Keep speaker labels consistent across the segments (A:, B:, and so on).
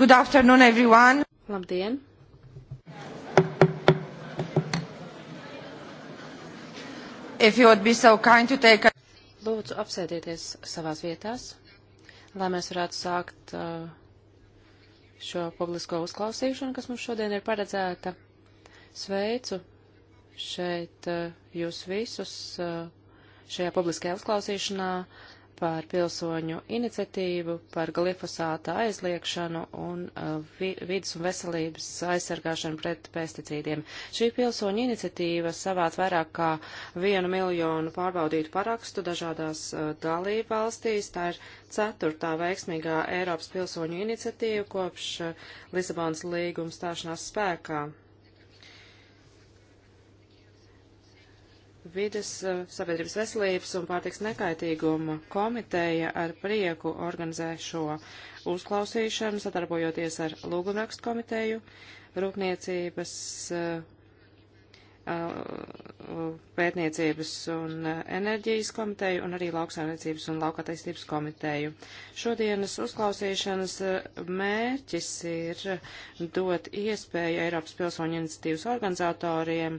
A: Good afternoon, everyone. Labdien! If you would be so kind to take a... Lūdzu, apsēdieties savās vietās, lai mēs varētu sākt uh, šo publisko uzklausīšanu, kas mums šodien ir paredzēta. Sveicu šeit uh, jūs visus uh, šajā publiskajā uzklausīšanā par pilsoņu iniciatīvu, par glifosāta aizliekšanu un uh, vi vidas un veselības aizsargāšanu pret pesticīdiem. Šī pilsoņu iniciatīva savāc vairāk kā vienu miljonu pārbaudītu parakstu dažādās uh, dalību valstīs. Tā ir ceturtā veiksmīgā Eiropas pilsoņu iniciatīva kopš uh, Lisabonas līguma stāšanās spēkā. Vides eh, sabiedrības veselības un pārtiks nekaitīguma komiteja ar prieku organizē šo uzklausīšanu, sadarbojoties ar lūgumrakstu komiteju, rūpniecības uh, Uh, pētniecības un uh, enerģijas komiteju un arī lauksaimniecības un laukatīstības komiteju. Šodienas uzklausīšanas uh, mērķis ir dot iespēju Eiropas pilsoņu iniciatīvas organizatoriem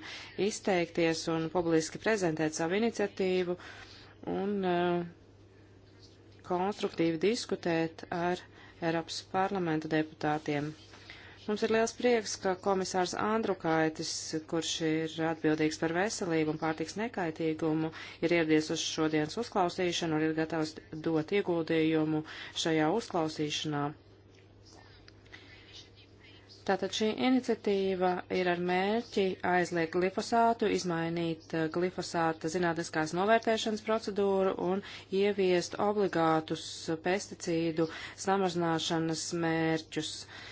A: izteikties un publiski prezentēt savu iniciatīvu un konstruktīvi diskutēt ar Eiropas parlamenta deputātiem. Mums ir liels prieks, ka komisārs Andrukaitis, kurš ir atbildīgs par veselību un pārtiks nekaitīgumu, ir ieradies uz šodienas uzklausīšanu un ir gatavs dot ieguldījumu šajā uzklausīšanā. Tātad šī iniciatīva ir ar mērķi aizliegt glifosātu, izmainīt eh, glifosāta zinātniskās novērtēšanas procedūru un ieviest obligātus pesticīdu samazināšanas mērķus. Uh,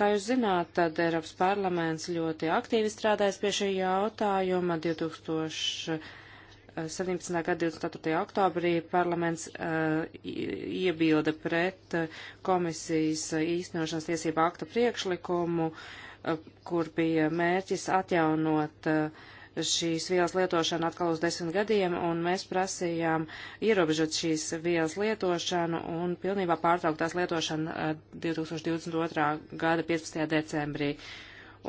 A: Kā jūs zināt, tad Eiropas parlaments ļoti aktīvi strādājas pie šī jautājuma. 2017. gada 24. oktobrī parlaments uh, iebilda pret uh, komisijas uh, īstenošanas tiesību akta priekšlikumu, uh, kur bija mērķis atjaunot uh, šīs vielas lietošanu atkal uz desmit gadiem, un mēs prasījām ierobežot šīs vielas lietošanu un pilnībā pārtraukt tās lietošanu 2022. Eh, gada 15. decembrī.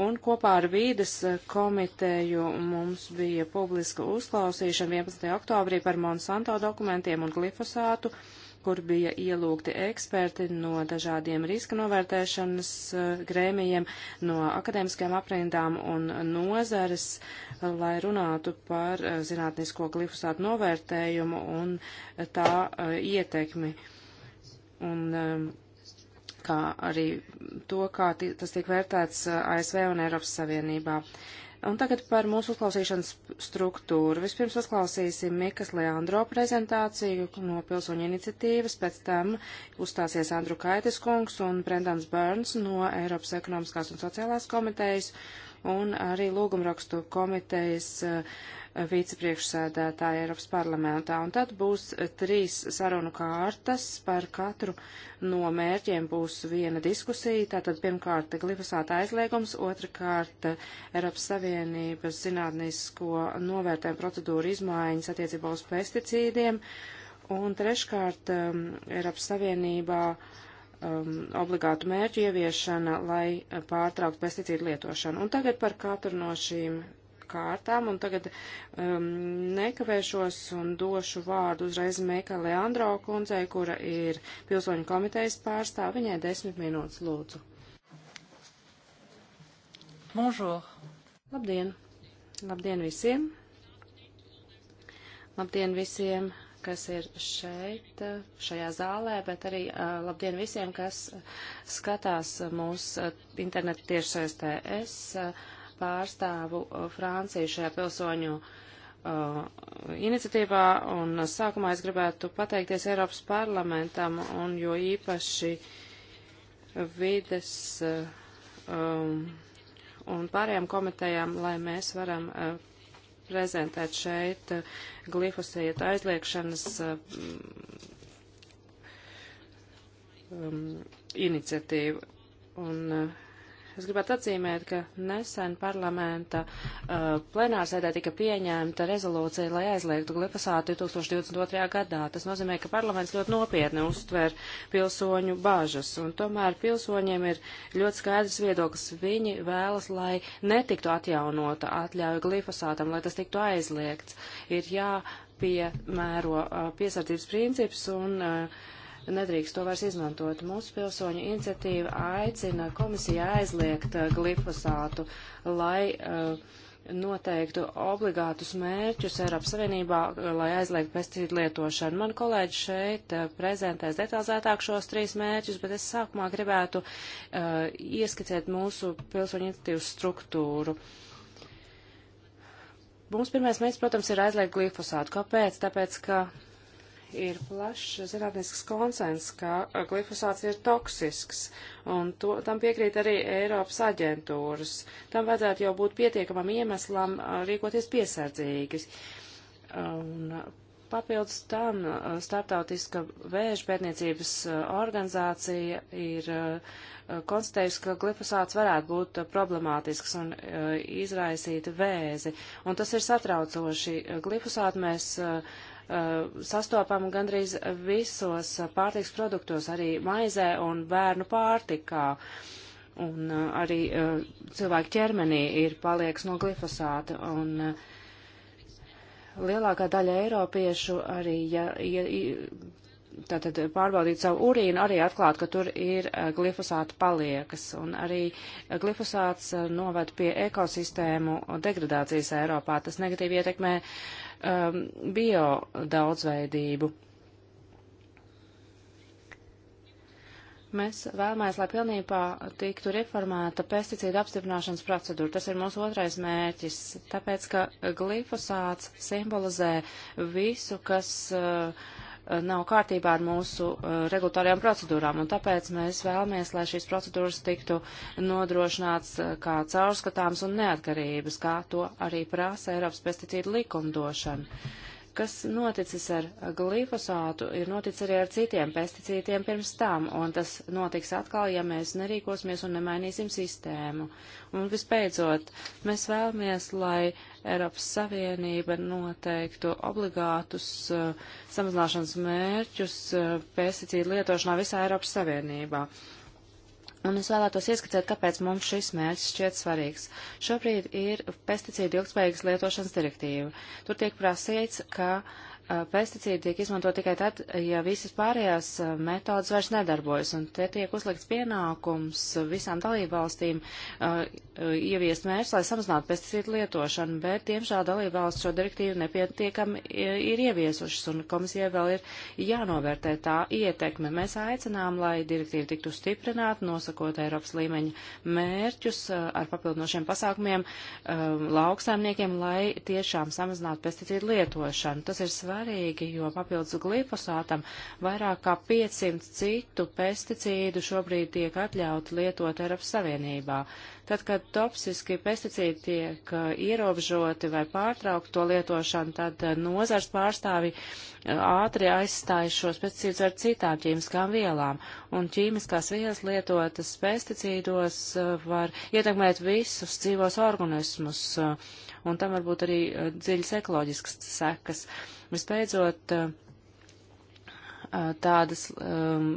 A: Un kopā ar vīdes eh, komiteju mums bija publiska uzklausīšana 11. oktobrī par Monsanto dokumentiem un glifosātu. Uh, kur bija ielūgti eksperti no dažādiem riska novērtēšanas eh, grēmijiem, no akadēmiskajām aprindām un nozares, lai runātu par eh, zinātnisko glifosātu novērtējumu un eh, tā ietekmi. Un, kā arī to, kā tas tiek vērtēts ASV un Eiropas Savienībā. Uh, Un tagad par mūsu uzklausīšanas struktūru. Vispirms uzklausīsim Mikas Leandro prezentāciju no pilsoņu iniciatīvas, pēc tam uzstāsies Andru Kaitis kungs un Brendans Bērns no Eiropas ekonomiskās un sociālās komitejas un arī lūgumrakstu komitejas uh, vicepriekšsēdētāja Eiropas parlamentā, un tad būs trīs sarunu kārtas, par katru no mērķiem būs viena diskusija, tātad pirmkārt glifosāta aizliegums, otrkārt Eiropas Savienības zinātnisko novērtējumu procedūru izmaiņas attiecībā uz pesticīdiem, un treškārt um, Eiropas Savienībā um, obligātu mērķu ieviešana, lai uh, pārtraukt pesticīdu lietošanu. Un tagad par katru no šīm kārtām, un tagad um, nekavēšos un došu vārdu uzreiz Meika Leandro kundzei, kura ir pilsoņu komitejas pārstāv. Viņai desmit minūtes lūdzu. Bonjour. Labdien! Labdien visiem! Labdien visiem, kas ir šeit, šajā zālē, bet arī uh, labdien visiem, kas skatās mūs uh, internetu tiešsaistē. Es uh, pārstāvu uh, Franciju šajā pilsoņu uh, iniciatīvā, un uh, sākumā es gribētu pateikties Eiropas parlamentam, un jo īpaši vides uh, um, un pārējām komitejām, lai mēs varam uh, prezentēt šeit uh, glifosēta aizliekšanas mm, um, iniciatīvu. Un uh, Es gribētu atzīmēt, ka nesen parlamenta uh, plenārsēdē tika pieņemta rezolūcija, lai aizliegtu glifosātu 2022. gadā. Tas nozīmē, ka parlaments ļoti nopietni uztver pilsoņu bažas, un tomēr pilsoņiem ir ļoti skaidrs viedoklis. Viņi vēlas, lai netiktu atjaunota atļauja glifosātam, lai tas tiktu aizliegts. Ir jāpiemēro uh, piesardzības princips un. Uh, nedrīkst to vairs izmantot. Mūsu pilsoņu iniciatīva aicina komisiju aizliegt uh, glifosātu, lai uh, noteiktu obligātus mērķus Eiropas Savienībā, uh, lai aizliegtu pesticīdu lietošanu. Man kolēģi šeit uh, prezentēs detalizētāk šos trīs mērķus, bet es sākumā gribētu uh, ieskicēt mūsu pilsoņu iniciatīvas struktūru. Mums pirmais mērķis, protams, ir aizliegt glifosātu. Kāpēc? Tāpēc, ka ir plašs zinātnisks konsens, ka glifosāts ir toksisks, un to, tam piekrīt arī Eiropas aģentūras. Tam vajadzētu jau būt pietiekamam iemeslam rīkoties piesardzīgi. Un papildus tam Startautiska vēža pētniecības organizācija ir konstatējusi, ka glifosāts varētu būt problemātisks un izraisīt vēzi. Un tas ir satraucoši. Glifosātu mēs uh, Uh, sastopama gandrīz visos pārtiks produktos, arī maizē un bērnu pārtikā. Un uh, arī uh, cilvēku ķermenī ir palieks no glifosāta. Un lielākā daļa eiropiešu arī, ja, ja, tātad pārbaudīt savu urīnu, arī atklāt, ka tur ir glifosāta paliekas. Un arī glifosāts noved pie ekosistēmu degradācijas Eiropā. Tas negatīvi ietekmē uh, um, bio daudzveidību. Mēs vēlamies, lai pilnībā tiktu reformēta pesticīdu apstiprināšanas procedūra. Tas ir mūsu otrais mērķis, tāpēc ka glifosāts simbolizē visu, kas uh, Eh, nav kārtībā ar mūsu eh, regulatārajām procedūrām, un tāpēc mēs vēlamies, lai šīs procedūras tiktu nodrošināts eh, kā caurskatāms un neatkarības, kā to arī prasa Eiropas pesticīdu likumdošana kas noticis ar glifosātu, ir noticis arī ar citiem pesticītiem pirms tam, un tas notiks atkal, ja mēs nerīkosimies un nemainīsim sistēmu. Un vispēcot, mēs vēlamies, lai Eiropas Savienība noteiktu obligātus uh, samazināšanas mērķus uh, pesticīdu lietošanā visā Eiropas Savienībā. Uh, Un es vēlētos ieskatīt, kāpēc mums šis mērķis šķiet svarīgs. Šobrīd ir pesticīdu ilgspējīgas lietošanas direktīva. Tur tiek prasīts, ka uh, Uh, pesticīdi tiek izmanto tikai tad, ja visas pārējās uh, metodas vairs nedarbojas, un te tiek uzlikts pienākums uh, visām dalībvalstīm uh, ieviest mērķus, lai samazinātu pesticīdu lietošanu, bet, diemžēl, dalībvalsts šo direktīvu nepietiekami ir ieviesušas, un komisijai vēl ir jānovērtē tā ietekme. Mēs aicinām, lai direktīva tiktu stiprināta, nosakot Eiropas līmeņa mērķus uh, ar papildinošiem pasākumiem uh, lauksaimniekiem, lai tiešām samazinātu pesticīdu lietošanu. Tas ir svarīgi svarīgi, jo papildus glifosātam vairāk kā 500 citu pesticīdu šobrīd tiek atļauti lietot Eiropas Savienībā. Tad, kad toksiski pesticīdi tiek uh, ierobežoti vai pārtraukt to lietošanu, tad uh, nozars pārstāvi uh, ātri aizstāja šos pesticīdus ar citām ķīmiskām vielām, un ķīmiskās vielas lietotas pesticīdos var ietekmēt visus dzīvos organismus un tam varbūt arī dziļas ekoloģiskas sekas. Vispēcot, eh, eh, tādas um,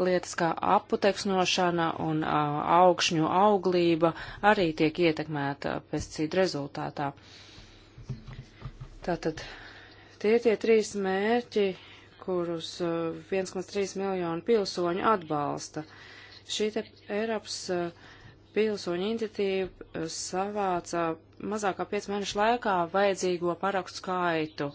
A: lietas kā aputeksnošana un uh, augšņu auglība arī tiek ietekmēta pesticīdu rezultātā. Tātad tie tie trīs mērķi, kurus uh, 1,3 miljonu pilsoņu atbalsta. Šī te Eiropas uh, pilsoņu iniciatīva savāca mazākā 5 mēnešu laikā vajadzīgo parakstu skaitu.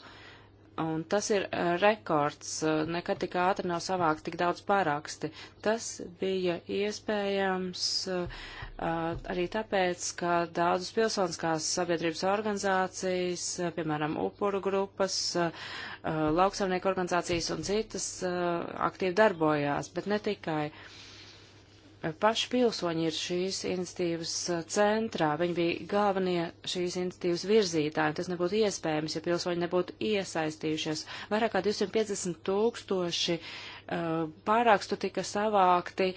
A: Un tas ir uh, rekords, eh, nekad tik ātri nav savākt tik daudz paraksti. Tas bija iespējams uh, arī tāpēc, ka daudzas pilsoniskās sabiedrības organizācijas, piemēram, upuru grupas, uh, lauksaimnieku organizācijas un citas aktīvi darbojās, bet ne tikai. Uh, paši pilsoņi ir šīs institīvas uh, centrā. Viņi bija galvenie šīs institīvas virzītāji. Tas nebūtu iespējams, ja pilsoņi nebūtu iesaistījušies. Vairāk kā 250 tūkstoši uh, pārākstu tika savākti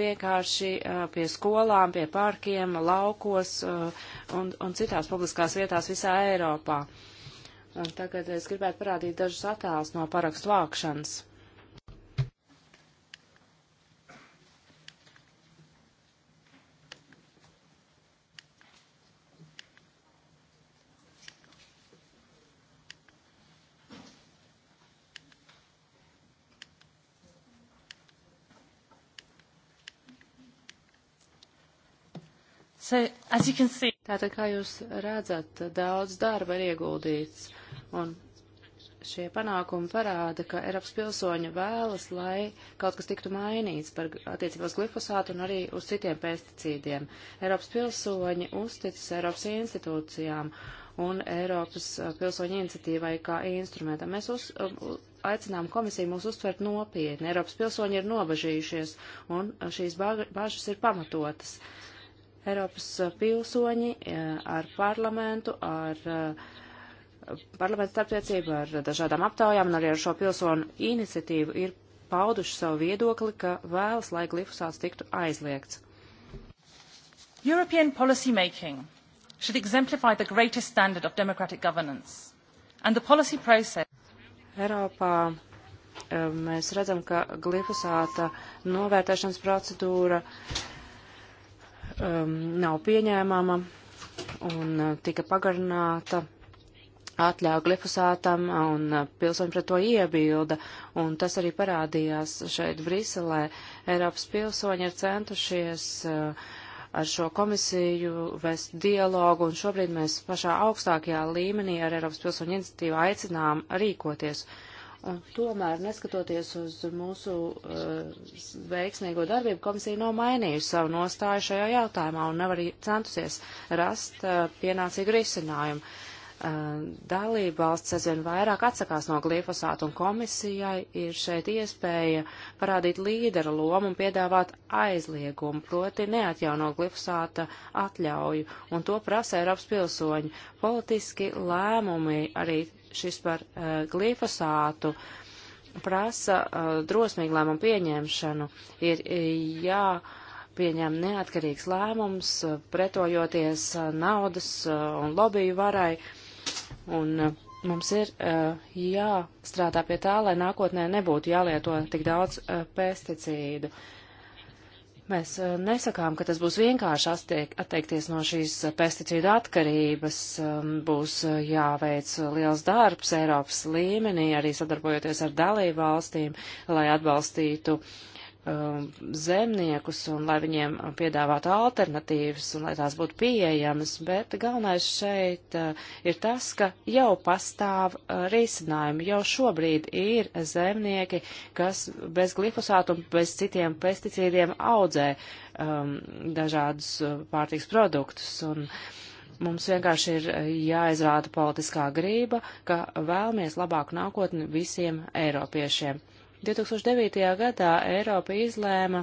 A: vienkārši uh, pie skolām, pie parkiem, laukos uh, un, un citās publiskās vietās visā Eiropā. Un tagad es gribētu parādīt dažus attēlus no parakstu vākšanas. So, as you can see. Tātad, kā jūs redzat, daudz darba ir ieguldīts, un šie panākumi parāda, ka Eiropas pilsoņi vēlas, lai kaut kas tiktu mainīts par attiecībā uz glifosātu un arī uz citiem pesticīdiem. Eiropas pilsoņi uzticas Eiropas institūcijām un Eiropas uh, pilsoņu iniciatīvai kā instrumentam. Mēs uz, um, aicinām komisiju mūs uztvert nopietni. Eiropas pilsoņi ir nobežījušies, un uh, šīs bažas ir pamatotas. Uh, Eiropas pilsoņi ar parlamentu, ar parlamentu starptiecību, ar dažādām aptaujām un arī ar šo pilsonu iniciatīvu ir pauduši savu viedokli, ka vēlas, lai glifosāts tiktu aizliegts. European policy making should exemplify the greatest standard of democratic governance and the policy process. Eiropā mēs redzam, ka glifosāta novērtēšanas procedūra uh, um, nav pieņēmama un uh, tika pagarināta atļauja glifosātam un uh, pilsoņi pret to iebilda. Un tas arī parādījās šeit Briselē. Eiropas pilsoņi ir centušies uh, ar šo komisiju vest dialogu, un šobrīd mēs pašā augstākajā līmenī ar Eiropas pilsoņu iniciatīvu aicinām rīkoties. Uh, Eh, tomēr, neskatoties uz mūsu uh, veiksmīgo darbību, komisija nav mainījusi savu nostāju šajā jautājumā un nav arī centusies rast uh, pienācīgu risinājumu. Uh, Dalība valsts aizvien vairāk atsakās no glifosātu un komisijai ir šeit iespēja parādīt līdera lomu un piedāvāt aizliegumu, proti neatjauno glifosāta atļauju, un to prasa Eiropas pilsoņi. Politiski lēmumi arī šis par uh, glifosātu prasa uh, drosmīgu lēmumu pieņemšanu. Ir eh, jāpieņem neatkarīgs lēmums, uh, pretojoties uh, naudas uh, un lobiju varai. Un, uh, Mums ir uh, jāstrādā pie tā, lai nākotnē nebūtu jālieto tik daudz uh, pesticīdu. Uh, Mēs eh, nesakām, ka tas būs vienkārši attiek, atteikties no šīs pesticīdu atkarības. Um, būs eh, jāveic liels darbs Eiropas līmenī, arī sadarbojoties ar dalību valstīm, lai atbalstītu uh, Um, zemniekus un lai viņiem piedāvātu alternatīvas un lai tās būtu pieejamas, bet galvenais šeit uh, ir tas, ka jau pastāv uh, risinājumi, jau šobrīd ir zemnieki, kas bez glifosātu un bez citiem pesticīdiem audzē um, dažādus uh, pārtiks produktus. Un, Mums vienkārši ir jāizrāda politiskā grība, ka vēlamies labāku nākotni visiem eiropiešiem. 2009. gadā Eiropa izlēma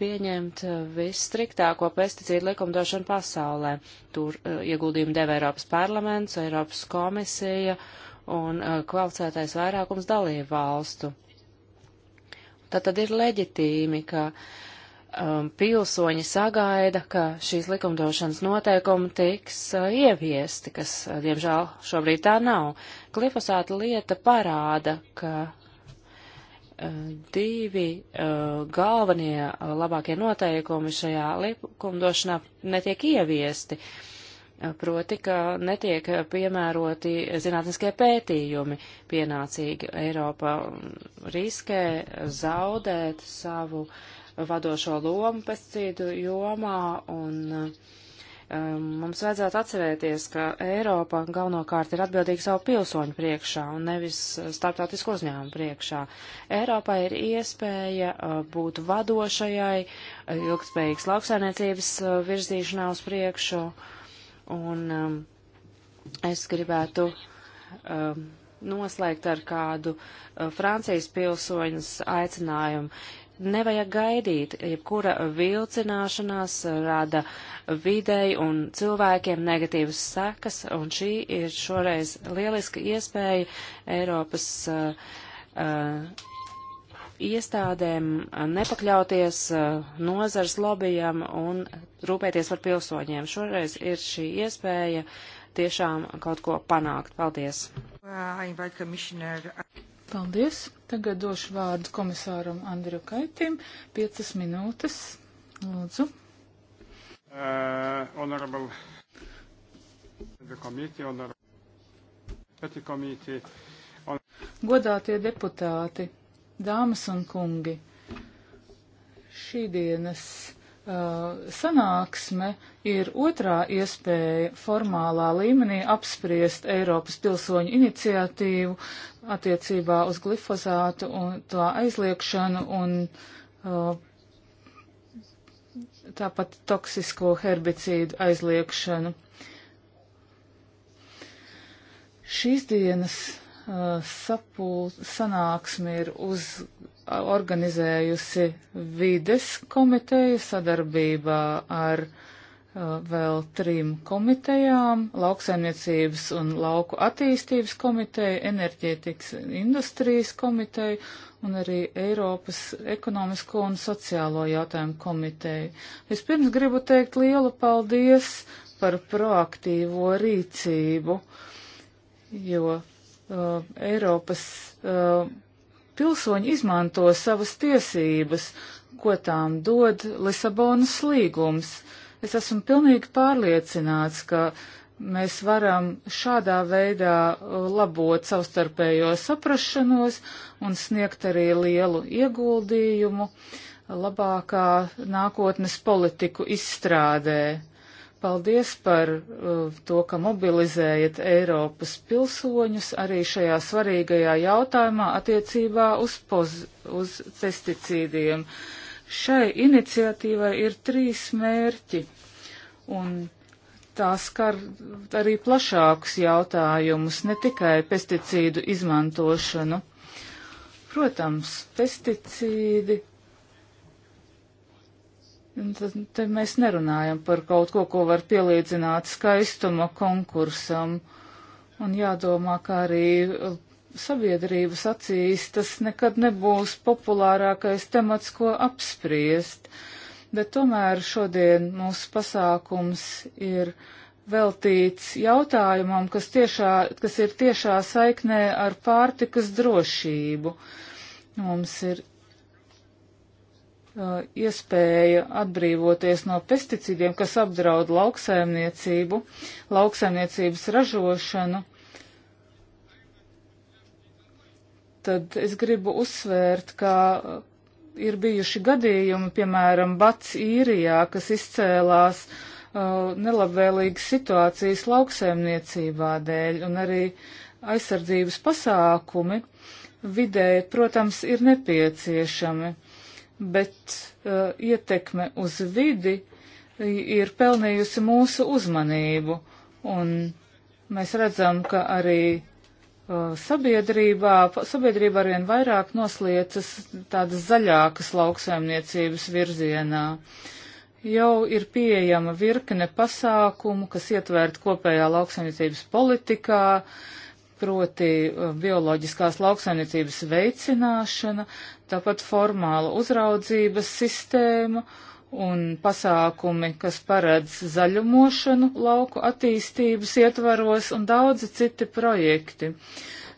A: pieņemt uh, visstriktāko pesticīdu likumdošanu pasaulē. Tur uh, ieguldījumu deva Eiropas parlaments, Eiropas komisija un uh, kvalificētais vairākums dalību valstu. Tad, tad ir leģitīmi, ka um, pilsoņi sagaida, ka šīs likumdošanas noteikumi tiks uh, ieviesti, kas, uh, diemžēl, šobrīd tā nav. Glifosāta lieta parāda, ka divi uh, galvenie uh, labākie noteikumi šajā likumdošanā netiek ieviesti. Uh, proti, ka netiek piemēroti zinātniskie pētījumi pienācīgi. Eiropa mm, riskē zaudēt savu vadošo lomu pesticīdu jomā un uh, Um, mums vajadzētu atcerēties, ka Eiropa galvenokārt ir atbildīga savu pilsoņu priekšā un nevis uh, starptautisku uzņēmumu priekšā. Eiropai ir iespēja uh, būt vadošajai, uh, ilgspējīgas lauksainiecības virzīšanā uz priekšu. Un um, es gribētu um, noslēgt ar kādu Francijas pilsoņas aicinājumu nevajag gaidīt, jebkura vilcināšanās rada videi un cilvēkiem negatīvas sekas, un šī ir šoreiz lieliska iespēja Eiropas uh, uh, iestādēm nepakļauties uh, nozars lobijam un rūpēties par pilsoņiem. Šoreiz ir šī iespēja tiešām kaut ko panākt. Paldies!
B: Uh, Paldies. Tagad došu vārdu komisāram Andriu Kaitim. Piecas minūtes. Lūdzu.
A: Uh,
C: honorable. The committee, honorable. Petty committee. On...
B: Godātie deputāti, dāmas un kungi, šīdienas uh, sanāksme ir otrā iespēja formālā līmenī apspriest Eiropas pilsoņu iniciatīvu attiecībā uz glifozātu un tā aizliekšanu un uh, tāpat toksisko herbicīdu aizliekšanu. Šīs dienas uh, sapul, sanāksmi ir uz, organizējusi vides komiteja sadarbībā ar uh, Uh, vēl trim komitejām - lauksaimniecības un lauku attīstības komiteja, enerģētikas industrijas komiteja un arī Eiropas ekonomisko un sociālo jautājumu komiteju. Vispirms gribu teikt lielu paldies par proaktīvo rīcību, jo uh, Eiropas uh, pilsoņi izmanto savas tiesības, ko tām dod Lisabonas līgums. Uh, Es esmu pilnīgi pārliecināts, ka mēs varam šādā veidā uh, labot savstarpējo saprašanos un sniegt arī lielu ieguldījumu labākā nākotnes politiku izstrādē. Paldies par uh, to, ka mobilizējat Eiropas pilsoņus arī šajā svarīgajā jautājumā attiecībā uz, poz, uz pesticīdiem. Uh, Šai iniciatīvai ir trīs mērķi, un tā skar arī plašākus jautājumus, ne tikai pesticīdu izmantošanu. Protams, pesticīdi. Tad, tad mēs nerunājam par kaut ko, ko var pielīdzināt skaistuma konkursam. Un jādomā, ka arī sabiedrības acīs tas nekad nebūs populārākais temats, ko apspriest, bet tomēr šodien mūsu pasākums ir veltīts jautājumam, kas, tiešā, kas ir tiešā saiknē ar pārtikas drošību. Mums ir uh, iespēja atbrīvoties no pesticīdiem, kas apdraud lauksaimniecību, lauksaimniecības ražošanu tad es gribu uzsvērt, ka ir bijuši gadījumi, piemēram, Bats īrijā, kas izcēlās uh, nelabvēlīgas situācijas lauksēmniecībā dēļ un arī aizsardzības pasākumi vidē, protams, ir nepieciešami, bet uh, ietekme uz vidi ir pelnījusi mūsu uzmanību un mēs redzam, ka arī Uh, sabiedrībā, sabiedrība arvien vairāk nosliecas tādas zaļākas lauksaimniecības virzienā. Jau ir pieejama virkne pasākumu, kas ietvērt kopējā lauksaimniecības politikā, proti uh, bioloģiskās lauksaimniecības veicināšana, tāpat formāla uzraudzības sistēma un pasākumi, kas paredz zaļumošanu lauku attīstības ietvaros un daudzi citi projekti.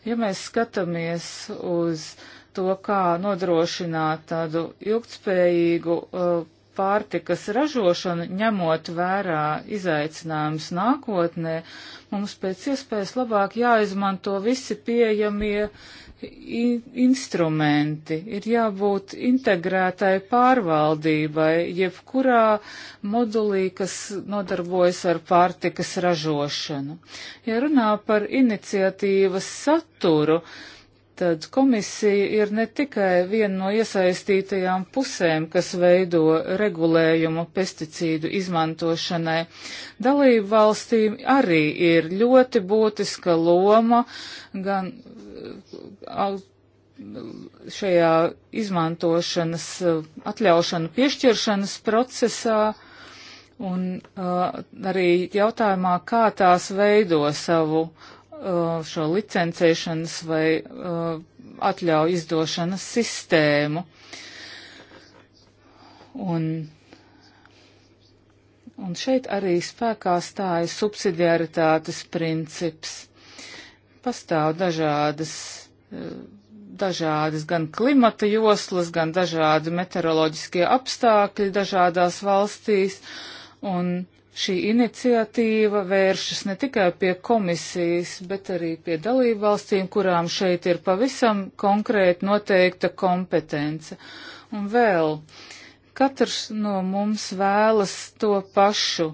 B: Ja mēs skatāmies uz to, kā nodrošināt tādu ilgtspējīgu uh, pārtikas ražošanu, ņemot vērā izaicinājums nākotnē, mums pēc iespējas labāk jāizmanto visi pieejamie instrumenti, ir jābūt integrētai pārvaldībai, jebkurā modulī, kas nodarbojas ar pārtikas ražošanu. Ja runā par iniciatīvas saturu, tad komisija ir ne tikai viena no iesaistītajām pusēm, kas veido regulējumu pesticīdu izmantošanai. Dalību valstīm arī ir ļoti būtiska loma gan šajā izmantošanas, eh, atļaušanu piešķiršanas procesā un uh, arī jautājumā, kā tās veido savu uh, šo licencēšanas vai uh, atļauju izdošanas sistēmu. Un, un šeit arī spēkā stāja subsidiaritātes princips. Pastāv dažādas dažādas gan klimata joslas, gan dažādi meteoroloģiskie apstākļi dažādās valstīs. Un šī iniciatīva vēršas ne tikai pie komisijas, bet arī pie dalību valstīm, kurām šeit ir pavisam konkrēti noteikta kompetence. Un vēl, katrs no mums vēlas to pašu.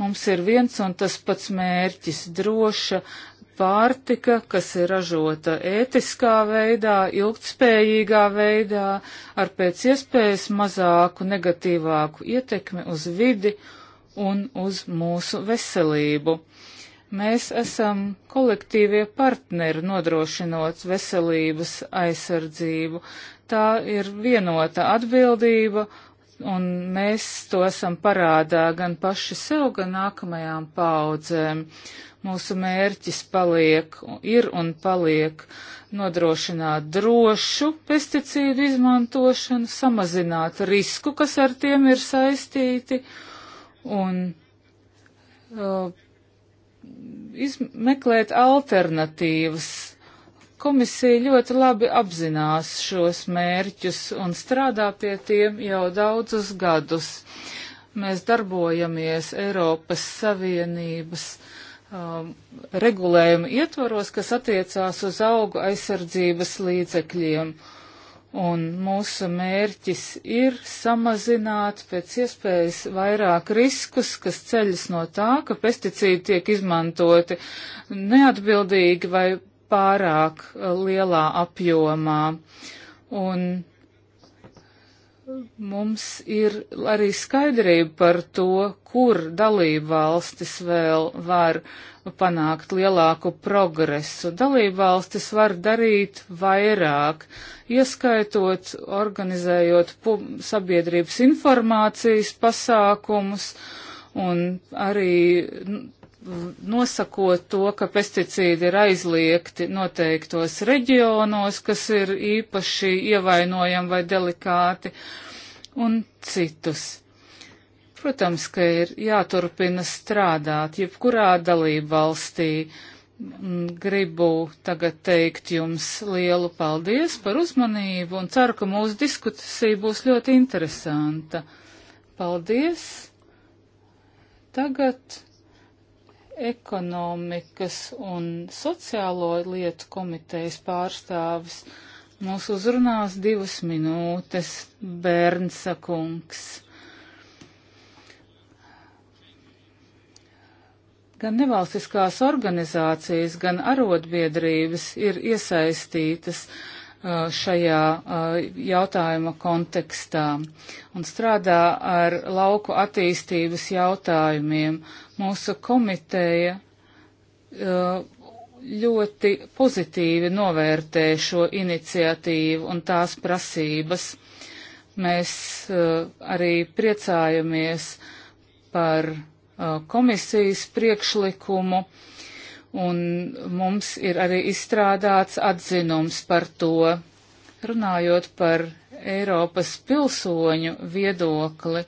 B: Mums ir viens un tas pats mērķis - droša, pārtika, kas ir ražota ētiskā veidā, ilgtspējīgā veidā, ar pēc iespējas mazāku negatīvāku ietekmi uz vidi un uz mūsu veselību. Mēs esam kolektīvie partneri nodrošinot veselības aizsardzību. Tā ir vienota atbildība un mēs to esam parādā gan paši sev, gan nākamajām paudzēm. Mūsu mērķis paliek, ir un paliek nodrošināt drošu pesticīdu izmantošanu, samazināt risku, kas ar tiem ir saistīti, un uh, meklēt alternatīvas. Komisija ļoti labi apzinās šos mērķus un strādā pie tiem jau daudzus gadus. Mēs darbojamies Eiropas Savienības uh, um, regulējumu ietvaros, kas attiecās uz augu aizsardzības līdzekļiem. Un mūsu mērķis ir samazināt pēc iespējas vairāk riskus, kas ceļas no tā, ka pesticīdi tiek izmantoti neatbildīgi vai pārāk uh, lielā apjomā. Un mums ir arī skaidrība par to, kur dalība valstis vēl var panākt lielāku progresu. Dalība valstis var darīt vairāk, ieskaitot, organizējot sabiedrības informācijas pasākumus un arī nosakot to, ka pesticīdi ir aizliegti noteiktos reģionos, kas ir īpaši ievainojami vai delikāti, un citus. Protams, ka ir jāturpina strādāt jebkurā dalība valstī. Gribu tagad teikt jums lielu paldies par uzmanību un ceru, ka mūsu diskusija būs ļoti interesanta. Paldies! Tagad ekonomikas un sociālo lietu komitejas pārstāvis. Mūs uzrunās divas minūtes Bērnsa kungs. Gan nevalstiskās organizācijas, gan arotbiedrības ir iesaistītas Uh, šajā uh, jautājuma kontekstā un strādā ar lauku attīstības jautājumiem. Mūsu komiteja uh, ļoti pozitīvi novērtē šo iniciatīvu un tās prasības. Mēs arī priecājamies par komisijas priekšlikumu, uh, un mums ir arī izstrādāts atzinums par to. Runājot par Eiropas pilsoņu viedokli,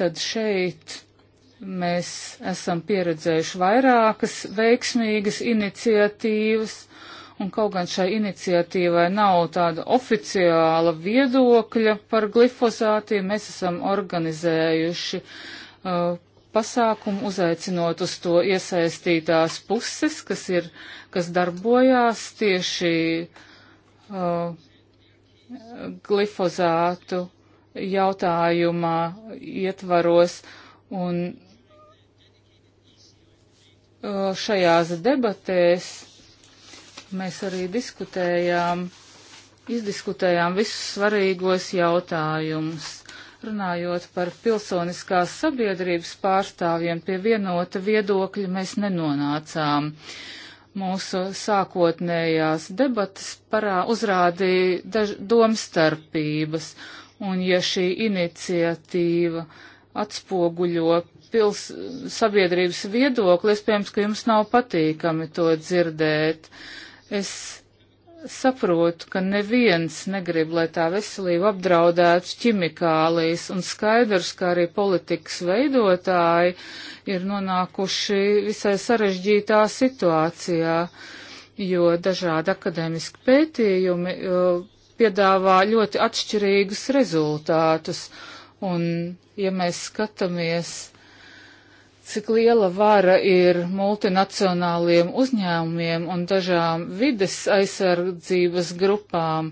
B: tad šeit mēs esam pieredzējuši vairākas veiksmīgas iniciatīvas, un kaut gan šai iniciatīvai nav tāda oficiāla viedokļa par glifosātiem, mēs esam organizējuši uh, pasākumu, uzaicinot uz to iesaistītās puses, kas, ir, kas darbojās tieši uh, glifozātu jautājumā ietvaros. Un uh, šajās debatēs mēs arī diskutējām, izdiskutējām visus svarīgos jautājumus Runājot par pilsoniskās sabiedrības pārstāvjiem, pie vienota viedokļa mēs nenonācām. Mūsu sākotnējās debatas parā uzrādīja daž domstarpības, un ja šī iniciatīva atspoguļo pils sabiedrības viedokli, iespējams, ka jums nav patīkami to dzirdēt. Es saprotu, ka neviens negrib, lai tā veselība apdraudētu ķimikālijas, un skaidrs, ka arī politikas veidotāji ir nonākuši visai sarežģītā situācijā, jo dažādi akadēmiski pētījumi uh, piedāvā ļoti atšķirīgus rezultātus, un ja mēs skatāmies, cik liela vara ir multinacionāliem uzņēmumiem un dažām vides aizsardzības grupām,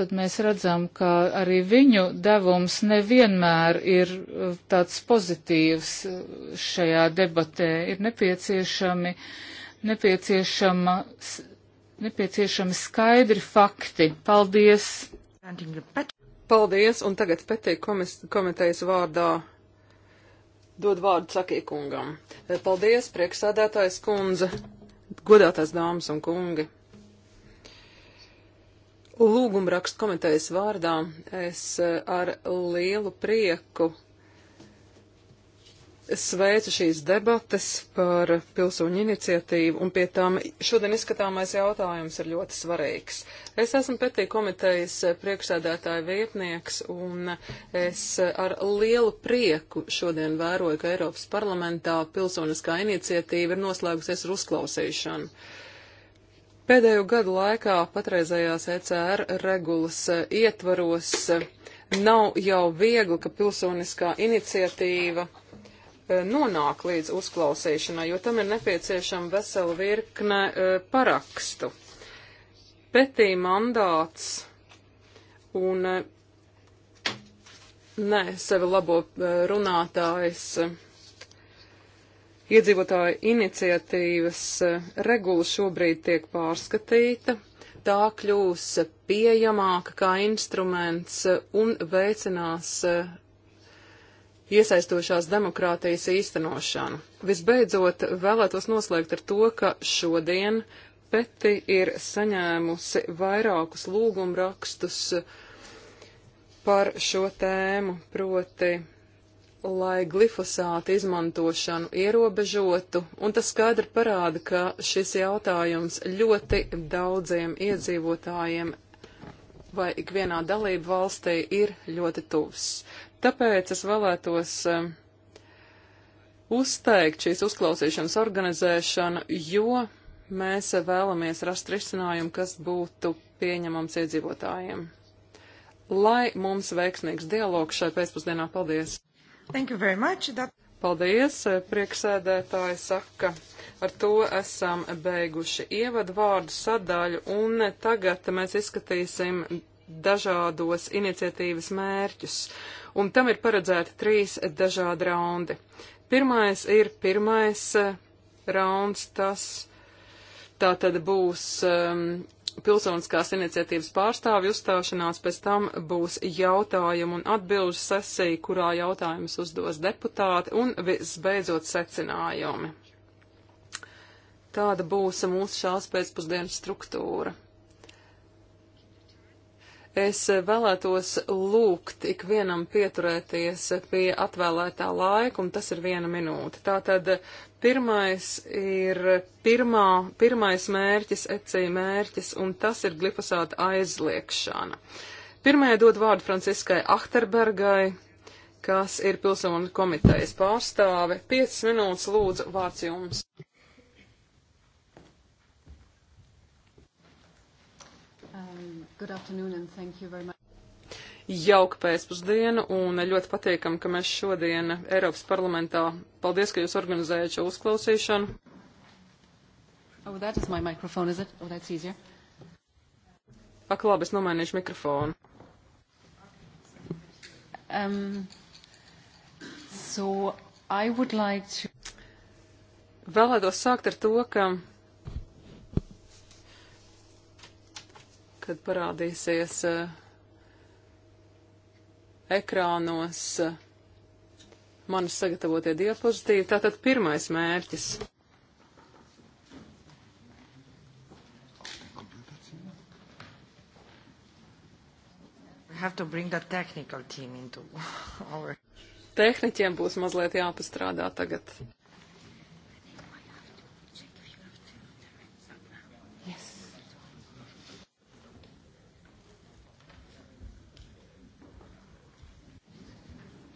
B: tad mēs redzam, ka arī viņu devums nevienmēr ir uh, tāds pozitīvs uh, šajā debatē. Ir nepieciešami, nepieciešama, nepieciešami skaidri fakti. Paldies!
C: Paldies, un tagad Petī komitejas vārdā dod vārdu Cakīkungam. Paldies, prieksādātājs kundze, godātās dāmas un kungi. Lūgumrakstu komitejas vārdā es eh, ar lielu prieku sveicu šīs debates par pilsoņu iniciatīvu, un pie tām šodien izskatāmais jautājums ir ļoti svarīgs. Es esmu Petī komitejas priekšsēdētāja vietnieks, un es ar lielu prieku šodien vēroju, ka Eiropas parlamentā pilsoniskā iniciatīva ir noslēgusies ar uzklausīšanu. Pēdējo gadu laikā patreizējās ECR regulas ietvaros nav jau viegli, ka pilsoniskā iniciatīva E, nonāk līdz uzklausīšanai, jo tam ir nepieciešama vesela virkne e, parakstu. Petī mandāts un, e, nē, sevi labo runātājs iedzīvotāju iniciatīvas regula šobrīd tiek pārskatīta. Tā kļūs pieejamāka kā instruments un veicinās iesaistošās demokrātijas īstenošanu. Visbeidzot, vēlētos noslēgt ar to, ka šodien Peti ir saņēmusi vairākus lūgumrakstus par šo tēmu, proti, lai glifosāta izmantošanu ierobežotu, un tas skaidri parāda, ka šis jautājums ļoti daudziem iedzīvotājiem vai ikvienā dalību valstī ir ļoti tuvs. Tāpēc es vēlētos eh, uzteikt šīs uzklausīšanas organizēšanu, jo mēs vēlamies rast risinājumu, kas būtu pieņemams iedzīvotājiem. Lai mums veiksmīgs dialogs šai pēcpusdienā. Paldies! Thank
A: you very much. That...
C: Paldies, eh, prieksēdētāji saka. Ar to esam beiguši ievadvārdu sadaļu, un tagad mēs izskatīsim dažādos iniciatīvas mērķus, un tam ir paredzēti trīs dažādi raundi. Pirmais ir pirmais eh, rauns, tas tā tad būs um, pilsoniskās iniciatīvas pārstāvju uzstāšanās, pēc tam būs jautājumu un atbilžu sesija, kurā jautājumus uzdos deputāti, un visbeidzot secinājumi. Tāda būs mūsu šās pēcpusdienas struktūra. Es vēlētos lūgt ikvienam pieturēties pie atvēlētā laika, un tas ir viena minūte. Tātad pirmais ir pirmā, pirmais mērķis, ECI mērķis, un tas ir glifosāta aizliekšana. Pirmajai dod vārdu Franciskai Achterbergai, kas ir pilsonu komitejas pārstāve. 5 minūtes lūdzu vārds jums.
B: Good afternoon and thank you very much.
C: Jauka pēcpusdiena un ļoti patīkam, ka mēs šodien Eiropas parlamentā. Paldies, ka jūs organizējat šo uzklausīšanu. Oh, that is my microphone, is it? Oh, that's easier. Ak, labi, es nomainīšu mikrofonu. Um, so I would like to. Vēlētos sākt ar to, ka tad parādīsies eh, ekrānos eh, manas sagatavotie diapozitīvi. Tātad pirmais mērķis.
A: have to bring the technical team into our.
C: Tehniķiem būs mazliet jāpastrādā tagad.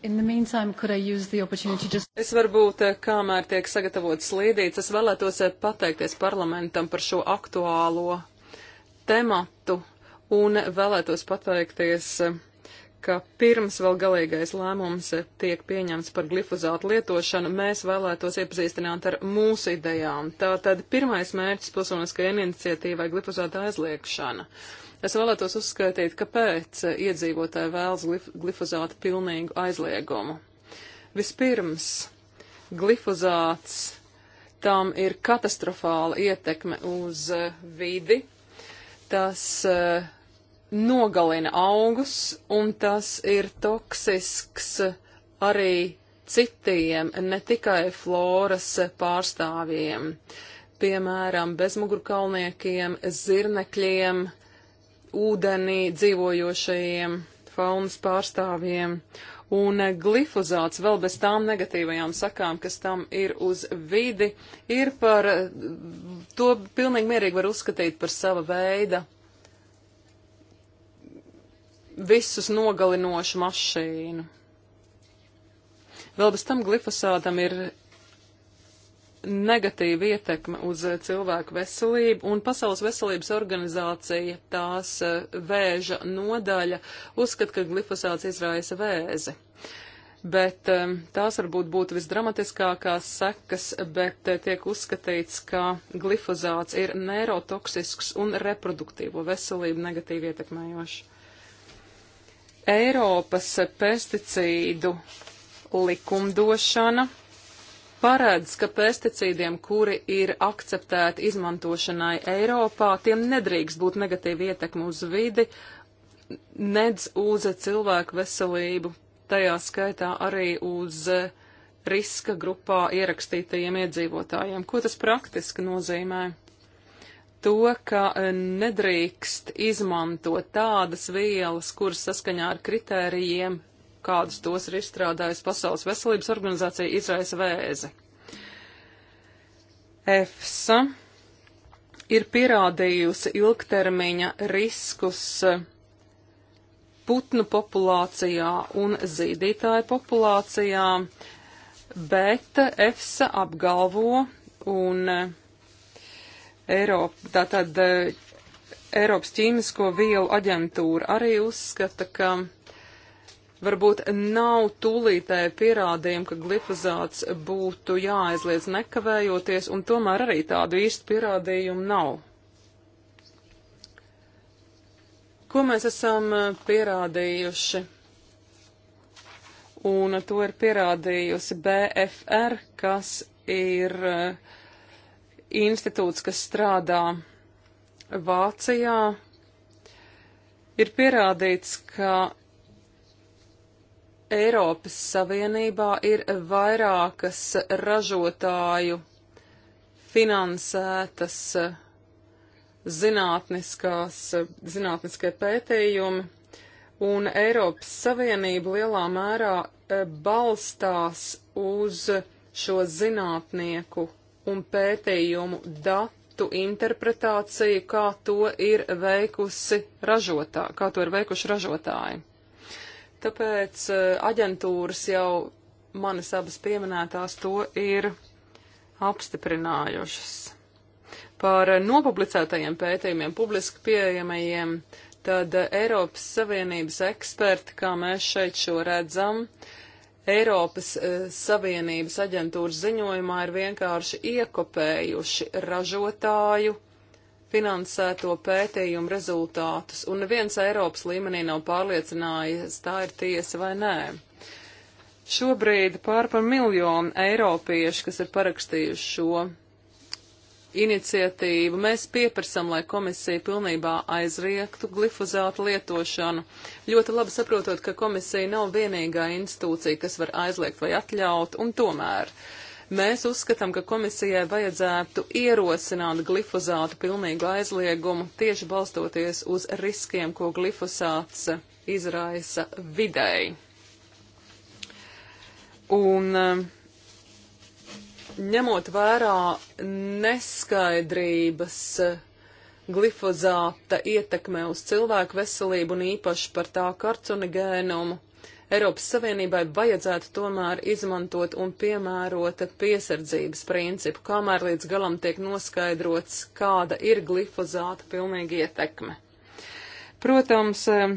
B: Meantime, just...
C: Es varbūt, eh, kamēr tiek sagatavotas slīdītes, es vēlētos eh, pateikties parlamentam par šo aktuālo tematu un vēlētos pateikties, eh, ka pirms vēl galīgais lēmums tiek pieņemts par glifozātu lietošanu, mēs vēlētos iepazīstināt ar mūsu idejām. Tātad pirmais mērķis pilsoniskajai iniciatīvai glifozāta aizliekšana. Uh, Es vēlētos uzskaitīt, kāpēc eh, iedzīvotāji vēlas glif glifozātu pilnīgu aizliegumu. Vispirms, glifozāts tam ir katastrofāla ietekme uz eh, vidi. Tas eh, nogalina augus un tas ir toksisks arī citiem, ne tikai floras pārstāvjiem, piemēram, bezmugurkalniekiem, zirnekļiem, ūdenī dzīvojošajiem faunas pārstāvjiem. Un eh, glifozāts vēl bez tām negatīvajām sakām, kas tam ir uz vidi, ir par eh, to pilnīgi mierīgi var uzskatīt par sava veida visus nogalinošu mašīnu. Vēl bez tam glifosātam ir negatīva ietekme uz eh, cilvēku veselību, un Pasaules veselības organizācija tās eh, vēža nodaļa uzskata, ka glifosāts izraisa vēzi. Bet eh, tās varbūt būtu visdramatiskākās sekas, bet tiek uzskatīts, ka glifosāts ir neirotoksisks un reproduktīvo veselību negatīvi ietekmējošs. Eiropas pesticīdu likumdošana paredz, ka pesticīdiem, kuri ir akceptēti izmantošanai Eiropā, tiem nedrīkst būt negatīva ietekme uz vidi, nedz uz cilvēku veselību, tajā skaitā arī uz eh, riska grupā ierakstītajiem iedzīvotājiem. Ko tas praktiski nozīmē? To, ka eh, nedrīkst izmantot tādas vielas, kuras saskaņā ar kritērijiem kādus tos ir izstrādājusi Pasaules veselības organizācija, izraisa vēzi. EFSA ir pierādījusi ilgtermiņa riskus putnu populācijā un zīdītāju populācijā, bet EFSA apgalvo un Eiropa, tātad eh, Eiropas ķīmisko vielu aģentūra arī uzskata, ka varbūt nav tūlītēji pierādījumi, ka glifozāts būtu jāaizliedz nekavējoties, un tomēr arī tādu īstu pierādījumu nav. Ko mēs esam eh, pierādījuši? Un to ir pierādījusi BFR, kas ir eh, institūts, kas strādā Vācijā. Ir pierādīts, ka Eiropas Savienībā ir vairākas ražotāju finansētas zinātniskās, zinātniskie pētījumi, un Eiropas Savienība lielā mērā e, balstās uz šo zinātnieku un pētījumu datu interpretāciju, kā to ir veikusi ražotā, kā to ir veikuši ražotāji. Tāpēc e, aģentūras jau manas abas pieminētās to ir apstiprinājušas. Par nopublicētajiem pētījumiem, publiski pieejamajiem, tad Eiropas Savienības eksperti, kā mēs šeit šo redzam, Eiropas e, Savienības aģentūras ziņojumā ir vienkārši iekopējuši ražotāju finansēto pētījumu rezultātus, un neviens Eiropas līmenī nav pārliecinājies, tā ir tiesa vai nē. Šobrīd pār par miljonu eiropiešu, kas ir parakstījuši šo iniciatīvu, mēs pieprasam, lai komisija pilnībā aizriektu glifozātu lietošanu. Ļoti labi saprotot, ka komisija nav vienīgā institūcija, kas var aizliegt vai atļaut, un tomēr. Uh, Mēs uzskatām, ka komisijai vajadzētu ierosināt glifozātu pilnīgu aizliegumu tieši balstoties uz riskiem, ko glifosāts izraisa videi. Un um, ņemot vērā neskaidrības uh, glifozāta ietekme uz cilvēku veselību un īpaši par tā karcinogēnumu, Eiropas Savienībai vajadzētu tomēr izmantot un piemērot piesardzības principu, kamēr līdz galam tiek noskaidrots, kāda ir glifozāta pilnīgi ietekme. Protams, eh,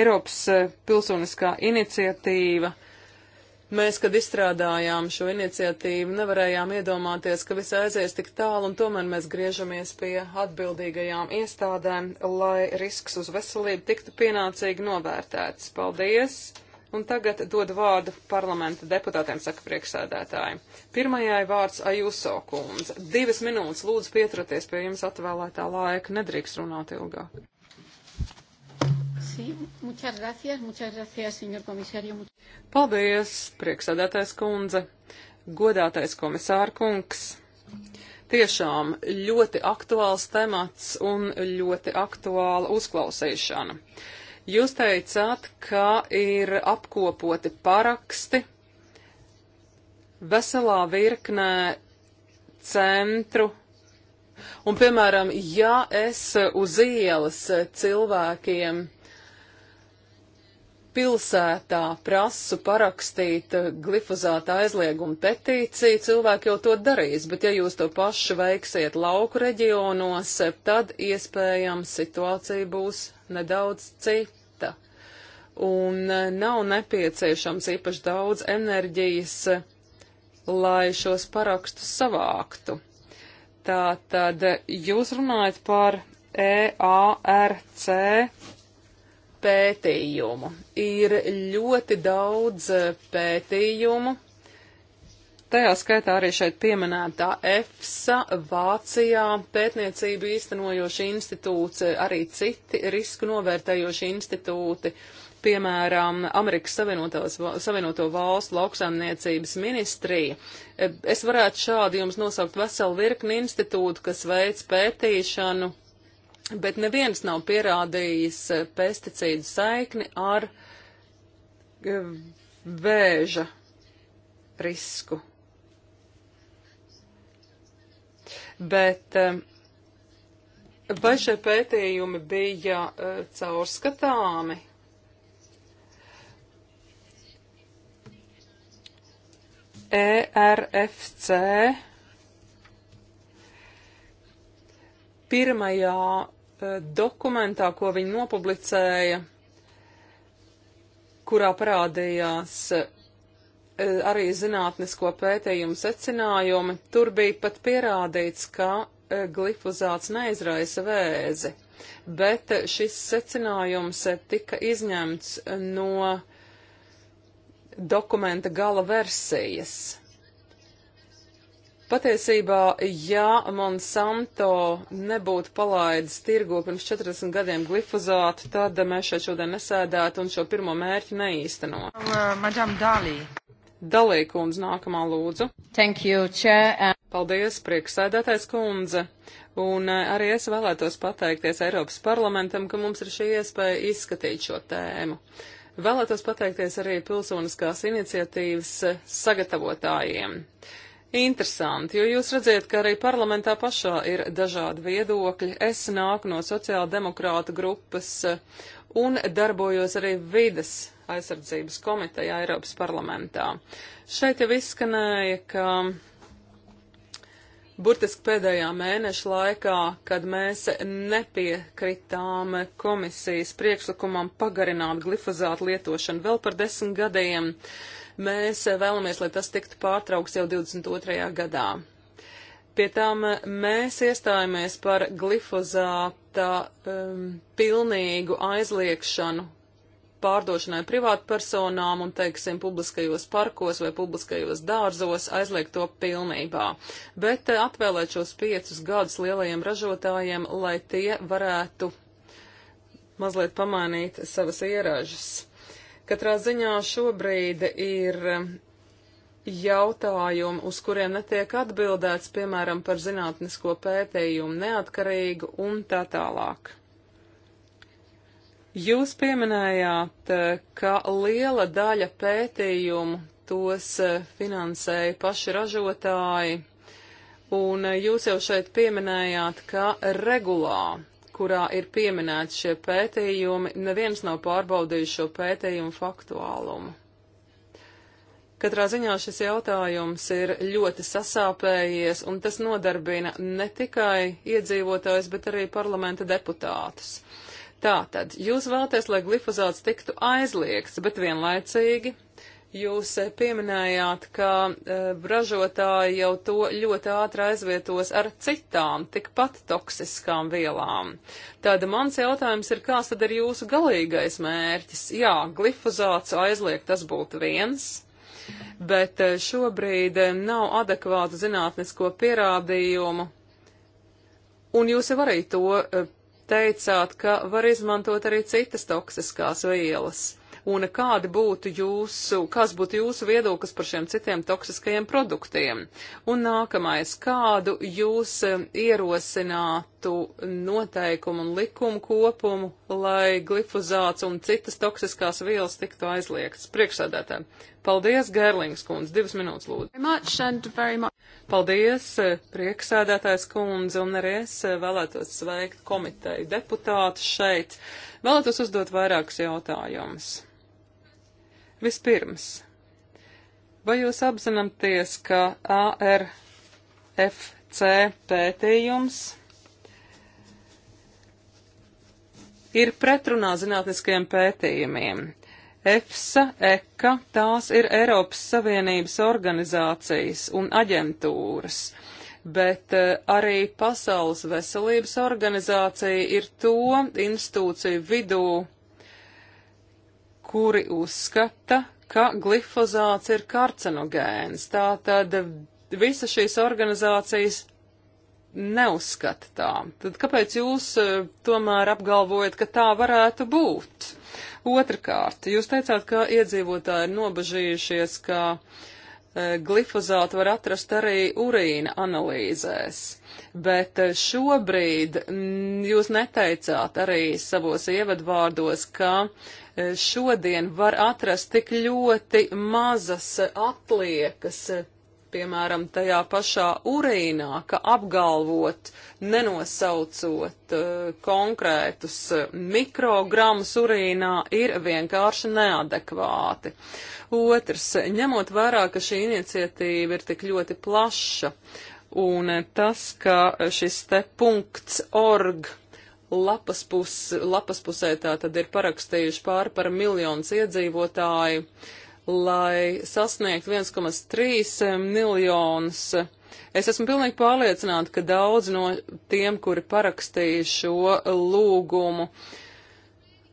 C: Eiropas eh, pilsoniskā iniciatīva Mēs, kad izstrādājām šo iniciatīvu, nevarējām iedomāties, ka viss aizies tik tālu, un tomēr mēs griežamies pie atbildīgajām iestādēm, lai risks uz veselību tiktu pienācīgi novērtēts. Paldies! Un tagad dod vārdu parlamenta deputātiem, saka priekšsēdētāji. Pirmajai vārds Ajuso kundze. Divas minūtes lūdzu pieturaties pie jums atvēlētā laika, nedrīkst runāt ilgāk.
B: Sí, muchas gracias, muchas gracias, señor komisāri.
C: Paldies, prieksēdētais kundze, godātais komisāra kungs. Tiešām ļoti aktuāls temats un ļoti aktuāla uzklausīšana. Jūs teicāt, ka ir apkopoti paraksti veselā virknē centru Un, piemēram, ja es uz ielas cilvēkiem pilsētā prasu parakstīt eh, glifozāta aizliegumu petīciju, cilvēki jau to darīs, bet ja jūs to paši veiksiet lauku reģionos, eh, tad iespējams situācija būs nedaudz cita. Un eh, nav nepieciešams īpaši daudz enerģijas, lai šos parakstus savāktu. Tātad jūs runājat par EARC pētījumu. Ir ļoti daudz e, pētījumu. Tajā skaitā arī šeit pieminētā EFSA, Vācijā pētniecību īstenojoši institūts, e, arī citi risku novērtējoši institūti, piemēram, Amerikas Savienoto Valstu lauksaimniecības ministrija. E, es varētu šādi jums nosaukt veselu virkni institūtu, kas veids pētīšanu bet neviens nav pierādījis pesticīdu saikni ar e, vēža risku. Bet e, vai šie pētījumi bija e, caurskatāmi? ERFC pirmajā eh, dokumentā, ko viņi nopublicēja, kurā parādījās eh, arī zinātnisko pētījumu secinājumi, tur bija pat pierādīts, ka eh, glifozāts neizraisa vēzi, bet šis secinājums tika izņemts no dokumenta gala versijas. Patiesībā, ja Monsanto nebūtu palaidis tirgo pirms 40 gadiem glifozātu, tad mēs šeit šodien nesēdētu un šo pirmo mērķu neīstenotu.
A: Uh, Dalī.
C: Dalī kundze nākamā lūdzu.
A: Thank you, chair.
C: Paldies, prieksēdētais kundze. Un uh, arī es vēlētos pateikties Eiropas parlamentam, ka mums ir šī iespēja izskatīt šo tēmu. Vēlētos pateikties arī pilsoniskās iniciatīvas uh, sagatavotājiem. Uh, Interesanti, jo jūs redzat, ka arī parlamentā pašā ir dažādi viedokļi. Es nāku no sociāldemokrāta grupas eh, un darbojos arī vides aizsardzības komitejā Eiropas parlamentā. Šeit jau izskanēja, ka burtiski pēdējā mēneša laikā, kad mēs nepiekritām komisijas priekšlikumam pagarināt glifozātu lietošanu vēl par desmit gadiem, uh, Mēs vēlamies, lai tas tiktu pārtraukts jau 22. gadā. Pie tām mēs iestājāmies par glifozāta um, pilnīgu aizliekšanu pārdošanai privātpersonām un, teiksim, publiskajos parkos vai publiskajos dārzos aizliegt to pilnībā. Bet eh, atvēlēt šos piecus gadus lielajiem ražotājiem, lai tie varētu mazliet pamainīt savas ieražas. Katrā ziņā šobrīd ir um, jautājumi, uz kuriem netiek atbildēts, piemēram, par zinātnisko pētījumu, neatkarīgu un tā tālāk. Jūs pieminējāt, uh, ka liela daļa pētījumu tos uh, finansēja paši ražotāji, un uh, jūs jau šeit pieminējāt, ka regulā kurā ir pieminēti šie pētījumi, neviens nav pārbaudījis šo pētījumu faktuālumu. Katrā ziņā šis jautājums ir ļoti sasāpējies, un tas nodarbina ne tikai iedzīvotājus, bet arī parlamenta deputātus. Tātad, jūs vēlaties, lai glifozāts tiktu aizliegts, bet vienlaicīgi Jūs eh, pieminējāt, ka eh, ražotāji jau to ļoti ātri aizvietos ar citām, tikpat toksiskām vielām. Tad mans jautājums ir, kāds tad ir jūsu galīgais mērķis? Jā, glifozāts aizliegt, tas būtu viens, bet eh, šobrīd nav adekvātu zinātnisko pierādījumu. Un jūs jau arī to teicāt, ka var izmantot arī citas toksiskās vielas un kādi būtu jūsu, kas būtu jūsu viedoklis par šiem citiem toksiskajiem produktiem. Un nākamais, kādu jūs um, ierosinātu noteikumu un likumu kopumu, lai glifozāts un citas toksiskās vielas tiktu aizliegtas priekšsēdētājiem? Paldies, Gerlings kundze, divas minūtes
B: lūdzu.
C: Paldies, uh, prieksēdētājs kundze, un arī es uh, vēlētos sveikt komiteju deputātu šeit. Vēlētos uzdot vairākus jautājumus. Vispirms, vai jūs apzināties, ka ARFC pētījums ir pretrunā zinātniskajiem pētījumiem? EFSA, EKA, tās ir Eiropas Savienības organizācijas un aģentūras, bet eh, arī Pasaules veselības organizācija ir to institūciju vidū, kuri uzskata, ka glifozāts ir karcinogēns. Tātad visa šīs organizācijas neuzskata tā. Tad kāpēc jūs e, tomēr apgalvojat, ka tā varētu būt? Otrakārt, jūs teicāt, ka iedzīvotāji ir nobežījušies, ka uh, E, glifozātu var atrast arī urīna analīzēs. Bet e, šobrīd jūs neteicāt arī savos ievadvārdos, ka e, šodien var atrast tik ļoti mazas atliekas piemēram, tajā pašā urīnā, ka apgalvot, nenosaucot uh, konkrētus uh, mikrogramus urīnā, ir vienkārši neadekvāti. Otrs, ņemot vērā, ka šī iniciatīva ir tik ļoti plaša, un tas, ka šis te punkts org lapas, pus, lapas pusē tā tad ir parakstījuši pāri par miljons iedzīvotāju, uh, lai sasniegtu 1,3 eh, miljonus. Es esmu pilnīgi pārliecināta, ka daudz no tiem, kuri parakstīja šo lūgumu,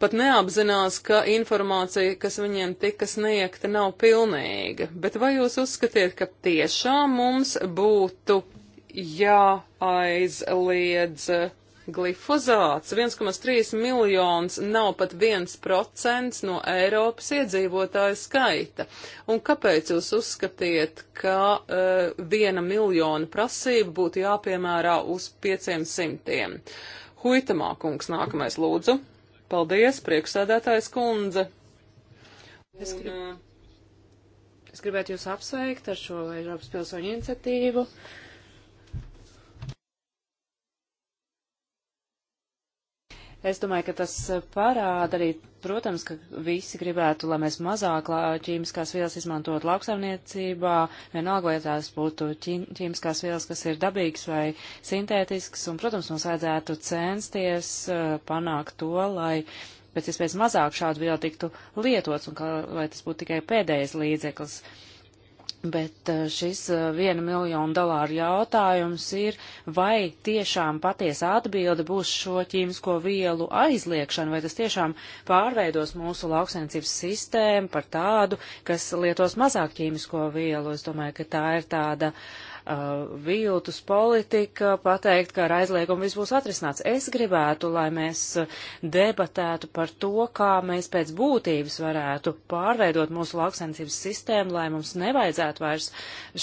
C: pat neapzinās, ka informācija, kas viņiem tika sniegta, nav pilnīga. Bet vai jūs uzskatiet, ka tiešām mums būtu jāaizliedz glifozāts 1,3 miljons nav pat 1% no Eiropas iedzīvotāju skaita. Un kāpēc jūs uzskatiet, ka uh, viena miljona prasība būtu jāpiemērā uz 500? Huitamā kungs nākamais lūdzu. Paldies, priekšsēdētājs kundze. Es, grib... Eh,
A: es gribētu jūs apsveikt ar šo Eiropas pilsoņu iniciatīvu. Uh, Es domāju, ka tas eh, parāda arī, protams, ka visi gribētu, lai mēs mazāk ķīmiskās vielas izmantot lauksaimniecībā, vienalga, vai tās būtu ķīmiskās vielas, kas ir dabīgas vai sintētiskas, un, protams, mums vajadzētu censties eh, panākt to, lai pēc iespējas mazāk šādu vielu tiktu lietots, un ka, lai tas būtu tikai pēdējais līdzeklis. Uh, Bet eh, šis eh, viena miljonu dolāru jautājums ir, vai tiešām patiesa atbilde būs šo ķīmisko vielu aizliekšana, vai tas tiešām pārveidos mūsu lauksainicības sistēmu par tādu, kas lietos mazāk ķīmisko vielu. Es domāju, ka tā ir tāda uh, viltus politika pateikt, ka ar aizliegumu viss būs atrisināts. Es gribētu, lai mēs uh, debatētu par to, kā mēs pēc būtības varētu pārveidot mūsu lauksainicības sistēmu, lai mums nevajadzētu vairs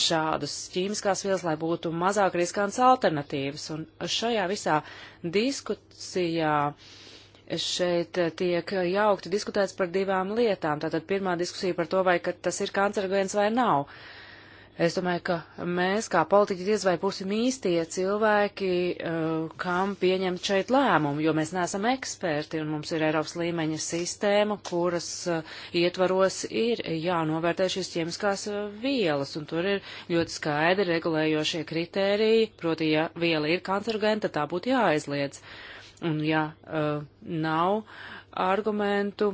A: šādas ķīmiskās vielas, lai būtu mazāk riskants alternatīvas. Un šajā visā diskusijā šeit uh, tiek jaukti diskutēts par divām lietām. Tātad pirmā diskusija par to, vai tas ir kancerogēns vai nav. Uh, Es domāju, ka mēs kā politiķi diez vai būsim īstie cilvēki, eh, kam pieņemt šeit lēmumu, jo mēs neesam eksperti un mums ir Eiropas līmeņa sistēma, kuras eh, ietvaros ir jānovērtē šīs ķemiskās eh, vielas, un tur ir ļoti skaidri regulējošie kritēriji, proti, ja viela ir kancerogēna, tad tā būtu jāaizliedz. Un ja nav argumentu,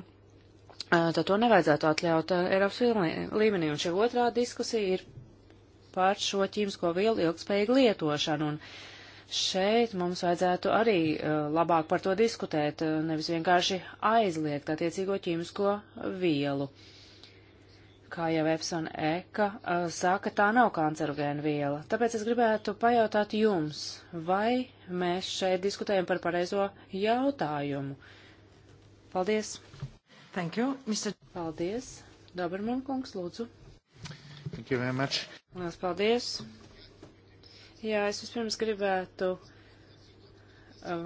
A: tad to nevajadzētu atļaut Eiropas līmenī. Un šī otrā diskusija ir par šo ķīmisko vielu ilgspējīgu lietošanu. Un šeit mums vajadzētu arī uh, labāk par to diskutēt, uh, nevis vienkārši aizliegt attiecīgo ķīmisko vielu. Kā jau Epson Eka uh, saka, tā nav kancerogēna viela. Tāpēc es gribētu pajautāt jums, vai mēs šeit diskutējam par pareizo jautājumu. Paldies! Thank you, Mr. Paldies! Dobermankungs, lūdzu! Thank you very much. Lielas paldies. Jā, es vispirms gribētu uh,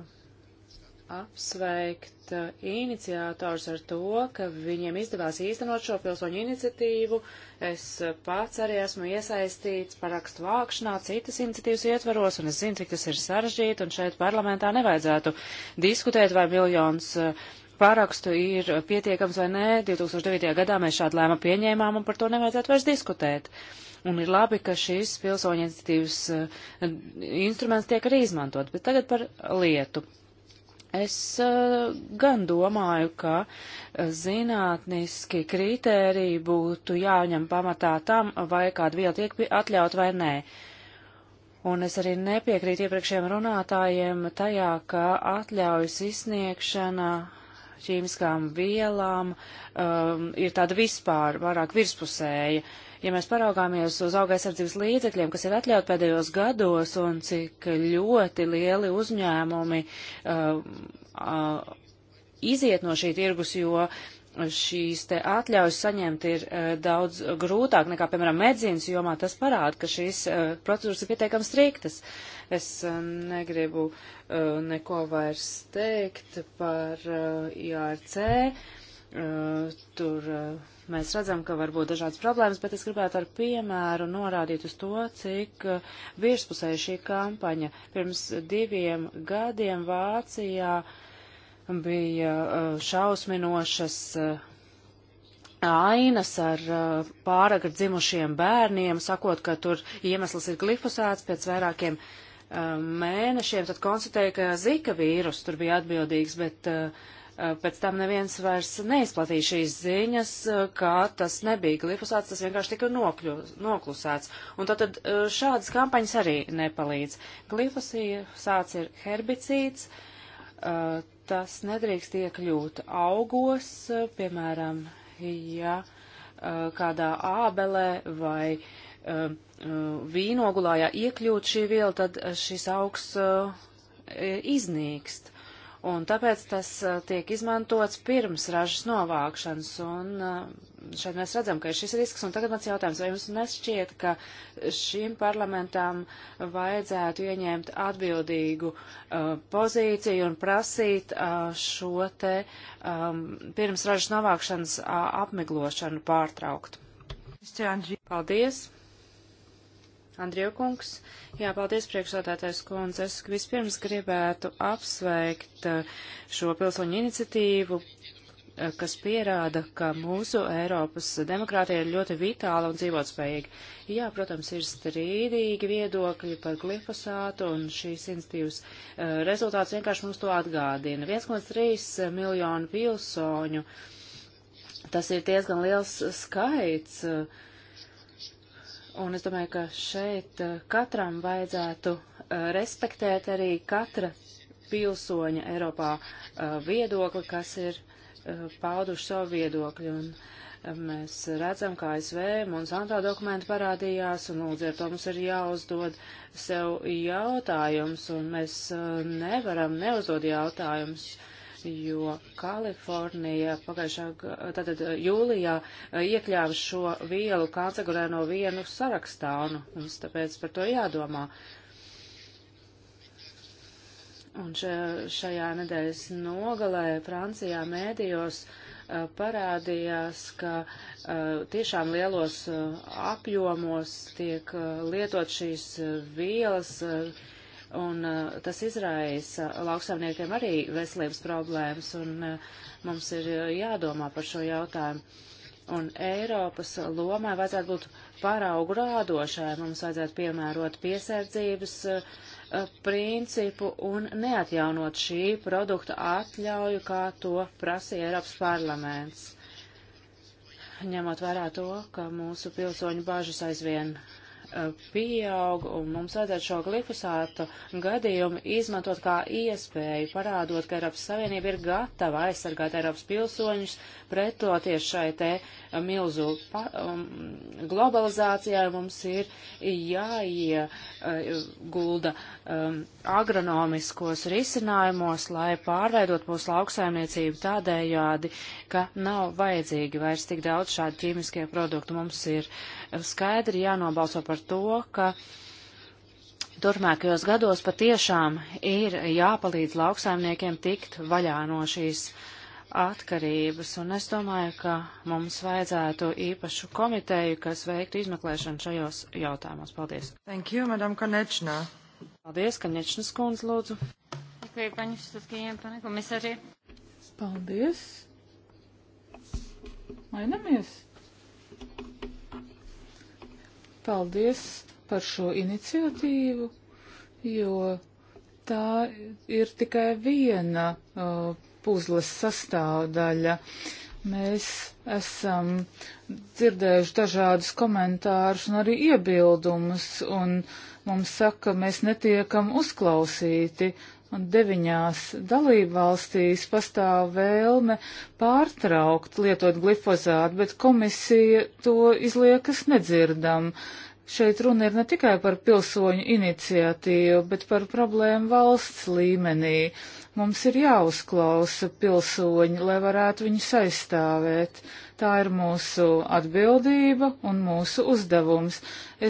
A: apsveikt uh, iniciātors ar to, ka viņiem izdevās īstenot šo pilsoņu iniciatīvu. Es uh, pats arī esmu iesaistīts parakstu vākšanā citas iniciatīvas ietvaros, un es zinu, cik tas ir sarežģīti, un šeit parlamentā nevajadzētu diskutēt, vai miljons uh, parakstu ir pietiekams vai nē. 2009. gadā mēs šādu lēmu pieņēmām un par to nevajadzētu vairs diskutēt. Un ir labi, ka šis pilsoņu iniciatīvas eh, instruments tiek arī izmantot. Bet tagad par lietu. Es eh, gan domāju, ka eh, zinātniski kriteriji būtu jāņem pamatā tam, vai kāda viela tiek atļaut vai nē. Un es arī nepiekrītu iepriekšējiem runātājiem tajā, ka atļaujas izsniegšana ķīmiskām vielām um, ir tāda vispār vairāk virspusēja. Ja mēs paraugāmies uz augaisardzības līdzekļiem, kas ir atļaut pēdējos gados un cik ļoti lieli uzņēmumi uh, uh, iziet no šī tirgus, jo šīs te atļaujas saņemt ir uh, daudz grūtāk nekā, piemēram, medzīnas jomā. Tas parāda, ka šīs uh, procedūras ir pietiekami striktas. Es uh, negribu neko vairs teikt par IRC. Tur mēs redzam, ka var būt dažādas problēmas, bet es gribētu ar piemēru norādīt uz to, cik virspusēja šī kampaņa. Pirms diviem gadiem Vācijā uh, bija uh, šausminošas uh, ainas ar uh, pāragri dzimušiem bērniem, sakot, ka tur iemesls ir glifosāts pēc vairākiem mēnešiem, tad konstatēja, ka zika vīrus tur bija atbildīgs, bet pēc tam neviens vairs neizplatīja šīs ziņas, ka tas nebija glifosāts, tas vienkārši tika nokļu, noklusēts. Un tad, tad šādas kampaņas arī nepalīdz. Glifosāts ir herbicīds, tas nedrīkst iekļūt augos, piemēram, ja eh, kādā ābelē vai eh, eh, vīnogulājā iekļūt šī viela, tad šis augs iznīkst. Un tāpēc tas tiek izmantots pirms ražas novākšanas, un šeit mēs redzam, ka ir šis risks, un tagad mans jautājums, vai jums nešķiet, ka šim parlamentam vajadzētu ieņemt atbildīgu uh, pozīciju un prasīt uh, šo te um, pirms ražas novākšanas uh, apmiglošanu pārtraukt? Paldies! Andriju kungs, jā, paldies priekšsādātais kundz. Es vispirms gribētu apsveikt uh, šo pilsoņu iniciatīvu Eh, kas pierāda, ka mūsu Eiropas demokrātija ir ļoti vitāla un dzīvotspējīga. Jā, protams, ir strīdīgi viedokļi par glifosātu, un šīs institīvas uh, rezultāts vienkārši mums to atgādina. 1,3 miljonu pilsoņu, tas ir diezgan liels skaits, eh, un es domāju, ka šeit katram vajadzētu uh, respektēt arī katra pilsoņa Eiropā uh, viedokli, kas ir Eh, pauduši savu viedokļu. Un eh, mēs redzam, kā ASV Monsanto dokumenti parādījās, un lūdzu ar to mums ir jāuzdod sev jautājums, un mēs eh, nevaram neuzdod jautājums, jo Kalifornija pagājušā, tātad jūlijā iekļāva šo vielu kancerogēno vienu sarakstā, un mums tāpēc par to jādomā. Uh, Un šajā nedēļas nogalē Francijā mēdījos uh, parādījās, ka uh, tiešām lielos uh, apjomos tiek lietot šīs vielas, un tas izraisa lauksaimniekiem arī veselības problēmas, un mums ir jādomā par šo jautājumu. Un Eiropas lomai vajadzētu būt paraugu rādošai, mums vajadzētu piemērot piesardzības uh, principu un neatjaunot šī produkta atļauju, kā to prasīja Eiropas parlaments. Ņemot vērā to, ka mūsu pilsoņu bāžas aizvien pieaug, un mums vajadzētu šo glifosātu gadījumu izmantot kā iespēju, parādot, ka Eiropas Savienība ir gatava aizsargāt Eiropas pilsoņus, pretoties šai te milzu um, globalizācijai. Mums ir jāiegulda um, agronomiskos risinājumos, lai pārveidot mūsu lauksaimniecību tādējādi, ka nav vajadzīgi vairs tik daudz šādu ķīmiskie produktu. Mums ir uh, skaidri jānobalso par to, ka turpmākajos gados patiešām ir jāpalīdz lauksaimniekiem tikt vaļā no šīs atkarības. Un es domāju, ka mums vajadzētu īpašu komiteju, kas veiktu izmeklēšanu šajos jautājumos. Paldies. Thank you, Madam Konečnā. Paldies, Konečnas kundze, lūdzu. Děkuji, paní předsedkyně, pane komisaři. Paldies.
B: Mainamies. Paldies par šo iniciatīvu, jo tā ir tikai viena uh, puzles sastāvdaļa. Mēs esam dzirdējuši dažādus komentārus un arī iebildumus, un mums saka, mēs netiekam uzklausīti un deviņās dalībvalstīs pastāv vēlme pārtraukt lietot glifozātu, bet komisija to izliekas nedzirdam. Šeit runa ir ne tikai par pilsoņu iniciatīvu, bet par problēmu valsts līmenī. Mums ir jāuzklausa pilsoņi, lai varētu viņus aizstāvēt. Tā ir mūsu atbildība un mūsu uzdevums.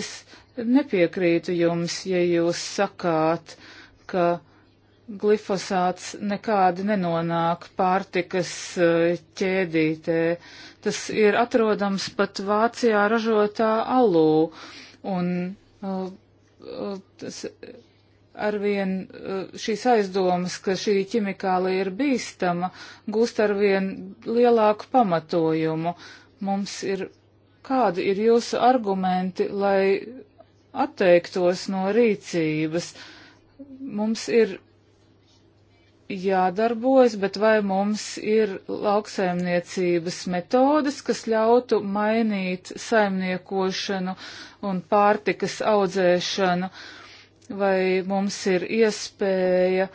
B: Es nepiekrītu jums, ja jūs sakāt, ka uh, glifosāts nekādi nenonāk pārtikas eh, ķēdītē. Tas ir atrodams pat Vācijā ražotā alū, un eh, eh, tas arvien šīs aizdomas, ka šī ķimikālija ir bīstama, gūst arvien lielāku pamatojumu. Mums ir, kādi ir jūsu argumenti, lai atteiktos no rīcības? Mums ir jādarbojas, bet vai mums ir lauksaimniecības metodas, kas ļautu mainīt saimniekošanu un pārtikas audzēšanu, vai mums ir iespēja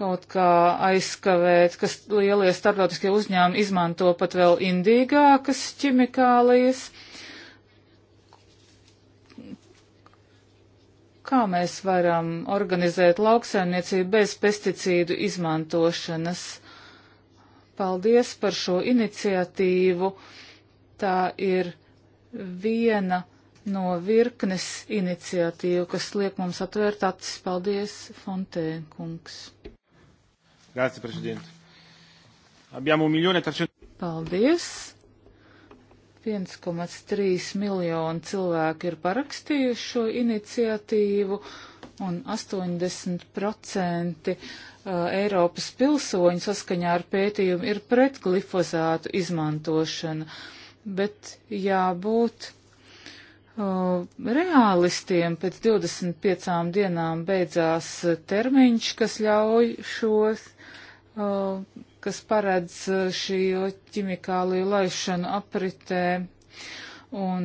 B: kaut kā aizskavēt, kas lielie starptautiskie uzņēmumi izmanto pat vēl indīgākas ķimikālijas. Uh, Kā mēs varam organizēt lauksaimniecību bez pesticīdu izmantošanas? Paldies par šo iniciatīvu. Tā ir viena no virknes iniciatīvu, kas liek mums atvērt acis. Paldies, Fontēn kungs.
C: Grazie, prezident. Abbiamo un miljone e trecento.
B: Paldies. 1,3 miljonu cilvēku ir parakstījuši šo iniciatīvu un 80% uh, Eiropas pilsoņu saskaņā ar pētījumu ir pret glifozātu izmantošanu. Bet jābūt uh, realistiem pēc 25 dienām beidzās termiņš, kas ļauj šos uh, kas paredz eh, šī ķimikālija laišanu apritē. Un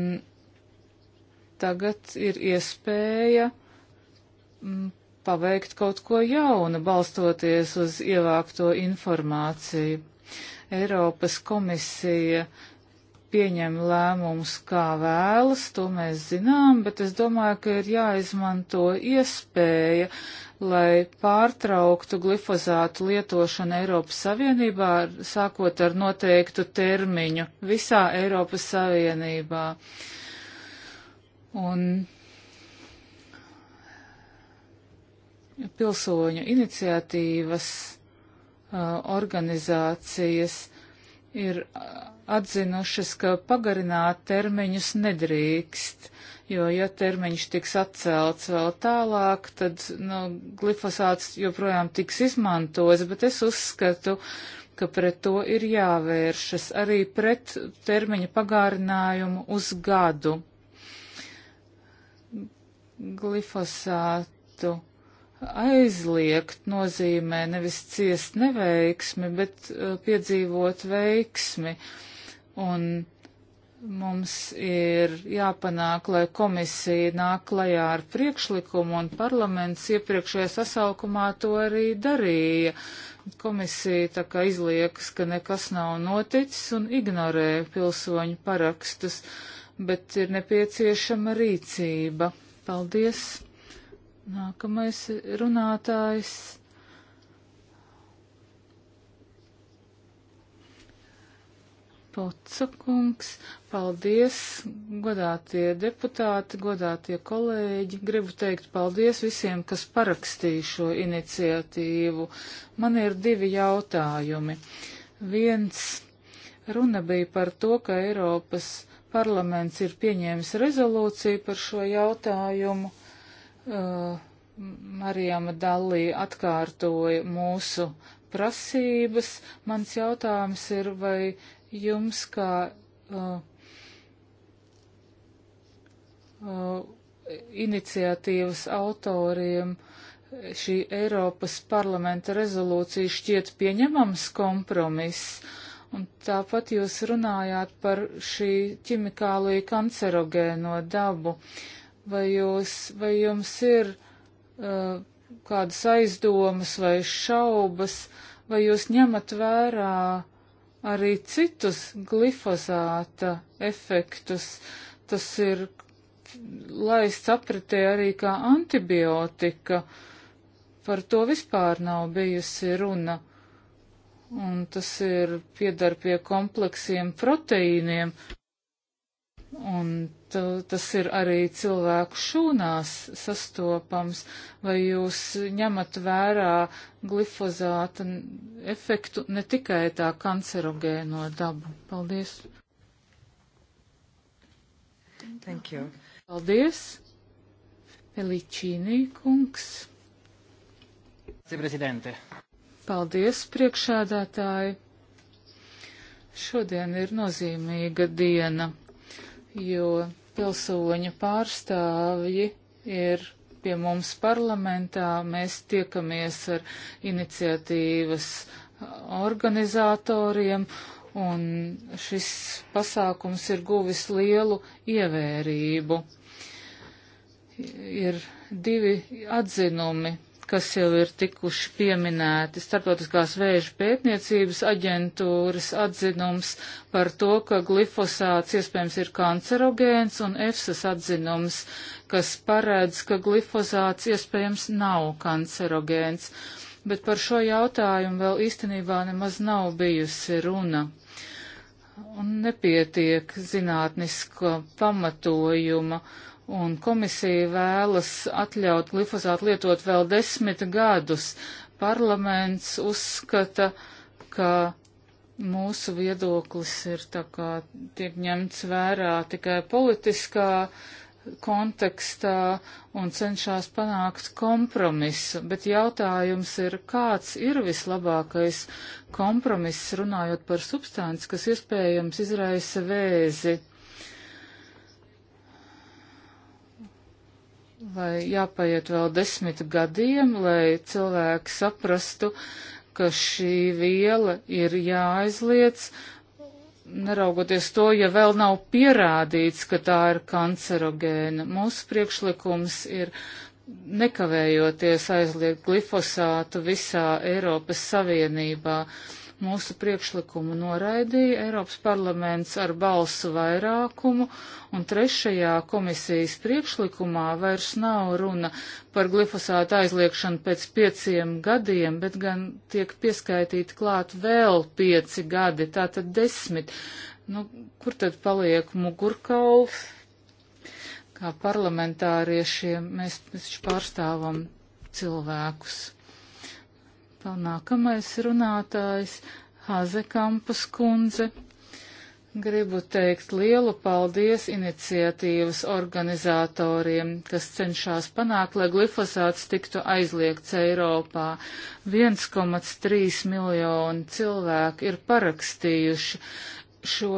B: tagad ir iespēja mm, paveikt kaut ko jaunu, balstoties uz ievākto informāciju. Eiropas komisija pieņem lēmumus, kā vēlas, to mēs zinām, bet es domāju, ka ir jāizmanto iespēja lai pārtrauktu glifozātu lietošanu Eiropas Savienībā, sākot ar noteiktu termiņu visā Eiropas Savienībā. Un pilsoņu iniciatīvas uh, organizācijas ir atzinušas, ka pagarināt termiņus nedrīkst, jo ja termiņš tiks atcelts vēl tālāk, tad nu, glifosāts joprojām tiks izmantos, bet es uzskatu, ka pret to ir jāvēršas arī pret termiņa pagārinājumu uz gadu. Glifosātu Aizliegt nozīmē nevis ciest neveiksmi, bet uh, piedzīvot veiksmi. Un mums ir jāpanāk, lai komisija nāk klajā ar priekšlikumu, un parlaments iepriekšējā sasaukumā to arī darīja. Komisija tā kā izliekas, ka nekas nav noticis un ignorē pilsoņu parakstus, bet ir nepieciešama rīcība. Paldies! Nākamais runātājs. Pocakungs, paldies, godātie deputāti, godātie kolēģi. Gribu teikt paldies visiem, kas parakstīja šo iniciatīvu. Man ir divi jautājumi. Viens runa bija par to, ka Eiropas parlaments ir pieņēmis rezolūciju par šo jautājumu. Uh, Marijama Dallī atkārtoja mūsu prasības. Mans jautājums ir, vai jums kā uh, uh, iniciatīvas autoriem šī Eiropas parlamenta rezolūcija šķiet pieņemams kompromiss? Un tāpat jūs runājāt par šī ķimikālija kancerogēno dabu. Uh, vai, jūs, vai jums ir uh, kādas aizdomas vai šaubas, vai jūs ņemat vērā arī citus glifozāta efektus. Tas ir laists apritē arī kā antibiotika. Par to vispār nav bijusi runa. Un tas ir piedar pie kompleksiem proteīniem. Un tas ir arī cilvēku šūnās sastopams, vai jūs ņemat vērā glifozāta efektu ne tikai tā kancerogēno dabu. Paldies! Thank you. Paldies! Peličīnī kungs! Paldies, priekšādātāji! Šodien ir nozīmīga diena jo pilsoņu pārstāvji ir pie mums parlamentā, mēs tiekamies ar iniciatīvas organizatoriem, un šis pasākums ir guvis lielu ievērību. Ir divi atzinumi kas jau ir tikuši pieminēti. Startautiskās vēža pētniecības aģentūras atzinums par to, ka glifosāts iespējams ir kancerogēns un EFSAS atzinums, kas paredz, ka glifosāts iespējams nav kancerogēns. Bet par šo jautājumu vēl īstenībā nemaz nav bijusi runa. Un nepietiek zinātniska pamatojuma un komisija vēlas atļaut glifosātu lietot vēl desmit gadus. Parlaments uzskata, ka mūsu viedoklis ir tā kā tiek ņemts vērā tikai politiskā kontekstā un cenšas panākt kompromisu, bet jautājums ir, kāds ir vislabākais kompromiss runājot par substanci, kas iespējams izraisa vēzi. vai jāpaiet vēl desmit gadiem, lai cilvēki saprastu, ka šī viela ir jāaizliec, neraugoties to, ja vēl nav pierādīts, ka tā ir kancerogēna. Mūsu priekšlikums ir nekavējoties aizliegt glifosātu visā Eiropas Savienībā. Uh, Mūsu priekšlikumu noraidīja Eiropas parlaments ar balsu vairākumu, un trešajā komisijas priekšlikumā vairs nav runa par glifosātu aizliekšanu pēc pieciem gadiem, bet gan tiek pieskaitīti klāt vēl pieci gadi, tātad desmit. Nu, kur tad paliek mugurkauls? kā parlamentāriešiem mēs taču pārstāvam cilvēkus. Atkal nākamais runātājs Hazekampas kundze. Gribu teikt lielu paldies iniciatīvas organizatoriem, kas cenšas panākt, lai glifosāts tiktu aizliegts Eiropā. 1,3 miljoni cilvēku ir parakstījuši šo,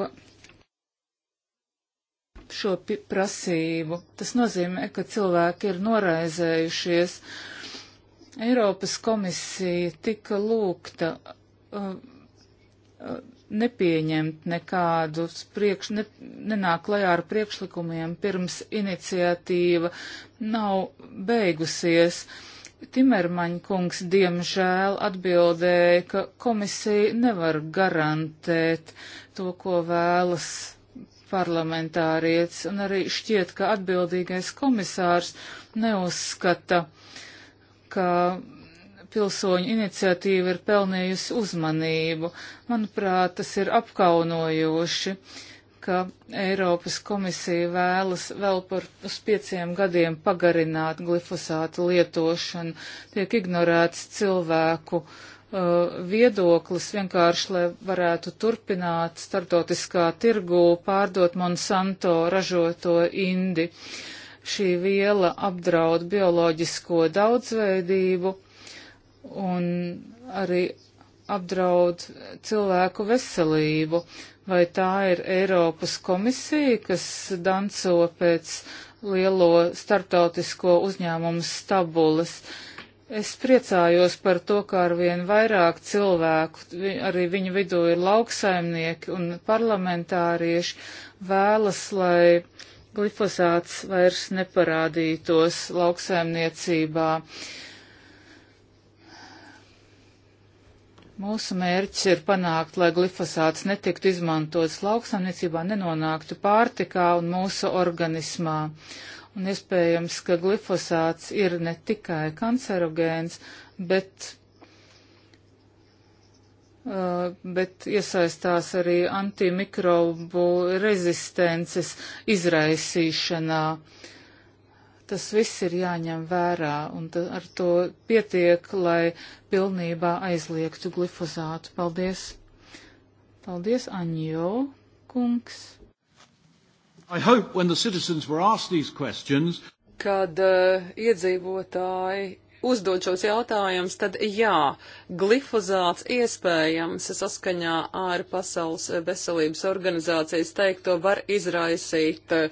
B: šo prasību. Tas nozīmē, ka cilvēki ir noraizējušies. Uh, Eiropas komisija tika lūgta uh, uh, nepieņemt nekādus priekš, ne, nenāk lajā ar priekšlikumiem, pirms iniciatīva nav beigusies. Timermaņkungs diemžēl atbildēja, ka komisija nevar garantēt to, ko vēlas parlamentārietis, un arī šķiet, ka atbildīgais komisārs neuzskata, ka pilsoņu iniciatīva ir pelnījusi uzmanību. Manuprāt, tas ir apkaunojoši, ka Eiropas komisija vēlas vēl par uz pieciem gadiem pagarināt glifosātu lietošanu, tiek ignorēts cilvēku uh, viedoklis vienkārši, lai varētu turpināt startautiskā tirgū pārdot Monsanto ražoto indi. Uh, šī viela apdraud bioloģisko daudzveidību un arī apdraud cilvēku veselību. Vai tā ir Eiropas komisija, kas danco pēc lielo starptautisko uzņēmumu stabulas? Es priecājos par to, ka arvien vairāk cilvēku, arī viņu vidū ir lauksaimnieki un parlamentārieši, vēlas, lai glifosāts vairs neparādītos lauksaimniecībā. Mūsu mērķis ir panākt, lai glifosāts netiktu izmantots lauksaimniecībā, nenonāktu pārtikā un mūsu organismā. Un iespējams, ka glifosāts ir ne tikai kancerogēns, bet Uh, bet iesaistās arī antimikrobu rezistences izraisīšanā. Tas viss ir jāņem vērā, un ar to pietiek, lai pilnībā aizliegtu glifozātu. Paldies! Paldies, Anjo kungs!
A: Hope, questions...
C: Kad uh, iedzīvotāji uzdod šos jautājumus, tad jā, glifozāts iespējams saskaņā ar Pasaules veselības organizācijas teikto var izraisīt eh,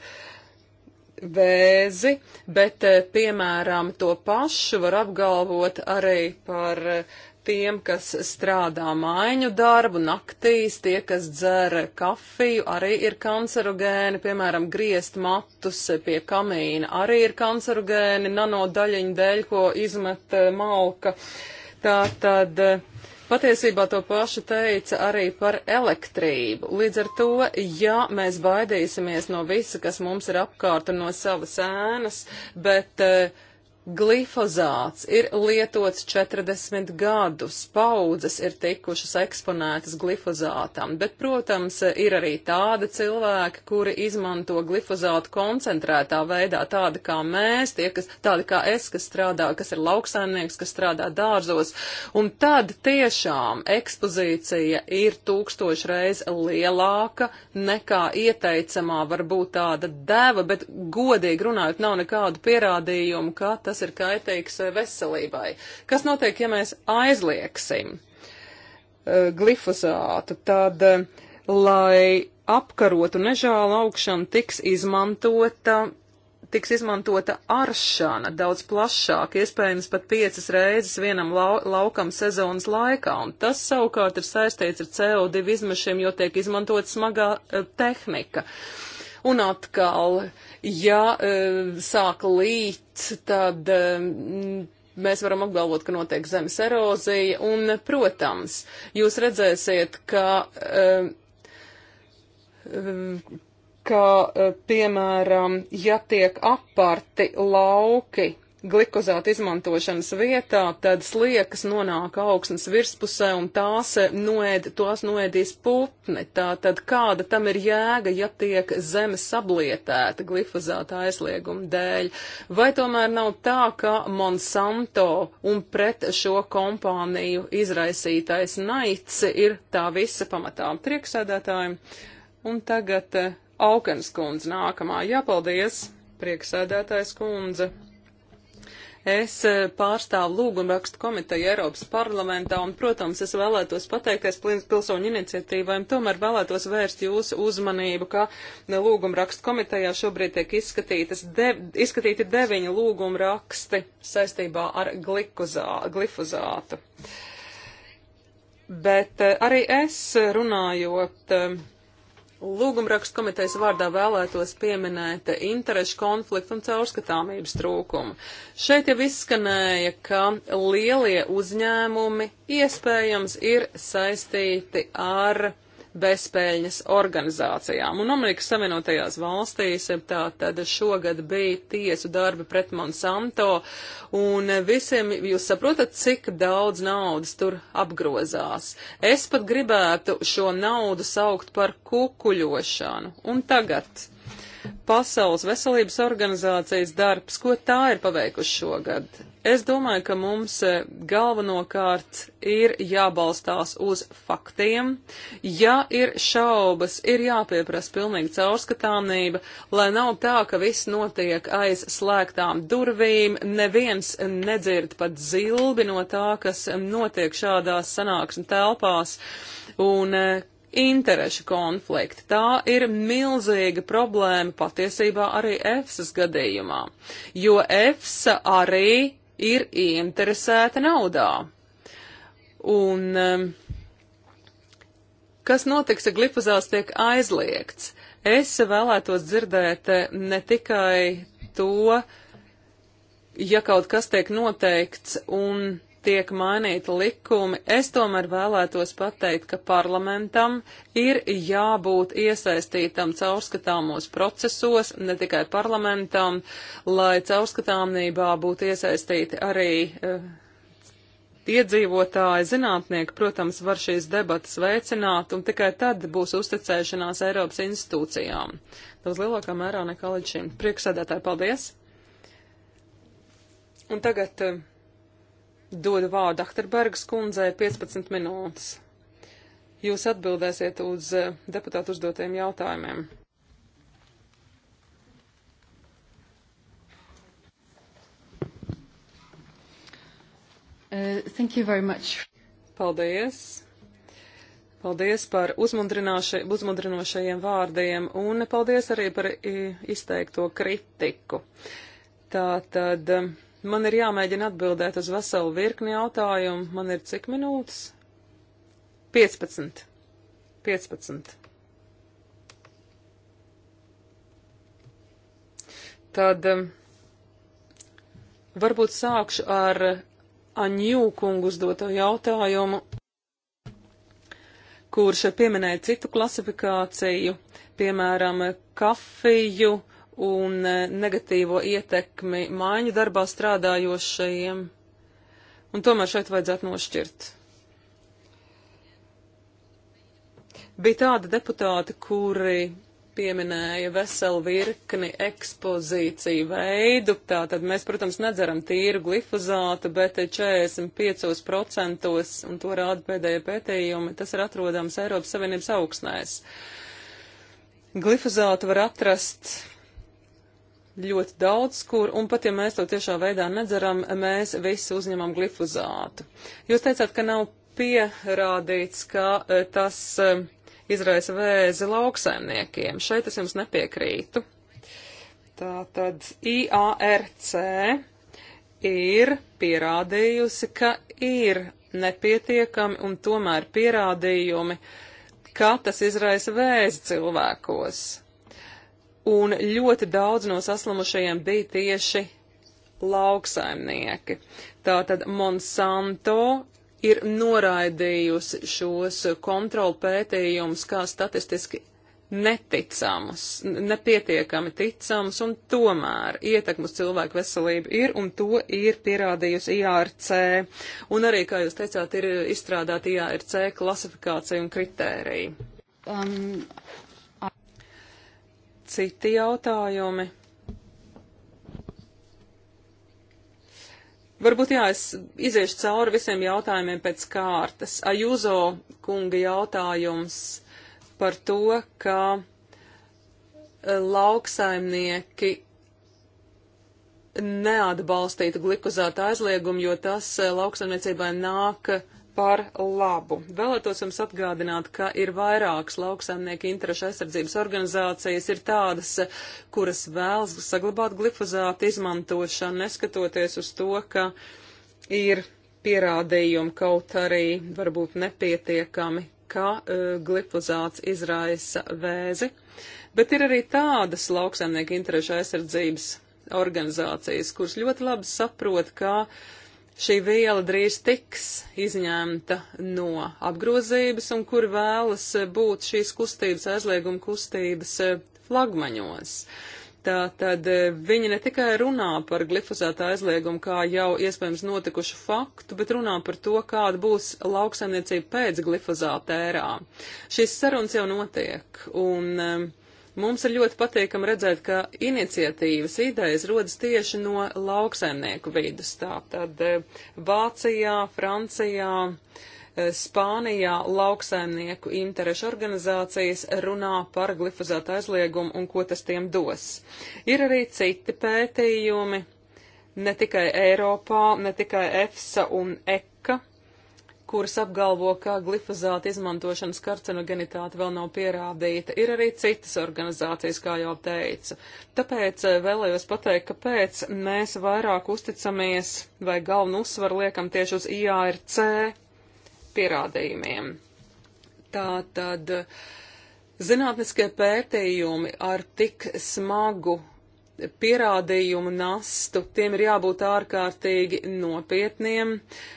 C: vēzi, bet, eh, piemēram, to pašu var apgalvot arī par uh, tiem, kas strādā mājiņu darbu naktīs, tie, kas dzer kafiju, arī ir kancerogēni, piemēram, griezt matus pie kamīna arī ir kancerogēni nanodaļiņu dēļ, ko izmet eh, malka. Tā tad. Eh, patiesībā to pašu teica arī par elektrību. Līdz ar to, ja mēs baidīsimies no visa, kas mums ir apkārt un no savas ēnas, bet uh, Glifozāts ir lietots 40 gadus, paudzes ir tikušas eksponētas glifozātam, bet, protams, ir arī tādi cilvēki, kuri izmanto glifozātu koncentrētā veidā, tādi kā mēs, tie, kas, tādi kā es, kas strādā, kas ir lauksaimnieks, kas strādā dārzos, un tad tiešām ekspozīcija ir tūkstošreiz lielāka nekā ieteicamā varbūt tāda deva, bet godīgi runājot, nav nekādu pierādījumu, ka tas tas ir kaitīgs eh, veselībai. Kas notiek, ja mēs aizlieksim uh, eh, glifosātu, tad, uh, lai apkarotu nežālu augšanu, tiks izmantota tiks izmantota aršana daudz plašāk, iespējams pat piecas reizes vienam lau, laukam sezonas laikā, un tas savukārt ir saistīts ar CO2 izmešiem, jo tiek izmantot smagā eh, tehnika. Uh, Un atkal, ja e, sāk līt, tad e, mēs varam apgalvot, ka notiek zemes erozija, un, protams, jūs redzēsiet, ka, e, ka piemēram, ja tiek aparti lauki, glikozāta izmantošanas vietā, tad sliekas nonāk augsnes virspusē un tās noēd, tos noēdīs putni. Tātad kāda tam ir jēga, ja tiek zeme sablietēta glifozāta aizlieguma dēļ? Vai tomēr nav tā, ka Monsanto un pret šo kompāniju izraisītais naids ir tā visa pamatā priekšsēdētājiem? Un tagad eh, Aukens kundze nākamā. Jā, paldies, priekšsēdētājs kundze. Es e, pārstāvu lūgumrakstu komiteju Eiropas parlamentā un, protams, es vēlētos pateikties pilsoņu iniciatīvām, tomēr vēlētos vērst jūsu uzmanību, ka e, lūgumrakstu komitejā šobrīd tiek de, izskatīti deviņi lūgumraksti saistībā ar glikozā, glifozātu. Bet e, arī es runājot Lūgumrakstu komitejas vārdā vēlētos pieminēt interešu konfliktu un caurskatāmības trūkumu. Šeit jau izskanēja, ka lielie uzņēmumi iespējams ir saistīti ar uh, bezspēļņas organizācijām. Un Amerikas Savienotajās valstīs tā tad šogad bija tiesu darbi pret Monsanto, un visiem jūs saprotat, cik daudz naudas tur apgrozās. Es pat gribētu šo naudu saukt par kukuļošanu. Un tagad Pasaules veselības organizācijas darbs, ko tā ir paveikusi šogad? Es domāju, ka mums e, galvenokārt ir jābalstās uz faktiem. Ja ir šaubas, ir jāpieprasa pilnīga caurskatāmība, lai nav tā, ka viss notiek aiz slēgtām durvīm, neviens nedzird pat zilbi no tā, kas notiek šādās sanāksmu telpās. Un, e, interešu konflikti. Tā ir milzīga problēma patiesībā arī EFSAS gadījumā, jo EFSA arī ir ieinteresēta naudā. Un um, kas notiks, ja glifozāts tiek aizliegts? Es vēlētos dzirdēt eh, ne tikai to, ja kaut kas tiek noteikts un tiek mainīti likumi, es tomēr vēlētos pateikt, ka parlamentam ir jābūt iesaistītam caurskatāmos procesos, ne tikai parlamentam, lai caurskatāmnībā būtu iesaistīti arī uh, iedzīvotāji, zinātnieki, protams, var šīs debatas veicināt, un tikai tad būs uzticēšanās Eiropas institūcijām. Daudz lielākā mērā nekā līdz šim. Prieksēdētāji, paldies! Un tagad. Uh, Dodu vārdu Ahterbergas kundzei 15 minūtes. Jūs atbildēsiet uz eh, deputātu uzdotiem jautājumiem. Uh, thank you very much. Paldies. Paldies par uzmundrinošajiem vārdiem un paldies arī par eh, izteikto kritiku. Tātad. Uh, Man ir jāmēģina atbildēt uz veselu virkni jautājumu. Man ir cik minūtes? 15. 15. Tad um, varbūt sākšu ar Aņū kungu uzdoto jautājumu, kurš pieminēja citu klasifikāciju, piemēram, kafiju, uh, un e, negatīvo ietekmi mājiņu darbā strādājošajiem. Un tomēr šeit vajadzētu nošķirt. Bija tādi deputāti, kuri pieminēja veselu virkni ekspozīciju veidu. Tātad mēs, protams, nedzeram tīru glifozātu, bet 45%, un to rāda pēdējie pētījumi, tas ir atrodams Eiropas Savienības augsnēs. Glifozātu var atrast ļoti daudz kur, un pat ja mēs to tiešā veidā nedzeram, mēs visi uzņemam glifuzātu. Jūs teicāt, ka nav pierādīts, ka eh, tas eh, izraisa vēzi lauksaimniekiem. Šeit es jums nepiekrītu. Tā tad IARC ir pierādījusi, ka ir nepietiekami un tomēr pierādījumi, ka tas izraisa vēzi cilvēkos un ļoti daudz no saslimušajiem bija tieši lauksaimnieki. Tātad Monsanto ir noraidījusi šos kontrolu pētījumus kā statistiski neticamus, nepietiekami ticamus, un tomēr ietekmus cilvēku veselību ir, un to ir pierādījusi IRC. Un arī, kā jūs teicāt, ir izstrādāta IRC klasifikācija un kritērija. Um, citi jautājumi? Varbūt jā, es iziešu cauri visiem jautājumiem pēc kārtas. Ajuzo kunga jautājums par to, ka e, lauksaimnieki neatbalstītu glikozāta aizliegumu, jo tas e, lauksaimniecībai nāk uh, par labu. Vēlētos jums atgādināt, ka ir vairākas lauksaimnieku interešu aizsardzības organizācijas, ir tādas, kuras vēlas saglabāt glifozātu izmantošanu, neskatoties uz to, ka ir pierādījumi kaut arī varbūt nepietiekami, ka uh, glifozāts izraisa vēzi, bet ir arī tādas lauksaimnieku interešu aizsardzības organizācijas, kuras ļoti labi saprot, ka uh, šī viela drīz tiks izņemta no apgrozības un kur vēlas būt šīs kustības aizlieguma kustības eh, flagmaņos. Tātad eh, viņi ne tikai runā par glifosāta aizliegumu kā jau iespējams notikušu faktu, bet runā par to, kāda būs lauksaimniecība pēc glifosāta ērā. Šīs sarunas jau notiek, un uh, Mums ir ļoti patīkami redzēt, ka iniciatīvas idejas rodas tieši no lauksaimnieku vidus. Tātad eh, Vācijā, Francijā, eh, Spānijā lauksaimnieku interešu organizācijas runā par glifozāta aizliegumu un ko tas tiem dos. Ir arī citi pētījumi, ne tikai Eiropā, ne tikai EFSA un EK kuras apgalvo, ka glifozāta izmantošanas karcinogenitāte vēl nav pierādīta. Ir arī citas organizācijas, kā jau teicu. Tāpēc eh, vēlējos pateikt, kāpēc mēs vairāk uzticamies vai galvenu uzsvaru liekam tieši uz IARC pierādījumiem. Tā tad eh, zinātniskie pētījumi ar tik smagu pierādījumu nastu, tiem ir jābūt ārkārtīgi nopietniem. Uh,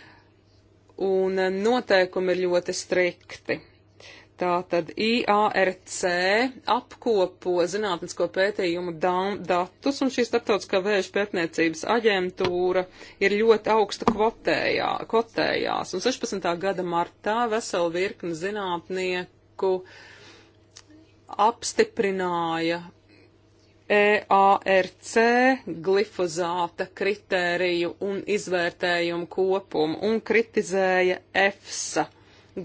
C: un noteikumi ir ļoti strikti. Tātad IARC apkopo zinātnisko pētījumu datus, un šī starptautiskā vēža pētniecības aģentūra ir ļoti augsta kvotējā, kvotējās. Un 16. gada martā vesela virkni zinātnieku apstiprināja EARC glifozāta kritēriju un izvērtējumu kopumu un kritizēja EFSA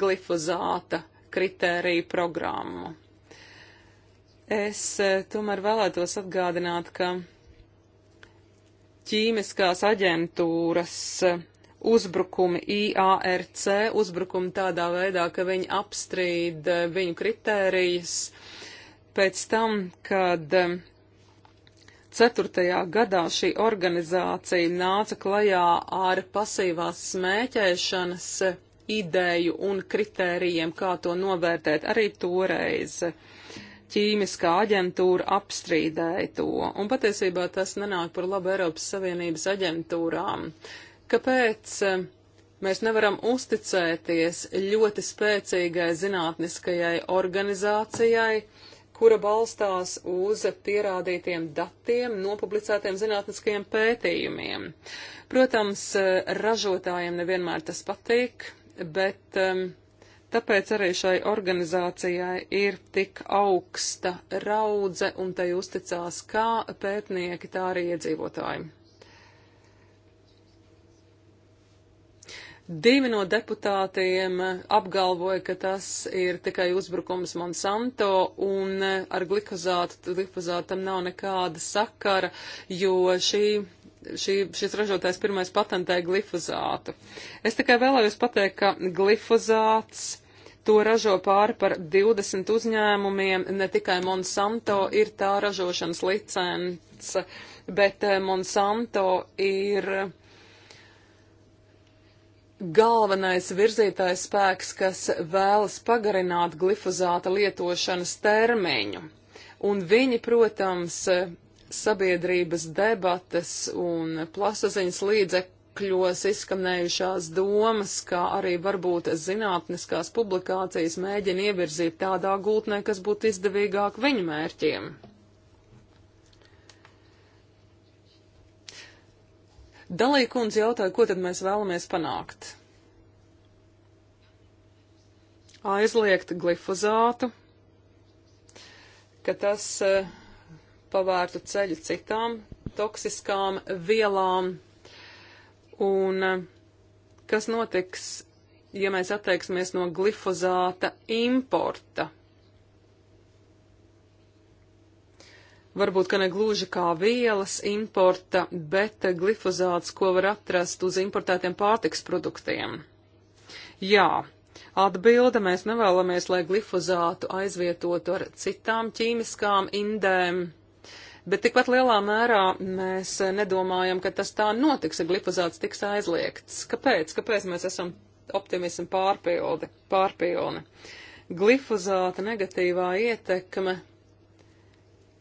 C: glifozāta kritēriju programmu. Es e, tomēr vēlētos atgādināt, ka ķīmiskās aģentūras e, uzbrukumi IARC, uzbrukumi tādā veidā, ka viņi apstrīd e, viņu kritērijas pēc tam, kad 2004. gadā šī organizācija nāca klajā ar pasīvās smēķēšanas ideju un kritērijiem, kā to novērtēt arī toreiz. Ķīmiskā aģentūra apstrīdēja to, un patiesībā tas nenāk par labu Eiropas Savienības aģentūrām. Kāpēc e, mēs nevaram uzticēties ļoti spēcīgai zinātniskajai organizācijai, kura balstās uz pierādītiem datiem, nopublicētiem zinātniskajiem pētījumiem. Protams, ražotājiem nevienmēr tas patīk, bet um, Tāpēc arī šai organizācijai ir tik augsta raudze un tai uzticās kā pētnieki, tā arī iedzīvotāji. Divi no deputātiem apgalvoja, ka tas ir tikai uzbrukums Monsanto un ar glikozātu, glifozātu tam nav nekāda sakara, jo šī, šī, šis ražotājs pirmais patentēja glifozātu. Es tikai vēlējos pateikt, ka glifozāts. To ražo pāri par 20 uzņēmumiem, ne tikai Monsanto ir tā ražošanas licence, bet eh, Monsanto ir uh, galvenais virzītājs spēks, kas vēlas pagarināt glifozāta lietošanas termiņu. Un viņi, protams, sabiedrības debates un plasaziņas līdzekļos izskanējušās domas, kā arī varbūt zinātniskās publikācijas mēģina ievirzīt tādā gultnē, kas būtu izdevīgāk viņu mērķiem. Dalīja kundze jautāja, ko tad mēs vēlamies panākt? Aizliegt glifozātu, ka tas eh, pavērtu ceļu citām toksiskām vielām, un eh, kas notiks, ja mēs atteiksimies no glifozāta importa? varbūt, ka ne gluži kā vielas importa, bet glifozāts, ko var atrast uz importētiem pārtiks produktiem. Jā, atbilde mēs nevēlamies, lai glifozātu aizvietotu ar citām ķīmiskām indēm. Bet tikpat lielā mērā mēs nedomājam, ka tas tā notiks, ja glifozāts tiks aizliegts. Kāpēc? Kāpēc mēs esam optimismu pārpildi, pārpilni? Glifozāta negatīvā ietekme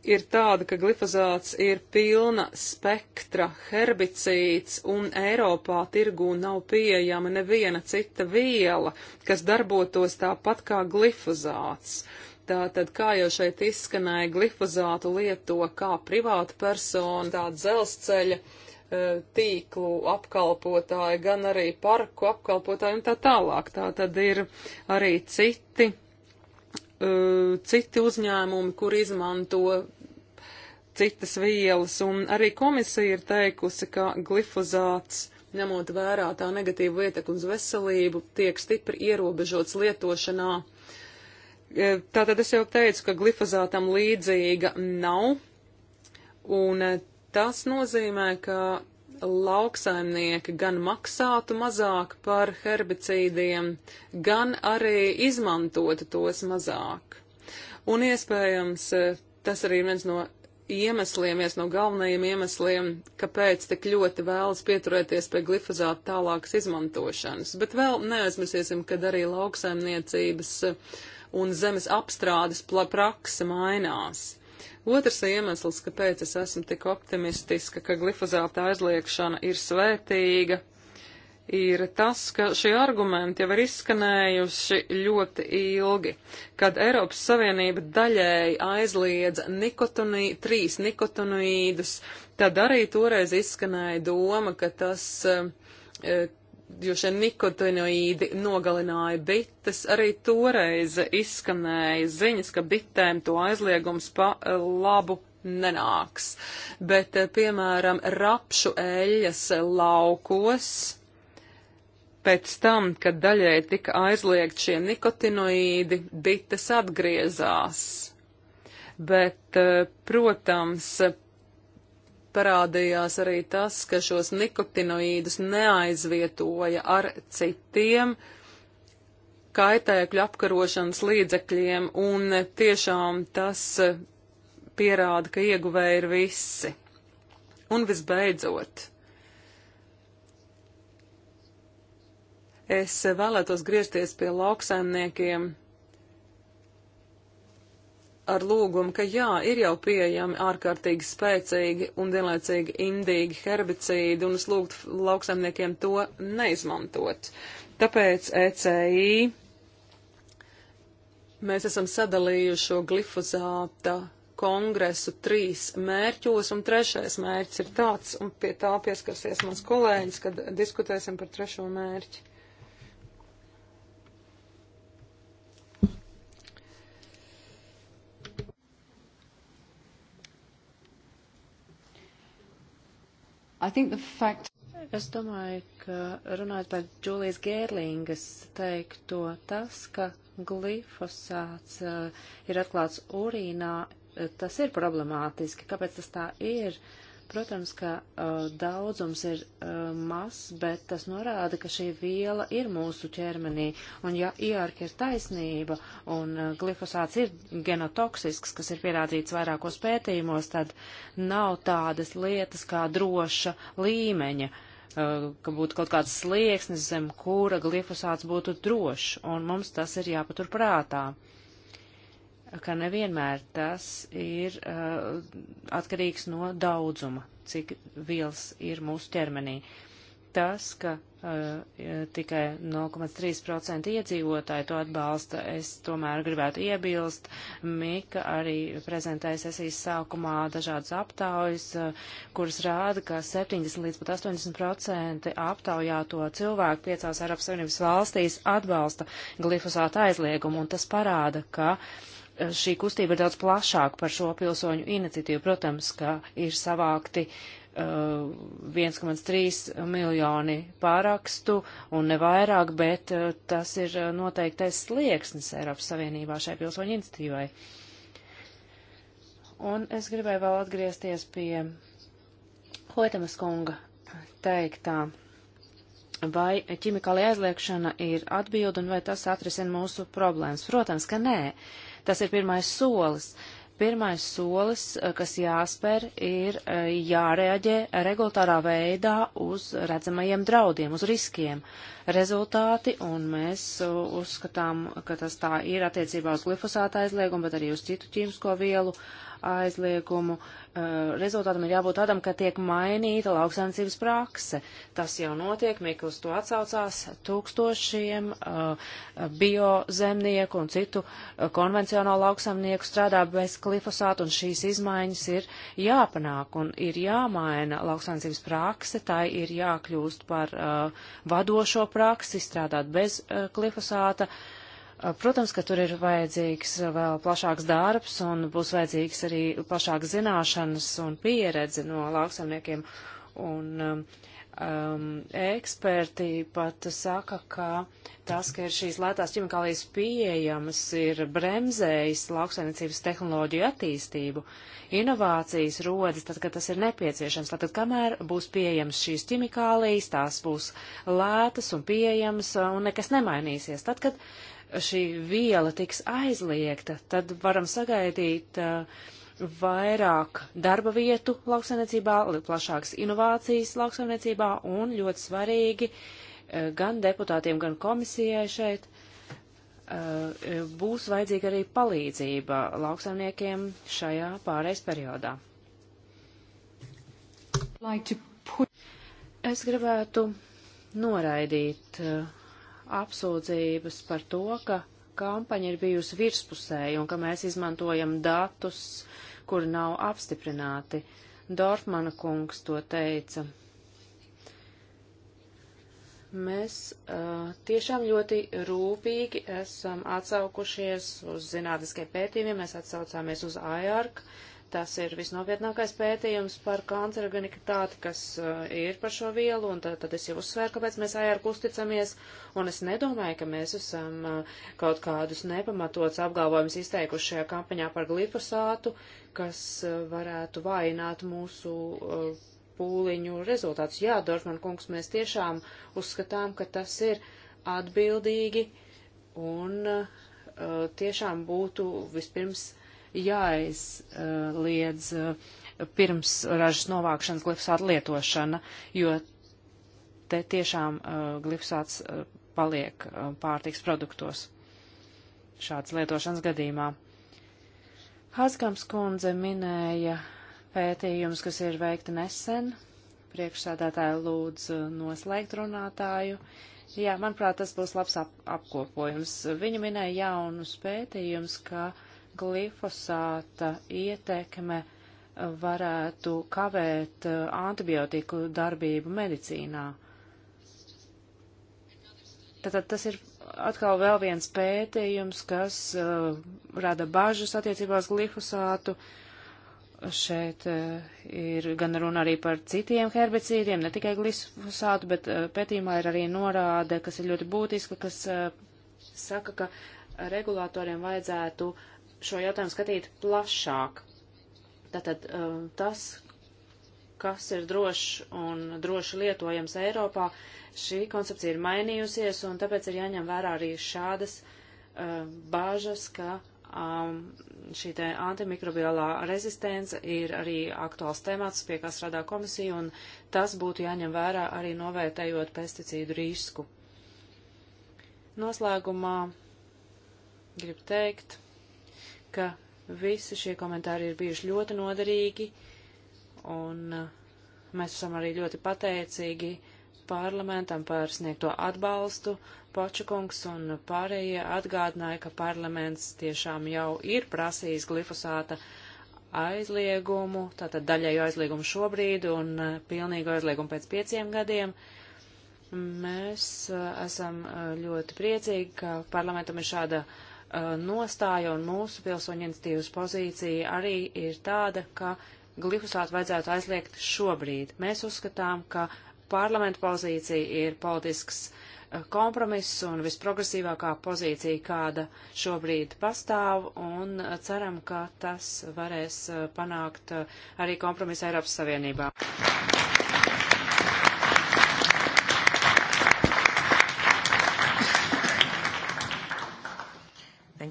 C: ir tāda, ka glifozāts ir pilna spektra herbicīts un Eiropā tirgū nav pieejama neviena cita viela, kas darbotos tāpat kā glifozāts. Tātad, kā jau šeit izskanēja, glifozātu lieto kā privāta persona, tā dzelzceļa e, tīklu apkalpotāji, gan arī parku apkalpotāji un tā tālāk. Tā tad ir arī citi e, citi uzņēmumi, kur izmanto citas vielas, un arī komisija ir teikusi, ka glifozāts, ņemot vērā tā negatīvu ietekmu uz veselību, tiek stipri ierobežots lietošanā. E, tātad es jau teicu, ka glifozātam līdzīga nav, un e, tas nozīmē, ka lauksaimnieki gan maksātu mazāk par herbicīdiem, gan arī izmantotu tos mazāk. Un iespējams, e, tas arī viens no iemesliem, viens no galvenajiem iemesliem, kāpēc tik ļoti vēlas pieturēties pie glifozāta tālākas izmantošanas. Bet vēl neaizmirsīsim, kad arī lauksaimniecības eh, un zemes apstrādes prakse mainās. Otrs iemesls, kāpēc es esmu tik optimistiska, ka glifozāta aizliekšana ir svētīga, ir tas, ka šie argumenti jau ir izskanējuši ļoti ilgi, kad Eiropas Savienība daļēji aizliedza nikotinī, trīs nikotinoīdus, tad arī toreiz izskanēja doma, ka tas, eh, jo šie nikotinoīdi nogalināja bites, arī toreiz izskanēja ziņas, ka bitēm to aizliegums pa eh, labu nenāks. Bet, eh, piemēram, rapšu eļas laukos, Pēc tam, kad daļai tika aizliegt šie nikotinoīdi, bites atgriezās. Bet, eh, protams, parādījās arī tas, ka šos nikotinoīdus neaizvietoja ar citiem kaitēkļu apkarošanas līdzekļiem, un tiešām tas eh, pierāda, ka ieguvēji ir visi. Un visbeidzot, Es vēlētos griezties pie lauksaimniekiem ar lūgumu, ka jā, ir jau pieejami ārkārtīgi spēcīgi un vienlaicīgi indīgi herbicīdi, un es lūgtu lauksaimniekiem to neizmantot. Tāpēc ECI mēs esam sadalījuši šo glifozāta kongresu trīs mērķos, un trešais mērķis ir tāds, un pie tā pieskarsies mans kolēģis, kad diskutēsim par trešo mērķi.
A: Fact... Es domāju, ka runājot par Džulijas Gērlingas teikto, tas, ka glifosāts uh, ir atklāts urīnā, eh, tas ir problemātiski. Kāpēc tas tā ir? Uh, Protams, ka uh, daudzums ir uh, mazs, bet tas norāda, ka šī viela ir mūsu ķermenī. Un ja iārka ir taisnība un uh, glifosāts ir genotoksisks, kas ir pierādīts vairākos pētījumos, tad nav tādas lietas kā droša līmeņa. Uh, ka būtu kaut kāds slieksnis, zem kura glifosāts būtu drošs, un mums tas ir jāpatur prātā. Uh, ka nevienmēr tas ir uh, atkarīgs no daudzuma, cik vielas ir mūsu ķermenī. Tas, ka uh, tikai 0,3% iedzīvotāji to atbalsta, es tomēr gribētu iebilst. Mika arī prezentēja sesijas sākumā dažādas aptaujas, uh, kuras rāda, ka 70 līdz pat 80% aptaujāto cilvēku piecās Eiropas Savienības valstīs atbalsta glifosāta aizliegumu, un tas parāda, ka uh, šī kustība ir daudz plašāka par šo pilsoņu iniciatīvu. Protams, ka ir savākti uh, 1,3 miljoni pārakstu un nevairāk, bet uh, tas ir uh, noteiktais slieksnis Eiropas Savienībā šai pilsoņu iniciatīvai. Un es gribēju vēl atgriezties pie Hoitamas kunga teiktā vai ķimikāla aizliekšana ir atbildi un vai tas atrisina mūsu problēmas. Protams, ka nē. Tas ir pirmais solis. Pirmais solis, eh, kas jāspēr, ir eh, jāreaģē regulārā veidā uz redzamajiem draudiem, uz riskiem. Rezultāti, un mēs eh, uzskatām, ka tas tā ir attiecībā uz glifosāta aizliegumu, bet arī uz citu ķīmisko vielu aizliegumu, uh, Eh, rezultātam ir jābūt tādam, ka tiek mainīta lauksaimniecības prakse. Tas jau notiek, Mikls to atsaucās, tūkstošiem uh, biozemnieku un citu uh, konvencionālu lauksaimnieku strādā bez glifosātu, un šīs izmaiņas ir jāpanāk un ir jāmaina lauksaimniecības prakse, tai ir jākļūst par uh, vadošo praksi, strādāt bez glifosāta. Uh, Protams, ka tur ir vajadzīgs vēl plašāks darbs un būs vajadzīgs arī plašāks zināšanas un pieredze no lauksamniekiem. Un um, um, eksperti pat saka, ka tas, ka ir šīs lētās ķimikālijas pieejamas, ir bremzējis lauksaimniecības tehnoloģiju attīstību. Inovācijas rodas tad, kad tas ir nepieciešams. Tātad, kamēr būs pieejamas šīs ķimikālijas, tās būs lētas un pieejamas un nekas nemainīsies. Tad, kad šī viela tiks aizliegta, tad varam sagaidīt uh, vairāk darba vietu lauksaimniecībā, plašākas inovācijas lauksaimniecībā un ļoti svarīgi uh, gan deputātiem, gan komisijai šeit uh, būs vajadzīga arī palīdzība lauksaimniekiem šajā pārejas periodā. Es gribētu noraidīt uh, apsūdzības par to, ka kampaņa ir bijusi virspusēja un ka mēs izmantojam datus, kuri nav apstiprināti. Dorfmana kungs to teica. Mēs uh, tiešām ļoti rūpīgi esam atsaukušies uz zinātniskiem pētījumiem, mēs atsaucāmies uz AIRK, uh, Tas ir visnopietnākais pētījums par kancerogenikitāti, kas uh, ir par šo vielu, un tad, tad es jau uzsvēru, kāpēc mēs ārku uzticamies, un es nedomāju, ka mēs esam uh, kaut kādus nepamatots apgalvojumus izteikuši šajā kampaņā par glifosātu, kas uh, varētu vājināt mūsu uh, pūliņu rezultātus. Jā, Dorfman kungs, mēs tiešām uzskatām, ka tas ir atbildīgi, un uh, tiešām būtu vispirms jāizliedz eh, pirms ražas novākšanas glifosāta lietošana, jo te tiešām eh, glifosāts eh, paliek pārtiks produktos šāds lietošanas gadījumā. Haskams kundze minēja pētījumus, kas ir veikti nesen. Priekšsādātāja lūdzu noslēgt runātāju. Jā, manuprāt, tas būs labs ap apkopojums. Viņa minēja jaunus pētījumus, ka glifosāta ietekme varētu kavēt eh, antibiotiku darbību medicīnā. Tātad tas ir atkal vēl viens pētījums, kas uh, rada bažas attiecībās glifosātu. Šeit uh, ir gan runa arī par citiem herbicīdiem, ne tikai glifosātu, bet uh, pētījumā ir arī norāde, kas ir ļoti būtiska, kas uh, saka, ka regulātoriem vajadzētu uh, šo jautājumu skatīt plašāk. Tātad um, tas, kas ir drošs un droši lietojams Eiropā, šī koncepcija ir mainījusies, un tāpēc ir jāņem vērā arī šādas uh, bāžas, ka um, šī te antimikrobiālā rezistence ir arī aktuāls temats, pie kā strādā komisija, un tas būtu jāņem vērā arī novērtējot pesticīdu risku. Noslēgumā gribu teikt, ka visi šie komentāri ir bijuši ļoti noderīgi, un uh, mēs esam arī ļoti pateicīgi parlamentam par sniegto atbalstu. Počakungs un pārējie atgādināja, ka parlaments tiešām jau ir prasījis glifosāta aizliegumu, tātad daļēju aizliegumu šobrīd un uh, pilnīgu aizliegumu pēc pieciem gadiem. Mēs uh, esam ļoti priecīgi, ka parlamentam ir šāda uh, Uh, nostāja un mūsu pilsoņu institīvas pozīcija arī ir tāda, ka glifosātu vajadzētu aizliegt šobrīd. Mēs uzskatām, ka parlamenta pozīcija ir politisks uh, kompromiss un visprogresīvākā pozīcija, kāda šobrīd pastāv, un uh, ceram, ka tas varēs panākt arī kompromisu Eiropas Savienībā.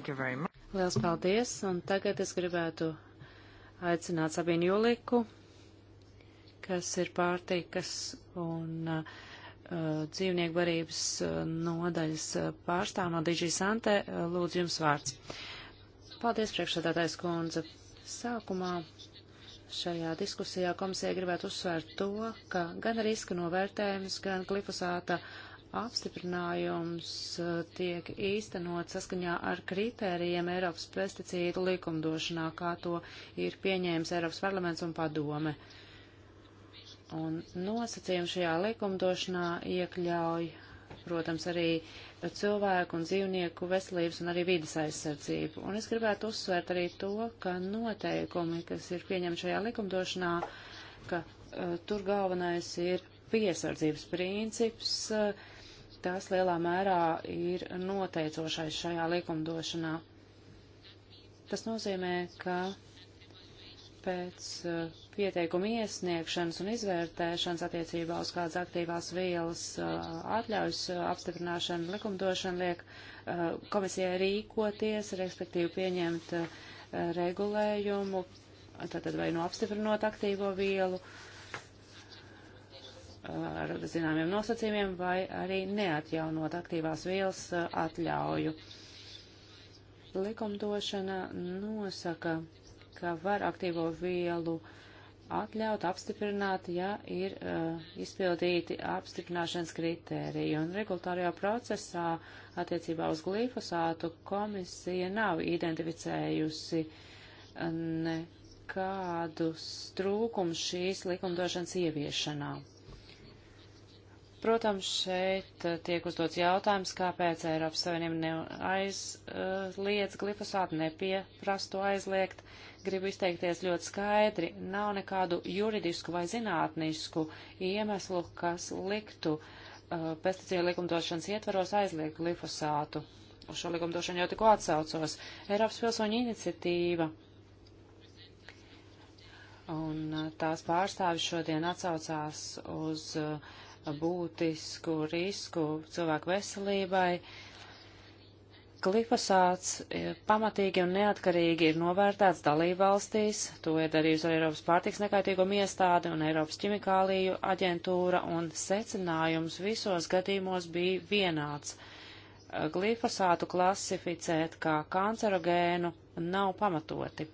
A: Liels paldies, un tagad es gribētu aicināt Sabīnu Juliku, kas ir pārtīkas un uh, dzīvnieku varības uh, nodaļas uh, pārstāv no Digi Sante. Uh, lūdzu, jums vārds. Paldies, priekšsēdētājs kundze. Sākumā šajā diskusijā komisija gribētu uzsvērt to, ka gan riska novērtējums, gan glifosāta uh, apstiprinājums eh, tiek īstenot saskaņā ar kritērijiem Eiropas pesticīdu likumdošanā, kā to ir pieņēmis Eiropas parlaments un padome. Un nosacījumi šajā likumdošanā iekļauj, protams, arī cilvēku un dzīvnieku veselības un arī vidas aizsardzību. Un es gribētu uzsvērt arī to, ka noteikumi, kas ir pieņemti šajā likumdošanā, ka uh, tur galvenais ir piesardzības princips, uh, tas lielā mērā ir noteicošais šajā likumdošanā. Tas nozīmē, ka pēc uh, pieteikuma iesniegšanas un izvērtēšanas attiecībā uz kādas aktīvās vielas uh, atļaujas uh, apstiprināšanu likumdošana liek uh, komisijai rīkoties, respektīvi pieņemt uh, regulējumu, tātad vai no nu apstiprinot aktīvo vielu ar zināmiem nosacījumiem vai arī neatjaunot aktīvās vielas uh, atļauju. Likumdošana nosaka, ka var aktīvo vielu atļaut, apstiprināt, ja ir uh, izpildīti apstiprināšanas kritēriji. Un regulatārajā procesā attiecībā uz glifosātu komisija nav identificējusi uh, nekādus trūkums šīs likumdošanas ieviešanā. Protams, šeit eh, tiek uzdots jautājums, kāpēc Eiropas Savienība neaizliedz uh, glifosātu, nepieprast to aizliegt. Gribu izteikties ļoti skaidri, nav nekādu juridisku vai zinātnisku iemeslu, kas liktu uh, pesticīdu likumdošanas ietvaros aizliegt glifosātu. Uz šo likumdošanu jau tikko atsaucos. Eiropas pilsoņu iniciatīva. Un uh, tās pārstāvis šodien atsaucās uz uh, būtisku risku cilvēku veselībai. Glifosāts e, pamatīgi un neatkarīgi ir novērtēts dalībvalstīs, to ir darījusi arī Eiropas pārtiks nekaitīguma iestāde un Eiropas ķimikāliju aģentūra, un secinājums visos gadījumos bija vienāds. E, glifosātu klasificēt kā kancerogēnu nav pamatoti.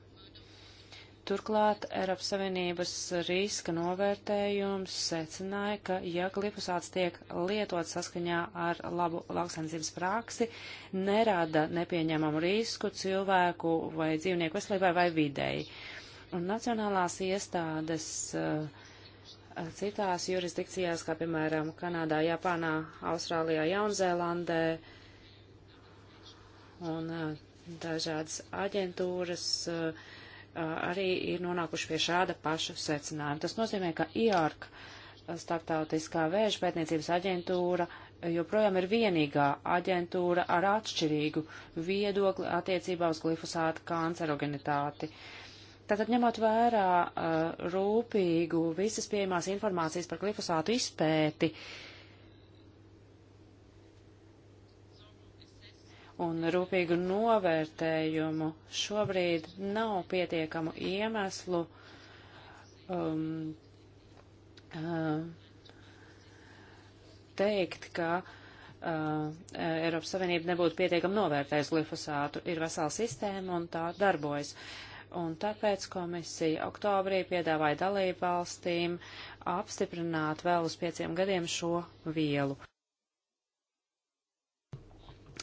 A: Turklāt Eiropas Savienības riska novērtējums secināja, ka, ja glifosāts tiek lietots saskaņā ar labu lauksaimniecības praksi, nerada nepieņemamu risku cilvēku vai dzīvnieku veselībai vai videi. Un nacionālās iestādes eh, citās jurisdikcijās, kā piemēram Kanādā, Japānā, Austrālijā, Jaunzēlandē un eh, dažādas aģentūras, uh, arī ir nonākuši pie šāda paša secinājuma. Tas nozīmē, ka IARC, starptautiskā vēža pētniecības aģentūra, joprojām ir vienīgā aģentūra ar atšķirīgu viedokli attiecībā uz glifosāta kancerogenitāti. Tātad ņemot vērā rūpīgu visas pieejamās informācijas par glifosātu izpēti, uh, un rūpīgu novērtējumu. Šobrīd nav pietiekamu iemeslu um, uh, teikt, ka uh, Eiropas Savienība nebūtu pietiekami novērtējusi glifosātu. Ir vesela sistēma un tā darbojas. Un tāpēc komisija oktobrī piedāvāja dalību valstīm apstiprināt vēl uz pieciem gadiem šo vielu.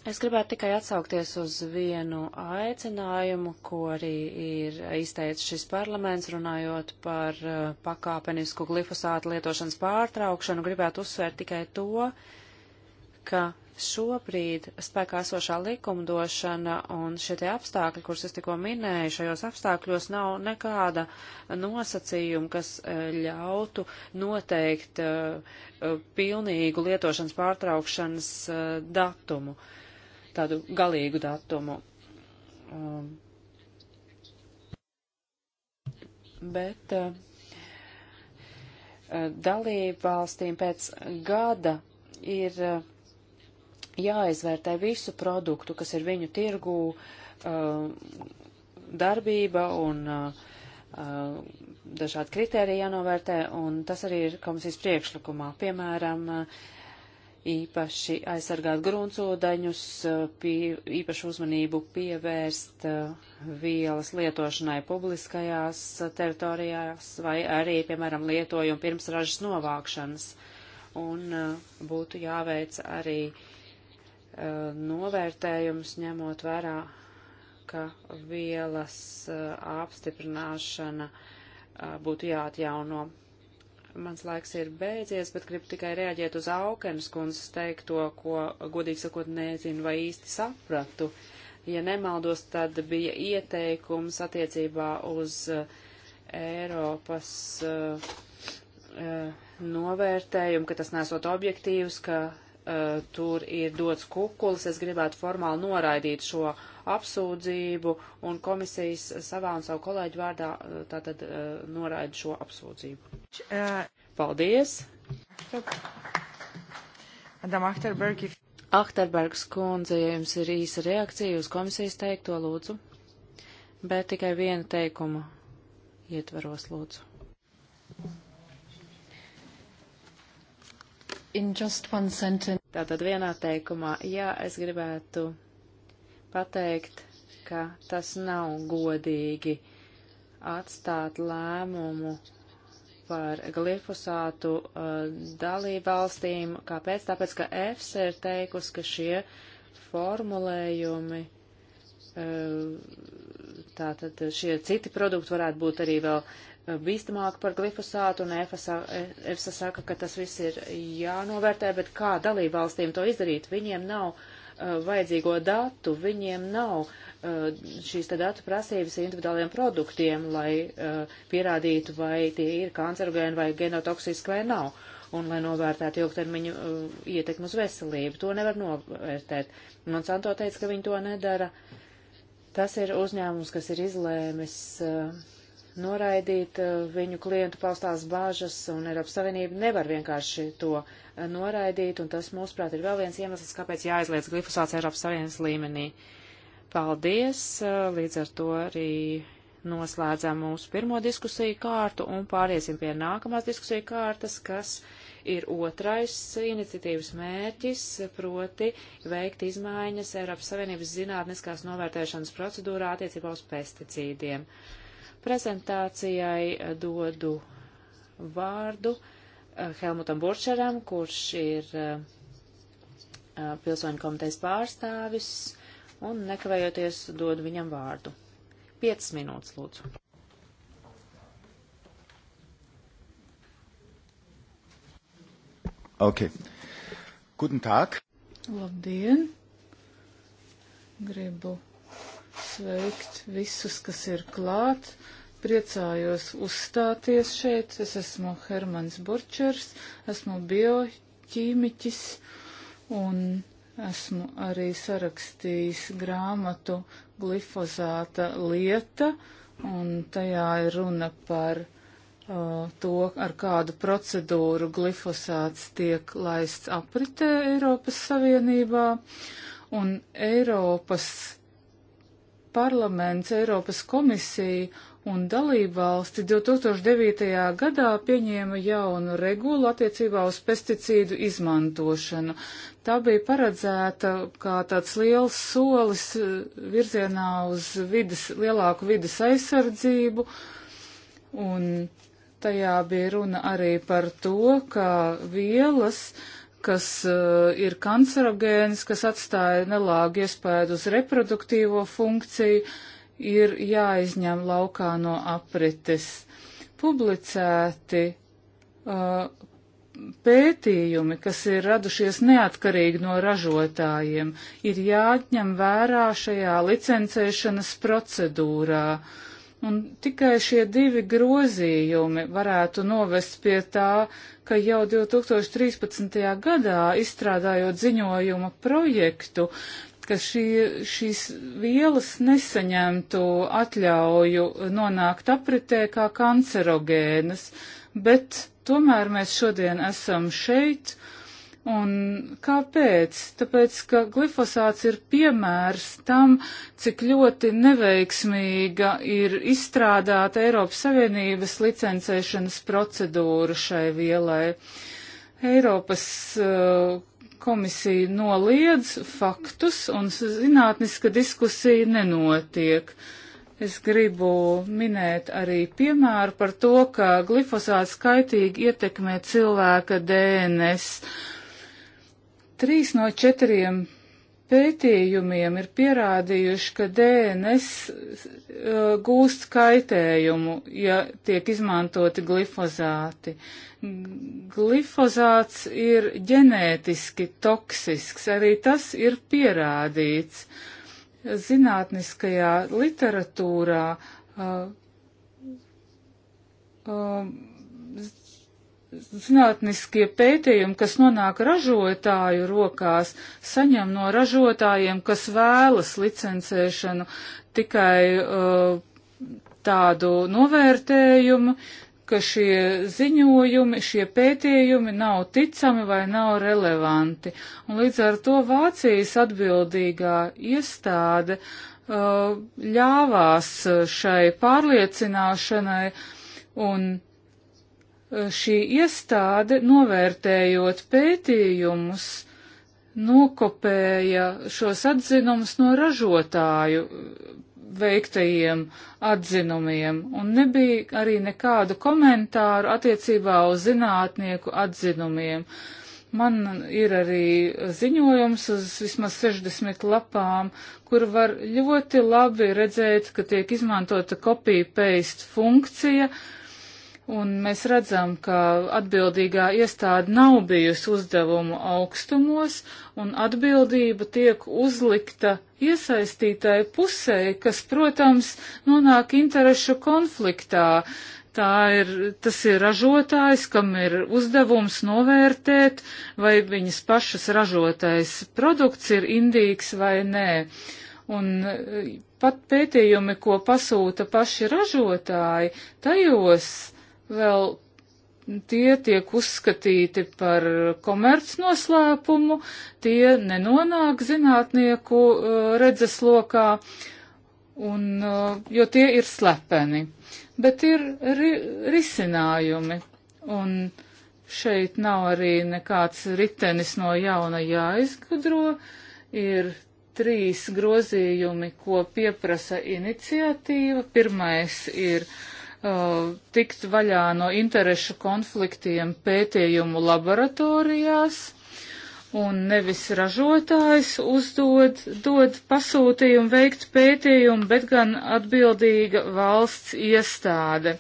A: Es gribētu tikai atsaukties uz vienu aicinājumu, ko arī ir izteicis šis parlaments, runājot par uh, pakāpenisku glifosātu lietošanas pārtraukšanu. Gribētu uzsvērt tikai to, ka šobrīd spēkā esošā likumdošana un šie tie apstākļi, kurus es tikko minēju, šajos apstākļos nav nekāda nosacījuma, kas uh, ļautu noteikt uh, uh, pilnīgu lietošanas pārtraukšanas uh, datumu. Uh, tādu galīgu datumu. Um, bet uh, dalību valstīm pēc gada ir uh, jāizvērtē visu produktu, kas ir viņu tirgū, uh, darbība un uh, uh dažādi kriteriji jānovērtē, un tas arī ir komisijas priekšlikumā. Piemēram, uh, īpaši aizsargāt gruntsūdeņus, pie, īpašu uzmanību pievērst uh, vielas lietošanai publiskajās teritorijās vai arī, piemēram, lietojumu pirms ražas novākšanas. Un uh, būtu jāveic arī uh, novērtējums, ņemot vērā, ka vielas apstiprināšana būtu jāatjauno mans laiks ir beidzies, bet gribu tikai reaģēt uz Aukenas kundzes teikto, ko, godīgi sakot, nezinu vai īsti sapratu. Ja nemaldos, tad bija ieteikums attiecībā uz eh, Eiropas uh, uh, novērtējumu, ka tas nesot objektīvs, ka uh, tur ir dots kukulis. Es gribētu formāli noraidīt šo objektīvu apsūdzību, un komisijas savā un savu kolēģu vārdā uh, tātad uh, noraida šo apsūdzību. Uh, Paldies! Madam Achterberg, if... Achterbergs kundze, ja jums ir īsa reakcija uz komisijas teikto, lūdzu, bet tikai viena teikuma ietvaros, lūdzu. Tātad vienā teikumā, jā, es gribētu pateikt, ka tas nav godīgi atstāt lēmumu par glifosātu uh, dalībvalstīm. Kāpēc? Tāpēc, ka EFSA ir teikusi, ka šie formulējumi, uh, tātad šie citi produkti varētu būt arī vēl uh, bīstamāk par glifosātu, un EFSA, EFSA saka, ka tas viss ir jānovērtē, bet kā dalībvalstīm to izdarīt? Viņiem nav Uh, vajadzīgo datu, viņiem nav uh, šīs te datu prasības individuāliem produktiem, lai uh, pierādītu, vai tie ir kancerogēni vai genotoksiski vai nav. Un lai novērtētu ilgtermiņu ietekmu uz veselību, to nevar novērtēt. Monsanto teica, ka viņi to nedara. Tas ir uzņēmums, kas ir izlēmis uh, noraidīt eh, viņu klientu paustās bāžas, un Eiropas Savienība nevar vienkārši to eh, noraidīt, un tas, mūsuprāt, ir vēl viens iemesls, kāpēc jāizliedz glifosāts Eiropas Savienības līmenī. Paldies! Eh, līdz ar to arī noslēdzām mūsu pirmo diskusiju kārtu, un pāriesim pie nākamās diskusiju kārtas, kas ir otrais iniciatīvas mērķis, proti veikt izmaiņas Eiropas Savienības zinātniskās novērtēšanas procedūrā attiecībā uz pesticīdiem. Uh, prezentācijai eh, dodu vārdu eh, Helmutam Burčeram, kurš ir eh, pilsoņu komitejas pārstāvis, un nekavējoties dodu viņam vārdu. 5 minūtes, lūdzu. Ok. Guten Tag.
B: Labdien. Gribu sveikt visus, kas ir klāt. Uh, Priecājos uzstāties šeit. Es esmu Hermans Burčers, esmu bioķīmiķis un esmu arī sarakstījis grāmatu glifozāta lieta, un tajā ir runa par uh, to, ar kādu procedūru glifosāts tiek laists apritē Eiropas Savienībā, un Eiropas parlaments, Eiropas komisija un dalībvalsti 2009. gadā pieņēma jaunu regulu attiecībā uz pesticīdu izmantošanu. Tā bija paredzēta kā tāds liels solis eh, virzienā uz vidas, lielāku vidas aizsardzību, un tajā bija runa arī par to, ka vielas, kas uh, ir kancerogēnas, kas atstāja nelāgu iespēju uz reproduktīvo funkciju, uh, ir jāizņem laukā no aprites. Publicēti uh, pētījumi, kas ir radušies neatkarīgi no ražotājiem, ir jāatņem vērā šajā licencēšanas procedūrā. Un tikai šie divi grozījumi varētu novest pie tā, ka jau 2013. gadā, izstrādājot ziņojuma projektu, ka šī, šīs vielas nesaņemtu atļauju nonākt apritē kā kancerogēnas, bet tomēr mēs šodien esam šeit. Un kāpēc? Tāpēc, ka glifosāts ir piemērs tam, cik ļoti neveiksmīga ir izstrādāta Eiropas Savienības licencēšanas procedūra šai vielai. Eiropas uh, komisija noliedz faktus un zinātniska diskusija nenotiek. Es gribu minēt arī piemēru par to, ka glifosāts kaitīgi ietekmē cilvēka DNS. Trīs no četriem Pētījumiem ir pierādījuši, ka DNS uh, gūst kaitējumu, ja tiek izmantoti glifozāti. Glifozāts ir ģenētiski toksisks, arī tas ir pierādīts. Zinātniskajā literatūrā uh, uh, zinātniskie pētījumi, kas nonāk ražotāju rokās, saņem no ražotājiem, kas vēlas licencēšanu, tikai uh, tādu novērtējumu, ka šie ziņojumi, šie pētījumi nav ticami vai nav relevanti. Un līdz ar to Vācijas atbildīgā iestāde uh, ļāvās uh, šai pārliecināšanai un šī iestāde, novērtējot pētījumus, nokopēja šos atzinumus no ražotāju veiktajiem atzinumiem, un nebija arī nekādu komentāru attiecībā uz zinātnieku atzinumiem. Man ir arī ziņojums uz vismaz 60 lapām, kur var ļoti labi redzēt, ka tiek izmantota copy-paste funkcija, uh, Un mēs redzam, ka atbildīgā iestāde nav bijusi uzdevumu augstumos, un atbildība tiek uzlikta iesaistītai pusē, kas, protams, nonāk interešu konfliktā. Tā ir, tas ir ražotājs, kam ir uzdevums novērtēt, vai viņas pašas ražotais produkts ir indīgs vai nē. Un e, pat pētījumi, ko pasūta paši ražotāji, tajos vēl tie tiek uzskatīti par komercnoslēpumu, tie nenonāk zinātnieku uh, redzeslokā, un, uh, jo tie ir slepeni. Bet ir ri risinājumi, un šeit nav arī nekāds ritenis no jauna jāizgudro, ir trīs grozījumi, ko pieprasa iniciatīva. Pirmais ir uh, tikt vaļā no interešu konfliktiem pētījumu laboratorijās un nevis ražotājs uzdod, dod pasūtījumu veikt pētījumu, bet gan atbildīga valsts iestāde.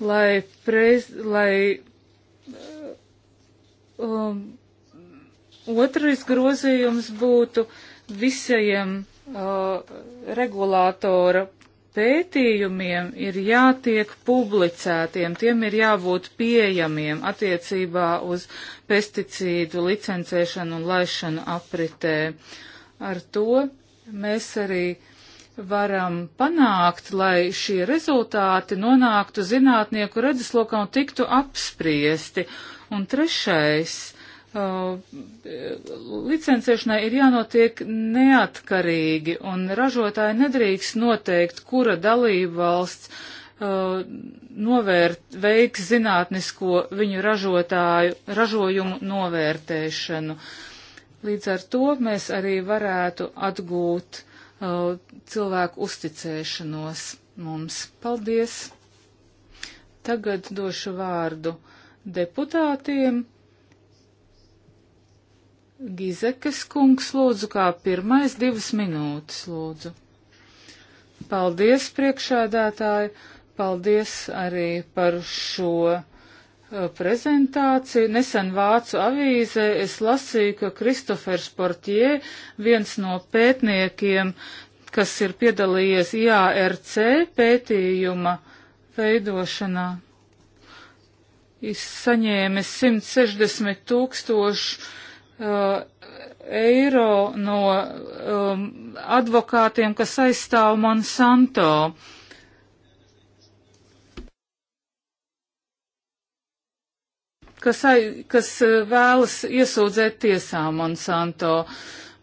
B: Lai, prez, lai uh, um, otrais grozījums būtu visiem uh, regulātora pētījumiem ir jātiek publicētiem, tiem ir jābūt pieejamiem attiecībā uz pesticīdu licencēšanu un laišanu apritē. Ar to mēs arī varam panākt, lai šie rezultāti nonāktu zinātnieku redzeslokā un tiktu apspriesti. Un trešais Uh, licencēšanai ir jānotiek neatkarīgi, un ražotāji nedrīkst noteikt, kura dalība valsts uh, novērt, veiks zinātnisko viņu ražotāju, ražojumu novērtēšanu. Līdz ar to mēs arī varētu atgūt uh, cilvēku uzticēšanos mums. Paldies! Tagad došu vārdu deputātiem Gizekas kungs lūdzu kā pirmais divas minūtes lūdzu. Paldies priekšādātāji, paldies arī par šo eh, prezentāciju. Nesen Vācu avīzē es lasīju, ka Kristofers Portie, viens no pētniekiem, kas ir piedalījies IARC pētījuma veidošanā, ir saņēmis 160 tūkstošu uh, eiro no um, advokātiem, kas aizstāv Monsanto. Kas, ai, kas eh, vēlas iesūdzēt tiesā Monsanto.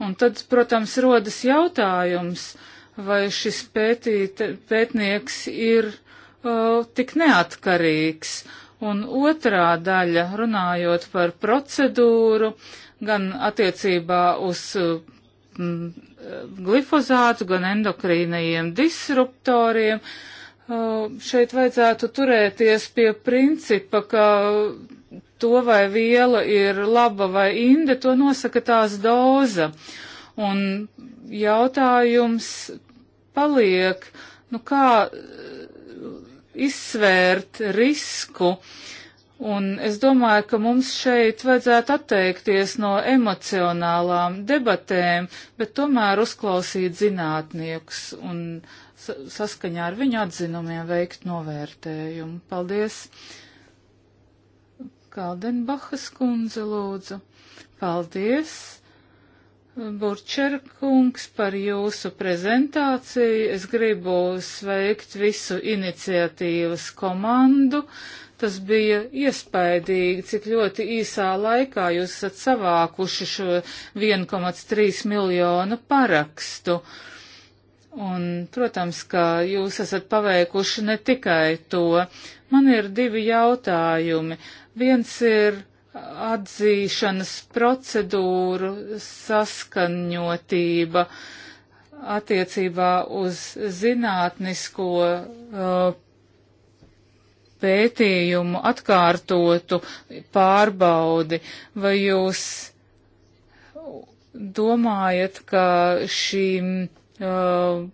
B: Un tad, protams, rodas jautājums, vai šis pētīt, pētnieks ir uh, tik neatkarīgs. Un otrā daļa, runājot par procedūru, uh, gan attiecībā uz mm, eh, glifozātu, gan endokrīnajiem disruptoriem. Eh, šeit vajadzētu turēties pie principa, ka to vai viela ir laba vai inde, to nosaka tās doza. Un jautājums paliek, nu kā eh, izsvērt risku, uh, Un es domāju, ka mums šeit vajadzētu atteikties no emocionālām debatēm, bet tomēr uzklausīt zinātniekus un saskaņā ar viņu atzinumiem veikt novērtējumu. Paldies! Kaldenbachas kundze lūdzu. Paldies! Burčerkungs par jūsu prezentāciju. Es gribu sveikt visu iniciatīvas komandu. Uh, Tas bija iespaidīgi, cik ļoti īsā laikā jūs esat savākuši šo 1,3 miljonu parakstu. Un, protams, ka jūs esat paveikuši ne tikai to. Man ir divi jautājumi. Viens ir atzīšanas procedūru saskaņotība attiecībā uz zinātnisko uh, pētījumu atkārtotu pārbaudi, vai jūs domājat, ka šīm uh,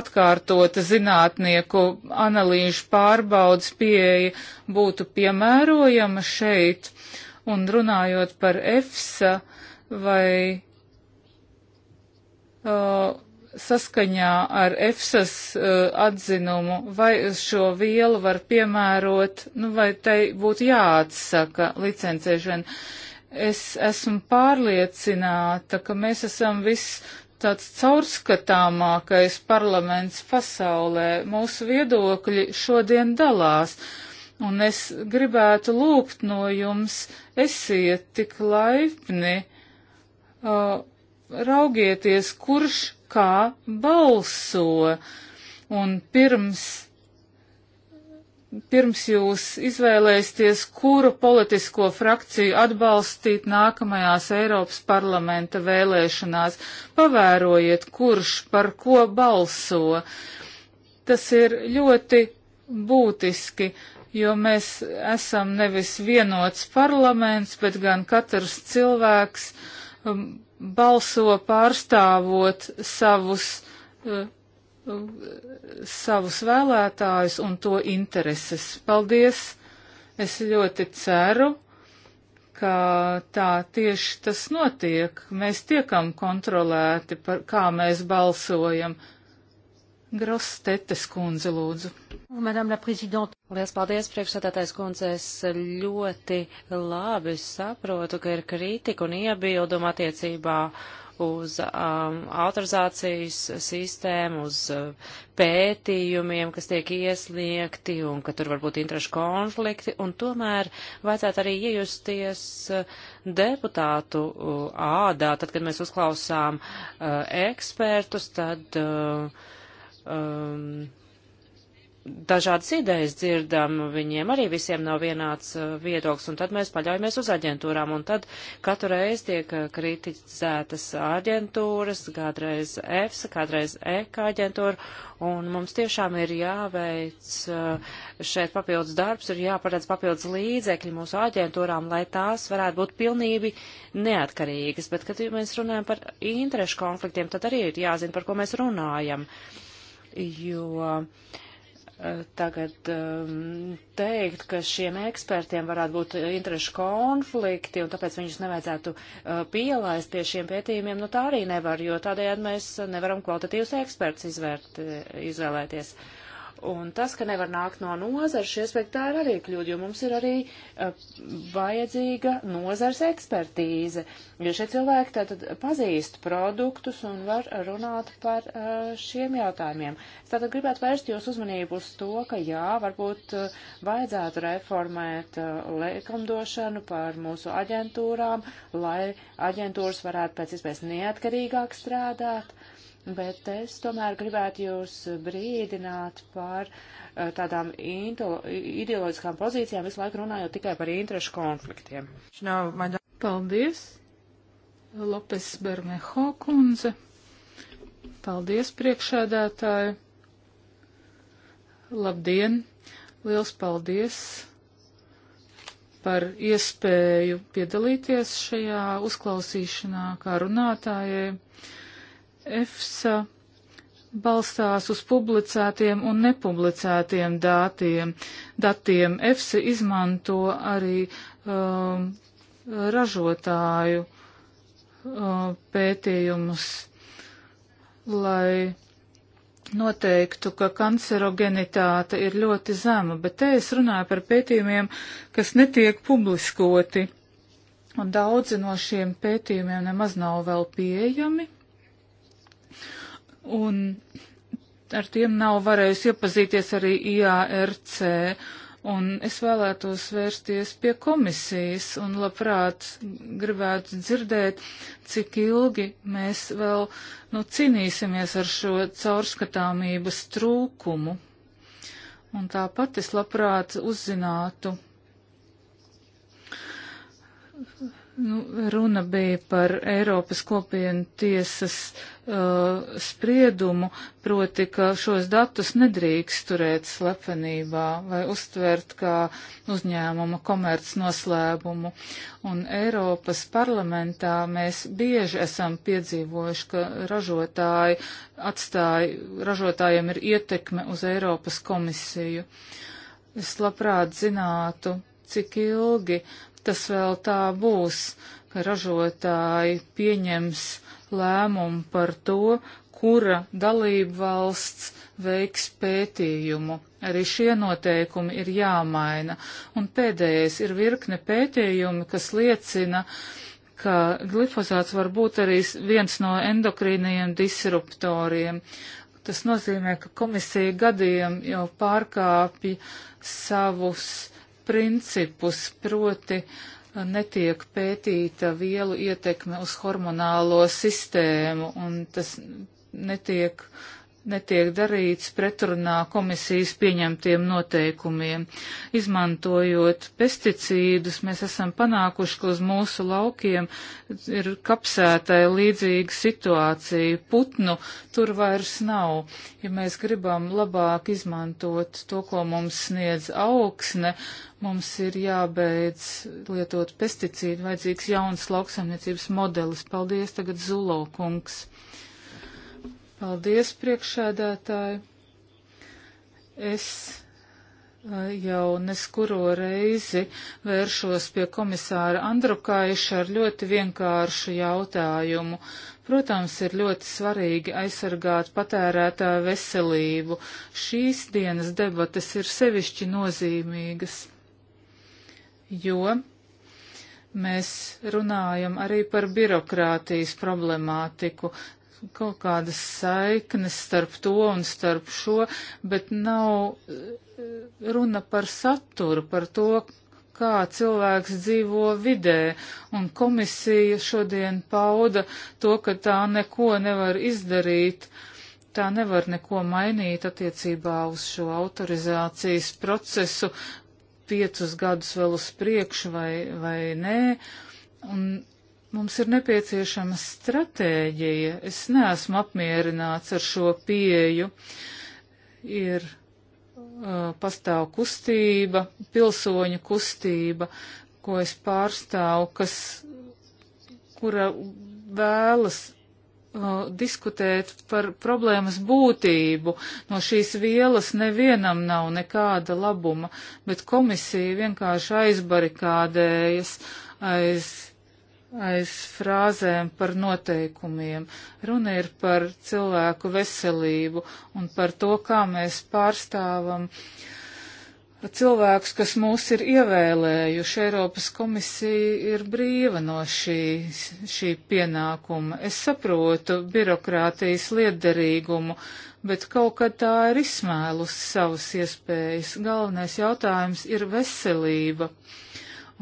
B: atkārtota zinātnieku analīžu pārbaudas pieeja būtu piemērojama šeit? Un runājot par EFSA vai. Uh, saskaņā ar EFSAS uh, atzinumu, vai uz šo vielu var piemērot, nu, vai tai būtu jāatsaka licencēšana. Es esmu pārliecināta, ka mēs esam viss tāds caurskatāmākais parlaments pasaulē. Mūsu viedokļi šodien dalās. Un es gribētu lūgt no jums, esiet tik laipni, uh, raugieties, kurš kā balso. Un pirms, pirms jūs izvēlēsieties, kuru politisko frakciju atbalstīt nākamajās Eiropas parlamenta vēlēšanās, pavērojiet, kurš par ko balso. Tas ir ļoti būtiski, jo mēs esam nevis vienots parlaments, bet gan katrs cilvēks um, balso pārstāvot savus, uh, savus vēlētājus un to intereses. Paldies! Es ļoti ceru, ka tā tieši tas notiek. Mēs tiekam kontrolēti par kā mēs balsojam. Grostetes kundze, lūdzu.
A: Madame la prezidente. Lielas paldies, priekšsētātais kundze. Es ļoti labi saprotu, ka ir kritika un iebilduma attiecībā uz um, autorizācijas sistēmu, uz uh, pētījumiem, kas tiek iesniegti un ka tur var būt interešu konflikti. Un tomēr vajadzētu arī iejusties uh, deputātu uh, ādā. Tad, kad mēs uzklausām uh, ekspertus, tad. Uh, um, dažādas idejas dzirdam, viņiem arī visiem nav vienāds uh, viedoklis, un tad mēs paļaujamies uz aģentūrām, un tad katru reizi tiek uh, kritizētas aģentūras, kādreiz EFSA, kādreiz EKA aģentūra, un mums tiešām ir jāveic uh, šeit papildus darbs, ir jāparedz papildus līdzekļi mūsu aģentūrām, lai tās varētu būt pilnīgi neatkarīgas, bet, kad mēs runājam par interešu konfliktiem, tad arī ir jāzina, par ko mēs runājam. Uh, jo eh, tagad um, teikt, ka šiem ekspertiem varētu būt interešu konflikti un tāpēc viņus nevajadzētu uh, pielaist pie šiem pētījumiem, nu tā arī nevar, jo tādējādi mēs nevaram kvalitatīvus ekspertus izvērt, eh, izvēlēties. Uh, Un tas, ka nevar nākt no nozars, šī aspektā ir arī kļūda, jo mums ir arī uh, vajadzīga nozars ekspertīze, jo šie cilvēki tātad pazīst produktus un var runāt par uh, šiem jautājumiem. Es tātad gribētu vērst jūs uzmanību uz to, ka jā, varbūt uh, vajadzētu reformēt likumdošanu par mūsu aģentūrām, lai aģentūras varētu pēc iespējas neatkarīgāk strādāt bet es tomēr gribētu jūs brīdināt par eh, tādām ideoloģiskām pozīcijām, visu laiku runājot tikai par interešu konfliktiem.
B: Paldies, Lopes Bermeho kundze. Paldies, priekšēdētāji. Labdien! Liels paldies par iespēju piedalīties šajā uzklausīšanā kā runātājai. EFSA balstās uz publicētiem un nepublicētiem datiem. datiem. EFSA izmanto arī um, ražotāju um, pētījumus, lai noteiktu, ka kancerogenitāte ir ļoti zema, bet te es runāju par pētījumiem, kas netiek publiskoti, un daudzi no šiem pētījumiem nemaz nav vēl pieejami un ar tiem nav varējusi iepazīties arī IARC. Un es vēlētos vērsties pie komisijas un labprāt gribētu dzirdēt, cik ilgi mēs vēl nu, cīnīsimies ar šo caurskatāmības trūkumu. Un tāpat es labprāt uzzinātu, Nu, runa bija par Eiropas kopienu tiesas uh, spriedumu, proti, ka šos datus nedrīkst turēt slepenībā vai uztvert kā uzņēmuma komerc noslēpumu. Un Eiropas parlamentā mēs bieži esam piedzīvojuši, ka ražotāji atstāja, ražotājiem ir ietekme uz Eiropas komisiju. Es labprāt zinātu, cik ilgi tas vēl tā būs, ka ražotāji pieņems lēmumu par to, kura dalība valsts veiks pētījumu. Arī šie noteikumi ir jāmaina. Un pēdējais ir virkne pētījumi, kas liecina, ka glifosāts var būt arī viens no endokrīniem disruptoriem. Tas nozīmē, ka komisija gadiem jau pārkāpja savus principus, proti uh, netiek pētīta vielu ietekme uz hormonālo sistēmu un tas netiek uh, netiek darīts pretrunā komisijas pieņemtiem noteikumiem. Izmantojot pesticīdus, mēs esam panākuši, ka uz mūsu laukiem ir kapsētai līdzīga situācija. Putnu tur vairs nav. Ja mēs gribam labāk izmantot to, ko mums sniedz augsne, mums ir jābeidz lietot pesticīdu, vajadzīgs jauns lauksaimniecības modelis. Paldies, tagad Zulokungs. kungs. Paldies, priekšēdētāji. Es eh, jau neskuro reizi vēršos pie komisāra Andrukaiša ar ļoti vienkāršu jautājumu. Protams, ir ļoti svarīgi aizsargāt patērētāju veselību. Šīs dienas debates ir sevišķi nozīmīgas, jo mēs runājam arī par birokrātijas problemātiku kaut kādas saiknes starp to un starp šo, bet nav eh, runa par saturu, par to, kā cilvēks dzīvo vidē, un komisija šodien pauda to, ka tā neko nevar izdarīt, tā nevar neko mainīt attiecībā uz šo autorizācijas procesu piecus gadus vēl uz priekšu vai, vai nē, un Mums ir nepieciešama stratēģija. Es neesmu apmierināts ar šo pieju. Ir uh, pastāv kustība, pilsoņu kustība, ko es pārstāvu, kas, kura vēlas uh, diskutēt par problēmas būtību. No šīs vielas nevienam nav nekāda labuma, bet komisija vienkārši aizbarikādējas aiz aiz frāzēm par noteikumiem. Runa ir par cilvēku veselību un par to, kā mēs pārstāvam cilvēkus, kas mūs ir ievēlējuši. Eiropas komisija ir brīva no šī, šī pienākuma. Es saprotu birokrātijas liederīgumu, bet kaut kad tā ir izsmēlus savas iespējas. Galvenais jautājums ir veselība.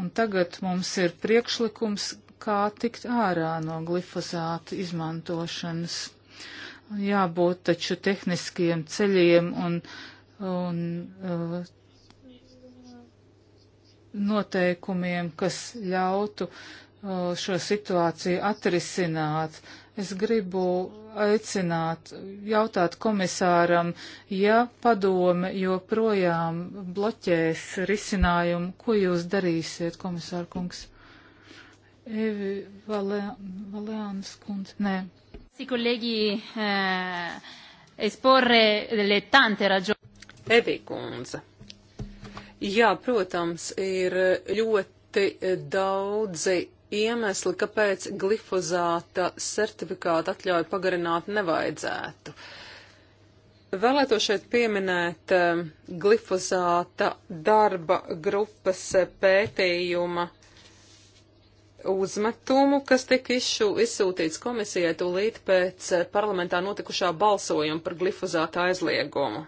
B: Un tagad mums ir priekšlikums, kā tikt ārā no glifosāta izmantošanas. Jābūt taču tehniskiem ceļiem un, un uh, noteikumiem, kas ļautu uh, šo situāciju atrisināt. Es gribu aicināt, jautāt komisāram, ja padome joprojām bloķēs risinājumu, ko jūs darīsiet, komisārkungs? kungs? Evi Valēnas kundze. Nē.
A: Kolēģi, eh, esporre delle tante ragioni. Evi kundze.
C: Jā, protams, ir ļoti eh, daudzi iemesli, kāpēc glifozāta certifikāta atļauju pagarināt nevajadzētu. Vēlēto šeit pieminēt eh, glifozāta darba grupas pētījuma uzmetumu, kas tika izšu, izsūtīts komisijai tūlīt pēc eh, parlamentā notikušā balsojuma par glifozāta aizliegumu.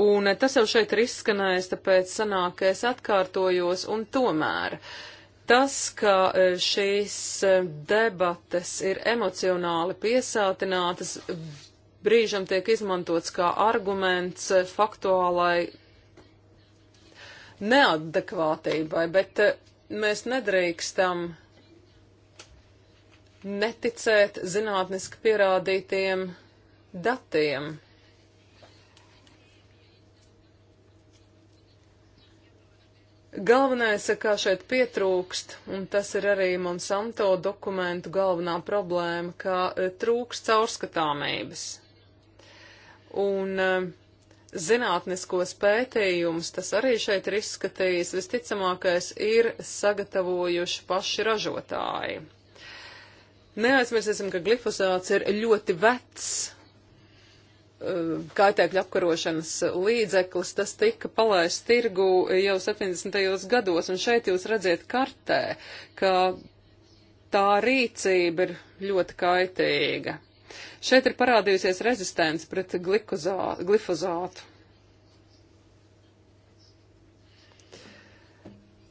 C: Un eh, tas jau šeit ir izskanējis, tāpēc sanāk, es atkārtojos un tomēr. Tas, ka eh, šīs debates ir emocionāli piesātinātas, brīžam tiek izmantots kā arguments faktuālai neadekvātībai, bet mēs nedrīkstam neticēt zinātniski pierādītiem datiem. Galvenais, kā šeit pietrūkst, un tas ir arī Monsanto dokumentu galvenā problēma, ka e, trūkst caurskatāmības. Un e, zinātniskos pētījumus, tas arī šeit ir izskatījis, visticamākais ir sagatavojuši paši ražotāji. Neaizmirsīsim, ka glifosāts ir ļoti vecs eh, kaitēkļu apkarošanas līdzeklis, tas tika palaists tirgu jau 70. gados, un šeit jūs redziet kartē, ka tā rīcība ir ļoti kaitīga. Šeit ir parādījusies rezistents pret glifozātu.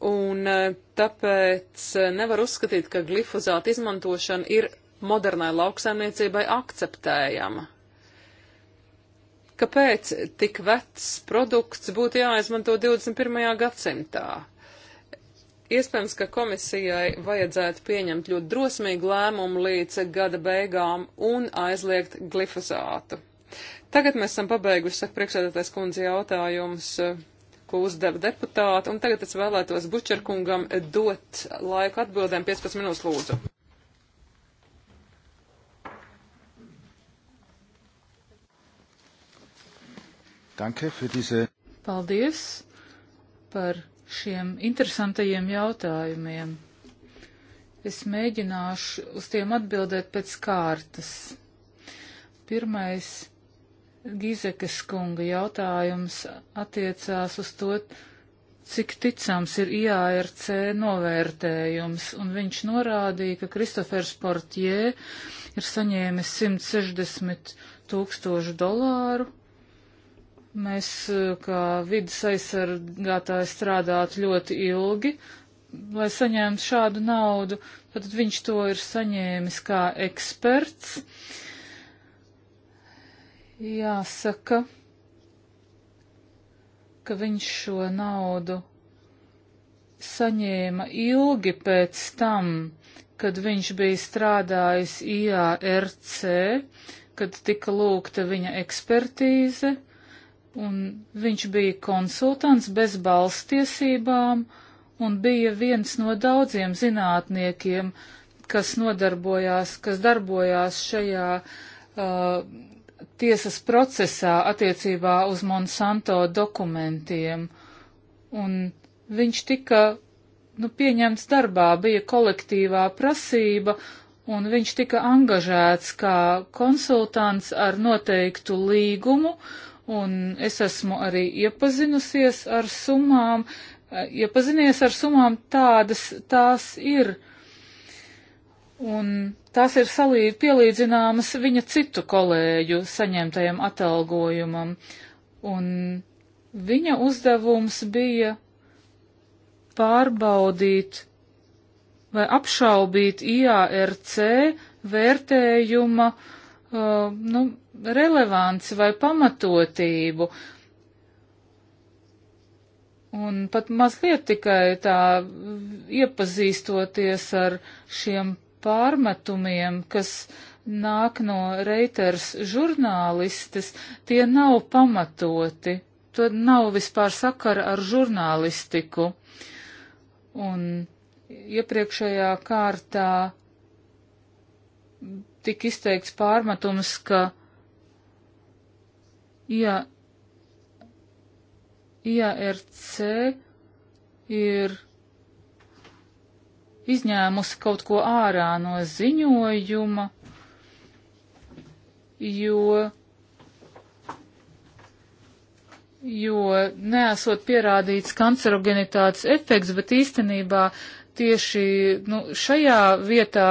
C: un eh, tāpēc eh, nevar uzskatīt, ka glifozāta izmantošana ir modernai lauksaimniecībai akceptējama. Kāpēc tik vecs produkts būtu jāizmanto 21. gadsimtā? Iespējams, ka komisijai vajadzētu pieņemt ļoti drosmīgu lēmumu līdz gada beigām un aizliegt glifosātu. Tagad mēs esam pabeiguši, saka priekšsēdētājs kundze, jautājums ko uzdeva deputāti, un tagad es vēlētos Bučerkungam dot laiku atbildēm 15 minūtes lūdzu.
B: Danke für diese. Paldies par šiem interesantajiem jautājumiem. Es mēģināšu uz tiem atbildēt pēc kārtas. Pirmais Gizekas kunga jautājums attiecās uz to, cik ticams ir IARC novērtējums, un viņš norādīja, ka Kristofers Portjē ir saņēmis 160 tūkstošu dolāru. Mēs eh, kā vidas aizsargātāji strādātu ļoti ilgi, lai saņemtu šādu naudu, tad viņš to ir saņēmis kā eksperts. Uh, jāsaka, ka viņš šo naudu saņēma ilgi pēc tam, kad viņš bija strādājis IARC, kad tika lūgta viņa ekspertīze, un viņš bija konsultants bez balstiesībām un bija viens no daudziem zinātniekiem, kas nodarbojās, kas darbojās šajā uh, tiesas procesā attiecībā uz Monsanto dokumentiem, un viņš tika nu, pieņemts darbā, bija kolektīvā prasība, un viņš tika angažēts kā konsultants ar noteiktu līgumu, un es esmu arī iepazinusies ar summām, iepazinies ar summām tādas tās ir. Un tās ir salīdz, pielīdzināmas viņa citu kolēģu saņemtajam atalgojumam, un viņa uzdevums bija pārbaudīt vai apšaubīt IARC vērtējuma uh, nu, relevanci vai pamatotību. Un pat mazliet tikai tā iepazīstoties ar šiem pārmetumiem, kas nāk no Reiters žurnālistes, tie nav pamatoti. To nav vispār sakara ar žurnālistiku. Un iepriekšējā kārtā tika izteikts pārmetums, ka, ja IRC ir izņēmusi kaut ko ārā no ziņojuma, jo, jo neesot pierādīts kancerogenitātes efekts, bet īstenībā tieši nu, šajā vietā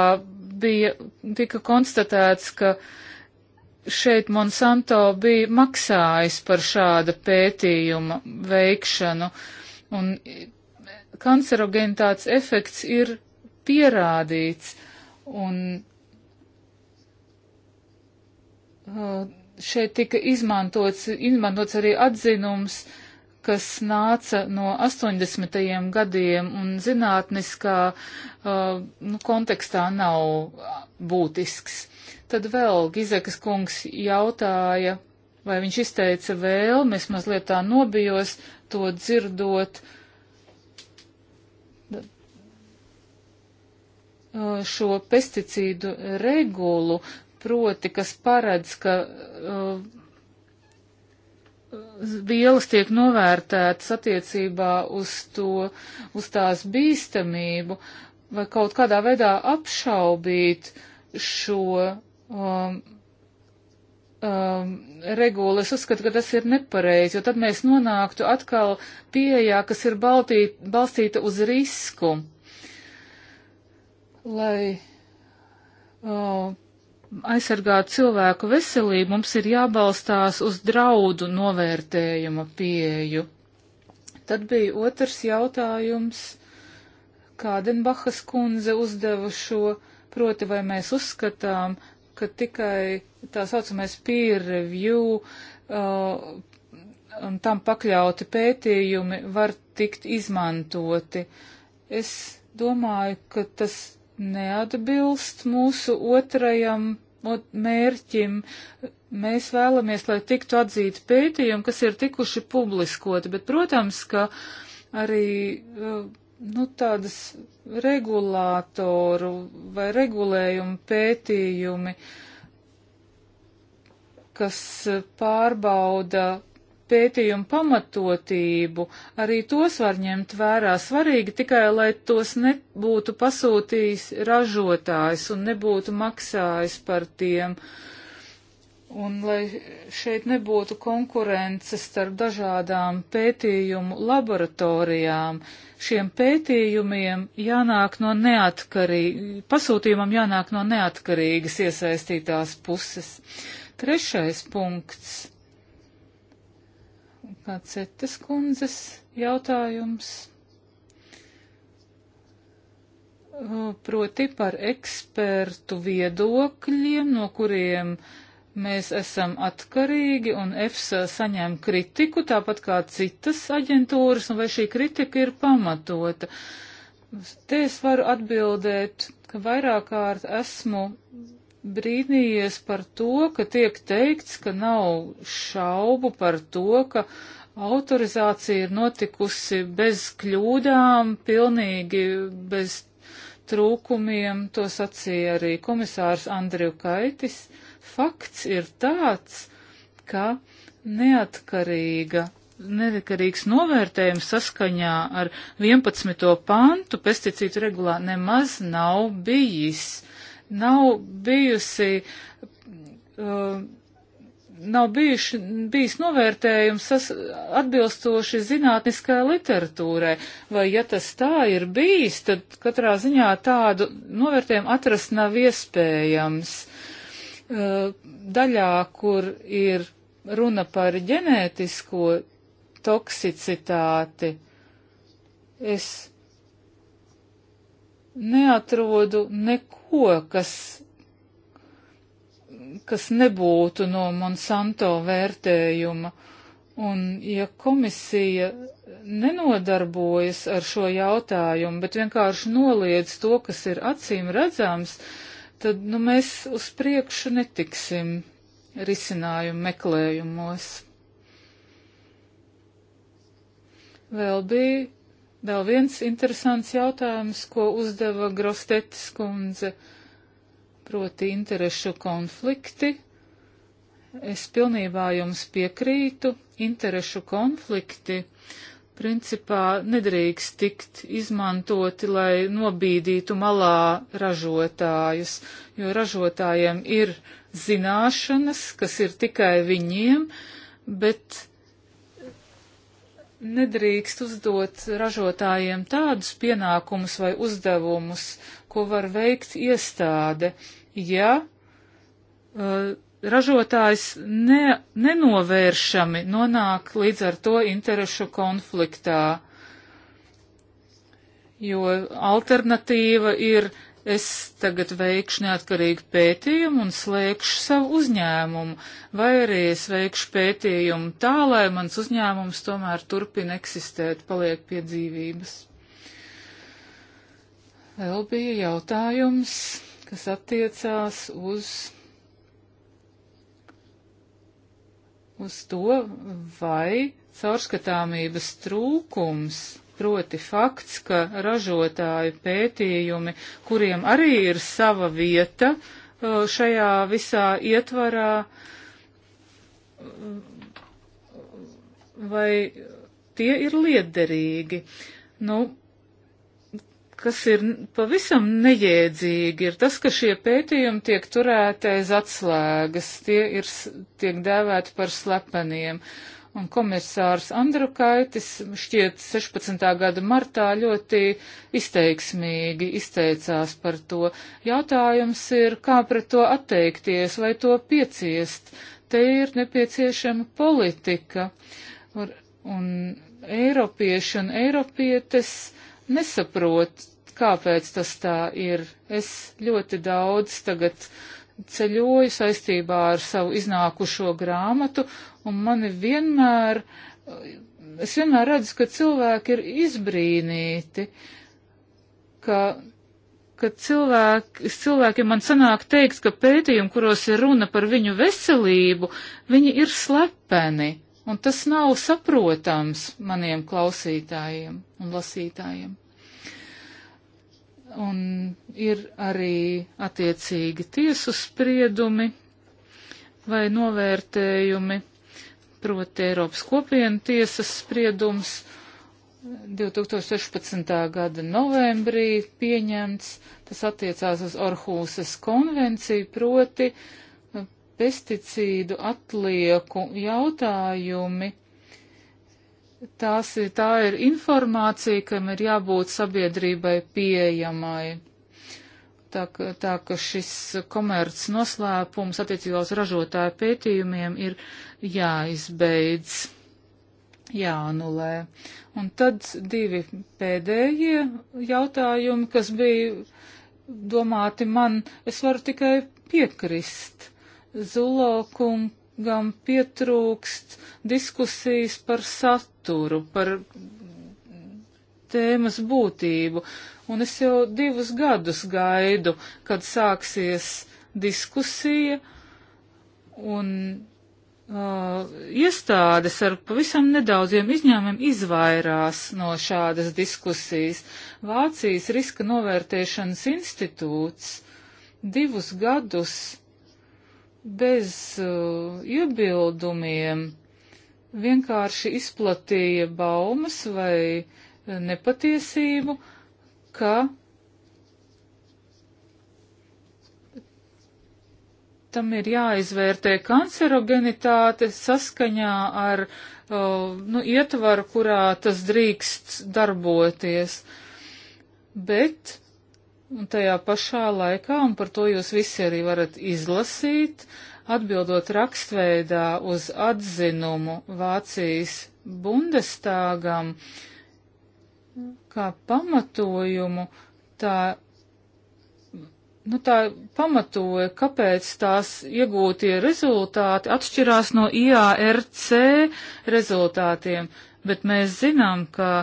B: bija, tika konstatēts, ka šeit Monsanto bija maksājis par šāda pētījuma veikšanu. Un kancerogenitātes efekts ir pierādīts. Un uh, šeit tika izmantots, izmantots arī atzinums, kas nāca no 80. gadiem un zinātniskā uh, nu, kontekstā nav būtisks. Tad vēl Gizekas kungs jautāja, vai viņš izteica vēlmes, mazliet tā nobijos to dzirdot, uh, Uh, šo pesticīdu regulu, proti, kas paredz, ka uh, vielas tiek novērtētas attiecībā uz to, uz tās bīstamību, vai kaut kādā veidā apšaubīt šo um, um, regulu. Es uzskatu, ka tas ir nepareizi, jo tad mēs nonāktu atkal pieejā, kas ir baltīt, balstīta uz risku lai o, aizsargātu cilvēku veselību, mums ir jābalstās uz draudu novērtējuma pieeju. Tad bija otrs jautājums, Kādenbahas kundze uzdeva šo, proti vai mēs uzskatām, ka tikai tā saucamais peer review uh, un tam pakļauti pētījumi var tikt izmantoti. Es domāju, ka tas neatbilst mūsu otrajam mērķim. Mēs vēlamies, lai tiktu atzīti pētījumi, kas ir tikuši publiskoti, bet, protams, ka arī uh, nu, tādas regulātoru vai regulējumu pētījumi, kas uh, pārbauda pētījumu pamatotību, arī tos var ņemt vērā. Svarīgi tikai, lai tos nebūtu pasūtījis ražotājs un nebūtu maksājis par tiem. Un lai šeit nebūtu konkurences starp dažādām pētījumu laboratorijām, šiem pētījumiem jānāk no neatkarīgas, pasūtījumam jānāk no neatkarīgas iesaistītās puses. Trešais punkts Macetes kundzes jautājums. Proti par ekspertu viedokļiem, no kuriem mēs esam atkarīgi un EFSA saņem kritiku, tāpat kā citas aģentūras, un vai šī kritika ir pamatota. Te es varu atbildēt, ka vairāk kārt esmu brīnījies par to, ka tiek teikts, ka nav šaubu par to, ka autorizācija ir notikusi bez kļūdām, pilnīgi bez trūkumiem, to sacīja arī komisārs Andriju Kaitis. Fakts ir tāds, ka neatkarīga, neatkarīgs novērtējums saskaņā ar 11. pantu pesticīdu regulā nemaz nav bijis. Nav bijusi. Uh, nav bijuši, bijis novērtējums atbilstoši zinātniskajai literatūrai, vai ja tas tā ir bijis, tad katrā ziņā tādu novērtējumu atrast nav iespējams. Uh, daļā, kur ir runa par ģenētisko toksicitāti, es neatrodu neko, kas kas nebūtu no Monsanto vērtējuma. Un ja komisija nenodarbojas ar šo jautājumu, bet vienkārši noliedz to, kas ir acīm redzams, tad nu, mēs uz priekšu netiksim risinājumu meklējumos. Vēl bija vēl viens interesants jautājums, ko uzdeva Grostetis kundze. Uh, proti interešu konflikti. Es pilnībā jums piekrītu, interešu konflikti principā nedrīkst tikt izmantoti, lai nobīdītu malā ražotājus, jo ražotājiem ir zināšanas, kas ir tikai viņiem, bet nedrīkst uzdot ražotājiem tādus pienākumus vai uzdevumus, ko var veikt iestāde. Uh, ja uh, ražotājs ne, nenovēršami nonāk līdz ar to interešu konfliktā, jo alternatīva ir es tagad veikšu neatkarīgu pētījumu un slēgšu savu uzņēmumu, vai arī es veikšu pētījumu tā, lai mans uzņēmums tomēr turpina eksistēt, paliek pie dzīvības. Vēl bija jautājums kas attiecās uz, uz to, vai caurskatāmības trūkums, proti fakts, ka ražotāju pētījumi, kuriem arī ir sava vieta uh, šajā visā ietvarā, uh, vai tie ir liederīgi. Nu, kas ir pavisam neģēdzīgi, ir tas, ka šie pētījumi tiek turēti aiz atslēgas, tie ir, tiek dēvēti par slepeniem. Un komisārs Andrukaitis šķiet 16. gada martā ļoti izteiksmīgi izteicās par to. Jautājums ir, kā pret to atteikties vai to pieciest. Te ir nepieciešama politika. Un, un Eiropieši un Eiropietes uh, nesaprot, kāpēc tas tā ir. Es ļoti daudz tagad ceļoju saistībā ar savu iznākušo grāmatu, un mani vienmēr, es vienmēr redzu, ka cilvēki ir izbrīnīti, ka, ka cilvēki, cilvēkiem man sanāk teikt, ka pētījumi, kuros ir runa par viņu veselību, viņi ir slepeni. Un tas nav saprotams maniem klausītājiem un lasītājiem. Un ir arī attiecīgi tiesu spriedumi vai novērtējumi, proti Eiropas kopienu tiesas spriedums 2016. gada novembrī pieņemts, tas attiecās uz Orhūsas konvenciju, proti pesticīdu atlieku jautājumi. Tās ir, tā ir informācija, kam ir jābūt sabiedrībai pieejamai. Tā, tā ka šis komerc noslēpums attiecībā uz ražotāju pētījumiem ir jāizbeidz, jāanulē. Un tad divi pēdējie jautājumi, kas bija domāti man, es varu tikai piekrist Zulo kungam pietrūkst diskusijas par saturu, par tēmas būtību. Un es jau divus gadus gaidu, kad sāksies diskusija un uh, iestādes ar pavisam nedaudziem izņēmumiem izvairās no šādas diskusijas. Vācijas riska novērtēšanas institūts divus gadus bez uh, iebildumiem vienkārši izplatīja baumas vai nepatiesību, ka tam ir jāizvērtē kancerogenitāte saskaņā ar uh, nu, ietvaru, kurā tas drīkst darboties. Bet Un tajā pašā laikā, un par to jūs visi arī varat izlasīt, atbildot rakstveidā uz atzinumu Vācijas Bundestāgam, kā pamatojumu, tā nu, tā pamatoja, kāpēc tās iegūtie rezultāti atšķirās no IARC rezultātiem, bet mēs zinām, ka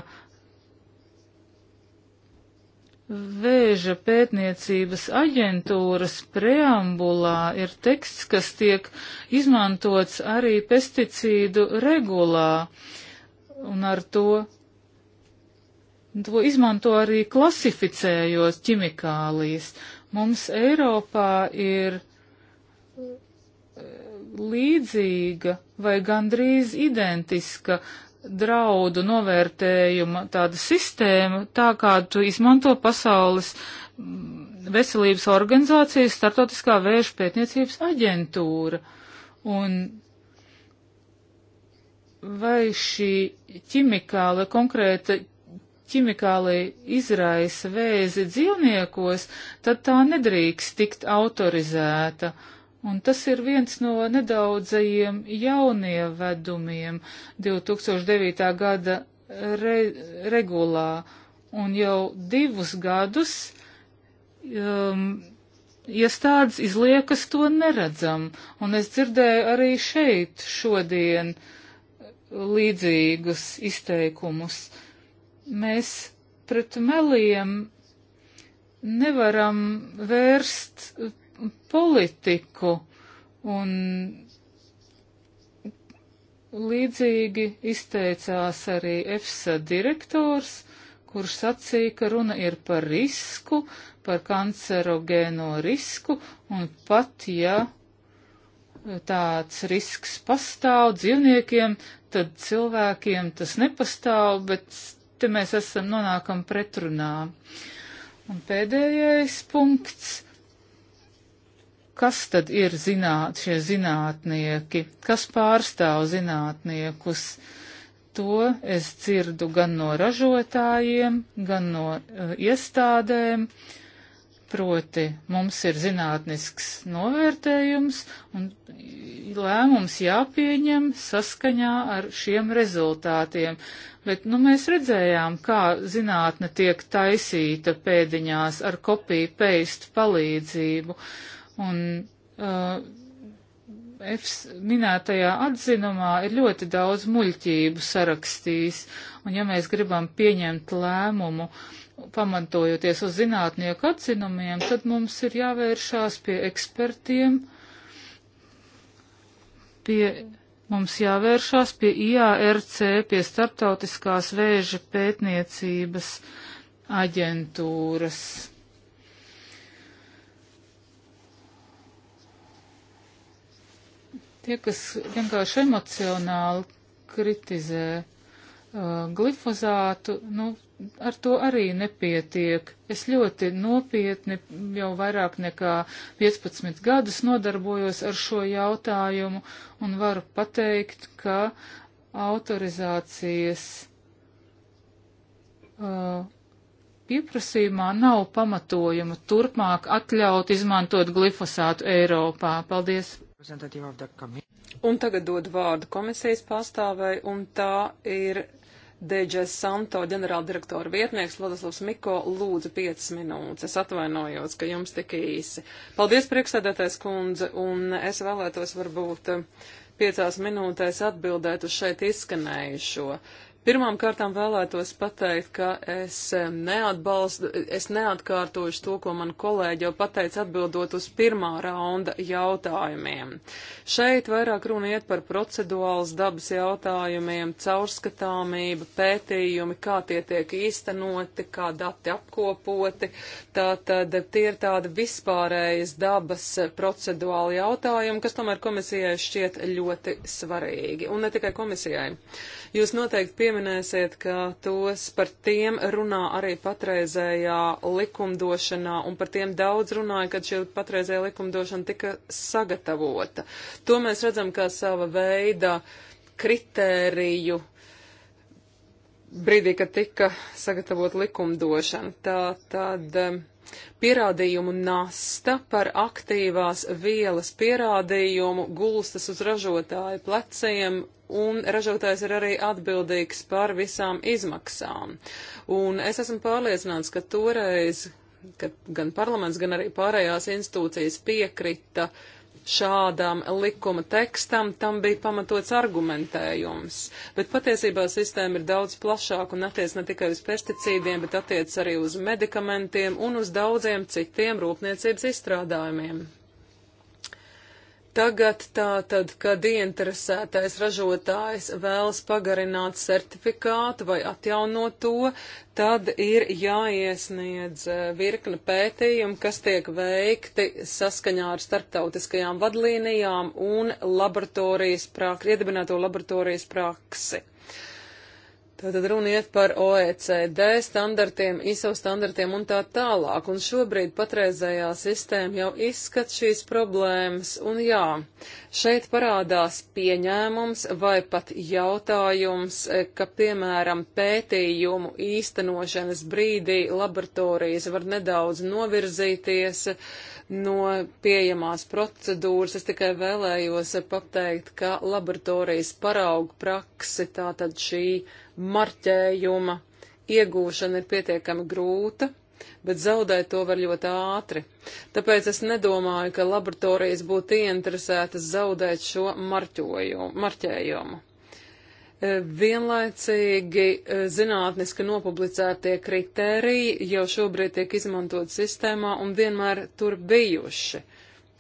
B: Vēža pētniecības aģentūras preambulā ir teksts, kas tiek izmantots arī pesticīdu regulā, un ar to, to izmanto arī klasificējot ķimikālijas. Mums Eiropā ir eh, līdzīga vai gandrīz identiska draudu novērtējuma tāda sistēma, tā kā tu izmanto pasaules mm, veselības organizācijas startautiskā vēža pētniecības aģentūra. Un vai šī ķimikāla, konkrēta ķimikāla izraisa vēzi dzīvniekos, tad tā nedrīkst tikt autorizēta. Uh, Un tas ir viens no nedaudzajiem jaunievedumiem 2009. gada re regulā. Un jau divus gadus um, iestādes ja izliekas to neredzam. Un es dzirdēju arī šeit šodien līdzīgus izteikumus. Mēs pret meliem nevaram vērst politiku un līdzīgi izteicās arī EFSA direktors, kurš sacīja, ka runa ir par risku, par kancerogēno risku un pat ja tāds risks pastāv dzīvniekiem, tad cilvēkiem tas nepastāv, bet te mēs esam nonākam pretrunā. Un pēdējais punkts Kas tad ir zināt, šie zinātnieki? Kas pārstāv zinātniekus? To es dzirdu gan no ražotājiem, gan no uh, iestādēm. Proti, mums ir zinātnisks novērtējums un lēmums jāpieņem saskaņā ar šiem rezultātiem. Bet, nu, mēs redzējām, kā zinātne tiek taisīta pēdiņās ar kopiju peistu palīdzību. Uh, Un uh, Efs minētajā atzinumā ir ļoti daudz muļķību sarakstījis, un ja mēs gribam pieņemt lēmumu, pamatojoties uz zinātnieku atzinumiem, tad mums ir jāvēršās pie ekspertiem, pie, mums jāvēršās pie IARC, pie Startautiskās vēža pētniecības aģentūras. Tie, kas vienkārši emocionāli kritizē uh, glifozātu, nu, ar to arī nepietiek. Es ļoti nopietni jau vairāk nekā 15 gadus nodarbojos ar šo jautājumu un varu pateikt, ka autorizācijas uh, pieprasījumā nav pamatojuma turpmāk atļaut izmantot glifosātu Eiropā. Paldies!
C: Un tagad dod vārdu komisijas pārstāvei, un tā ir DJ Santo ģenerāldirektora vietnieks Vladislavs Miko, lūdzu 5 minūtes. Es atvainojos, ka jums tik īsi. Paldies, priekšsēdētājs kundze, un es vēlētos varbūt piecās minūtēs atbildēt uz šeit izskanējušo. Uh, Pirmām kārtām vēlētos pateikt, ka es neatbalstu, es neatkārtošu to, ko man kolēģi jau pateica atbildot uz pirmā raunda jautājumiem. Šeit vairāk runa iet par procedūāls dabas jautājumiem, caurskatāmība, pētījumi, kā tie tiek īstenoti, kā dati apkopoti. Tātad tie ir tādi vispārējas dabas procedūāli jautājumi, kas tomēr komisijai šķiet ļoti svarīgi. Un ne tikai komisijai. Jūs noteikti pieminējat, pieminēsiet, ka tos par tiem runā arī patreizējā likumdošanā, un par tiem daudz runāja, kad šī patreizējā likumdošana tika sagatavota. To mēs redzam kā sava veida kritēriju brīdī, kad tika sagatavot likumdošana. Tā tad. Um, Pierādījumu nasta par aktīvās vielas pierādījumu gulstas uz ražotāju pleciem un ražotājs ir arī atbildīgs par visām izmaksām. Un es esmu pārliecināts, ka toreiz, kad gan parlaments, gan arī pārējās institūcijas piekrita uh, šādam likuma tekstam, tam bija pamatots argumentējums. Bet patiesībā sistēma ir daudz plašāka un attiec ne tikai uz pesticīdiem, bet attiec arī uz medikamentiem un uz daudziem citiem rūpniecības izstrādājumiem. Tagad tātad, kad ieinteresētais ražotājs vēlas pagarināt certifikātu vai atjaunot to, tad ir jāiesniedz eh, virkne pētījumu, kas tiek veikti saskaņā ar starptautiskajām vadlīnijām un laboratorijas praksi, iedibināto laboratorijas praksi. Tātad runa iet par OECD standartiem, ISO standartiem un tā tālāk, un šobrīd patreizējā sistēma jau izskat šīs problēmas, un jā, šeit parādās pieņēmums vai pat jautājums, e, ka, piemēram, pētījumu īstenošanas brīdī laboratorijas var nedaudz novirzīties e, no pieejamās procedūras. Es tikai vēlējos e, pateikt, ka laboratorijas paraugu praksi, tātad šī marķējuma iegūšana ir pietiekami grūta, bet zaudēt to var ļoti ātri. Tāpēc es nedomāju, ka laboratorijas būtu ieinteresētas zaudēt šo marķējumu. E, vienlaicīgi e, zinātniski nopublicētie kriteriji jau šobrīd tiek izmantot sistēmā un vienmēr tur bijuši.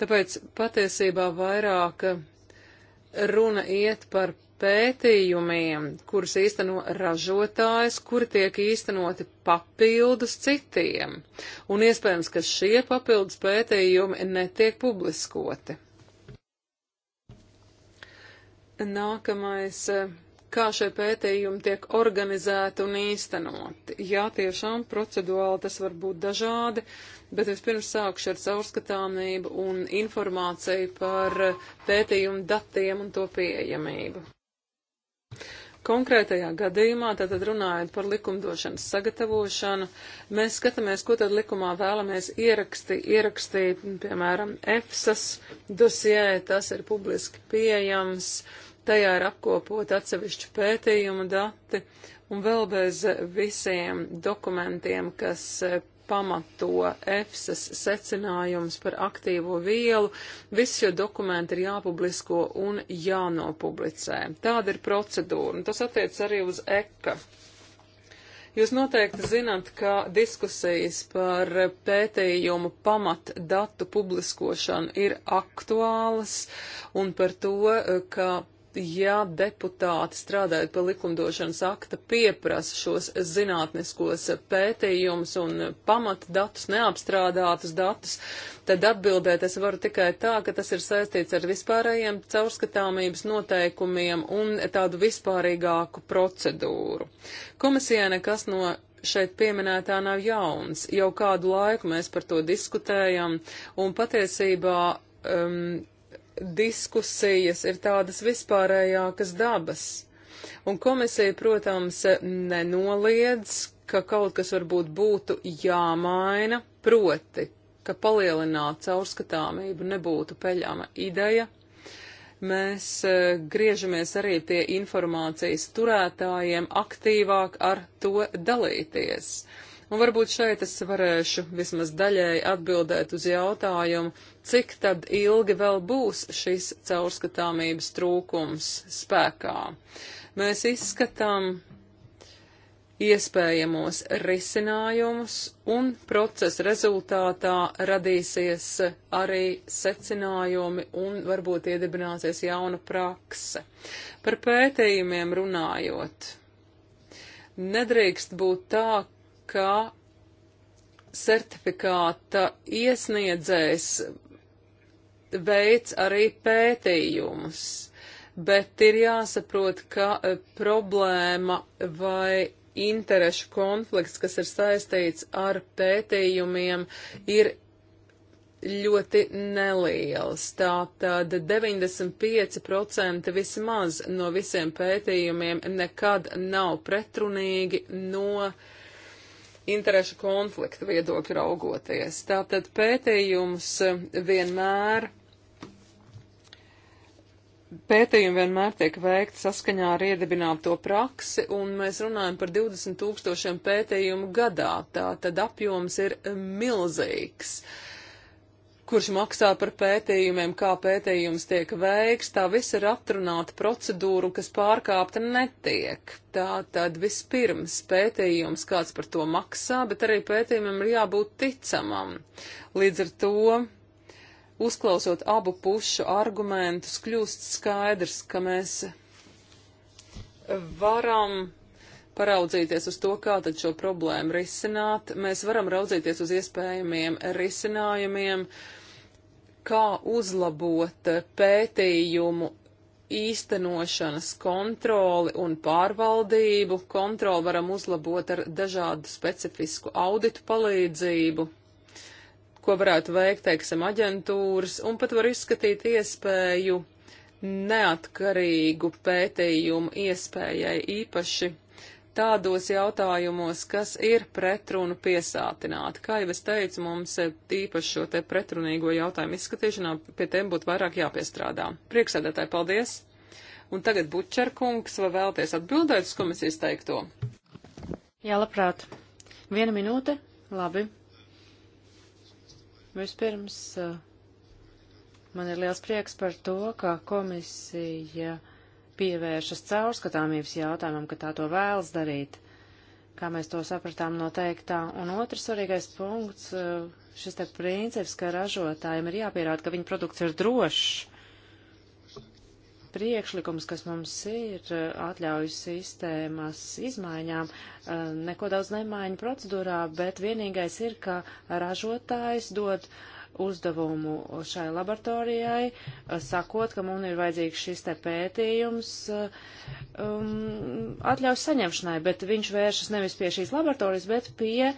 C: Tāpēc patiesībā vairāk runa iet par pētījumiem, kurus īsteno ražotājs, kuri tiek īstenoti papildus citiem, un iespējams, ka šie papildus pētījumi netiek publiskoti. Nākamais, kā šie pētījumi tiek organizēti un īstenoti. Jā, tiešām procedūāli tas var būt dažādi, bet vispirms sākšu ar caurskatāmību un informāciju par pētījumu datiem un to pieejamību. Konkrētajā gadījumā, tātad runājot par likumdošanas sagatavošanu, mēs skatāmies, ko tad likumā vēlamies ieraksti, ierakstīt, piemēram, EFSAS dosijē, tas ir publiski pieejams, tajā ir apkopot atsevišķu pētījumu dati, un vēl bez visiem dokumentiem, kas pamato EFSAS secinājums par aktīvo vielu. Viss šie dokumenti ir jāpublisko un jānopublicē. Tāda ir procedūra, un tas attiec arī uz EKA. Jūs noteikti zināt, ka diskusijas par pētījumu pamat datu publiskošanu ir aktuālas un par to, ka ja deputāti strādājot pie likumdošanas akta pieprasa šos zinātniskos pētījumus un pamatdatus, neapstrādātus datus, tad atbildēt es varu tikai tā, ka tas ir saistīts ar vispārējiem caurskatāmības noteikumiem un tādu vispārīgāku procedūru. Komisijai nekas no šeit pieminētā nav jauns. Jau kādu laiku mēs par to diskutējam, un patiesībā um, diskusijas ir tādas vispārējākas dabas. Un komisija, protams, nenoliedz, ka kaut kas varbūt būtu jāmaina, proti, ka palielināt caurskatāmību nebūtu peļāma ideja. Mēs e, griežamies arī pie informācijas turētājiem aktīvāk ar to dalīties. Uh, Un varbūt šeit es varēšu vismaz daļēji atbildēt uz jautājumu, cik tad ilgi vēl būs šis caurskatāmības trūkums spēkā. Mēs izskatām iespējamos risinājumus, un procesa rezultātā radīsies arī secinājumi un varbūt iedibināsies jauna prakse. Par pētījumiem runājot, nedrīkst būt tā, ka certifikāta iesniedzējs veids arī pētījumus, bet ir jāsaprot, ka e, problēma vai interešu konflikts, kas ir saistīts ar pētījumiem, ir ļoti neliels. Tātad 95% vismaz no visiem pētījumiem nekad nav pretrunīgi no uh, interešu konfliktu viedokļu raugoties. Tātad pētījums vienmēr. Pētījumi vienmēr tiek veikti saskaņā ar iedibināto praksi, un mēs runājam par 20 tūkstošiem pētījumu gadā. Tā tad apjoms ir milzīgs. Uh, kurš maksā par pētījumiem, kā pētījums tiek veikts, tā viss ir atrunāta procedūra, kas pārkāpta netiek. Tā tad vispirms pētījums kāds par to maksā, bet arī pētījumam ir jābūt ticamam. Līdz ar to, uzklausot abu pušu argumentus, kļūst skaidrs, ka mēs varam paraudzīties uz to, kā tad šo problēmu risināt. Mēs varam raudzīties uz iespējamiem risinājumiem, kā uzlabot pētījumu īstenošanas kontroli un pārvaldību. Kontroli varam uzlabot ar dažādu specifisku auditu palīdzību, ko varētu veikt, teiksim, aģentūras, un pat var izskatīt iespēju neatkarīgu pētījumu iespējai īpaši tādos jautājumos, kas ir pretrunu piesātināti. Kā jau es teicu, mums īpaši šo te pretrunīgo jautājumu izskatīšanā pie tiem būtu vairāk jāpiestrādā. Prieksēdētāji, paldies! Un tagad Bučerkungs vai vēlties atbildēt uz komisijas teikto?
A: Jā, labprāt. Viena minūte. Labi. Vispirms eh, man ir liels prieks par to, ka komisija. Uh, pievēršas caurskatāmības jautājumam, ka tā to vēlas darīt, kā mēs to sapratām no teiktā. Un otrs svarīgais punkts, eh, šis te princips, ka ražotājiem ir jāpierāda, ka viņa produkts ir drošs. Priekšlikums, kas mums ir, eh, atļauj sistēmas izmaiņām, eh, neko daudz nemaiņa procedūrā, bet vienīgais ir, ka ražotājs dod uh, uzdevumu šai laboratorijai, eh, sakot, ka mums ir vajadzīgs šis te pētījums eh, um, atļaus saņemšanai, bet viņš vēršas nevis pie šīs laboratorijas, bet pie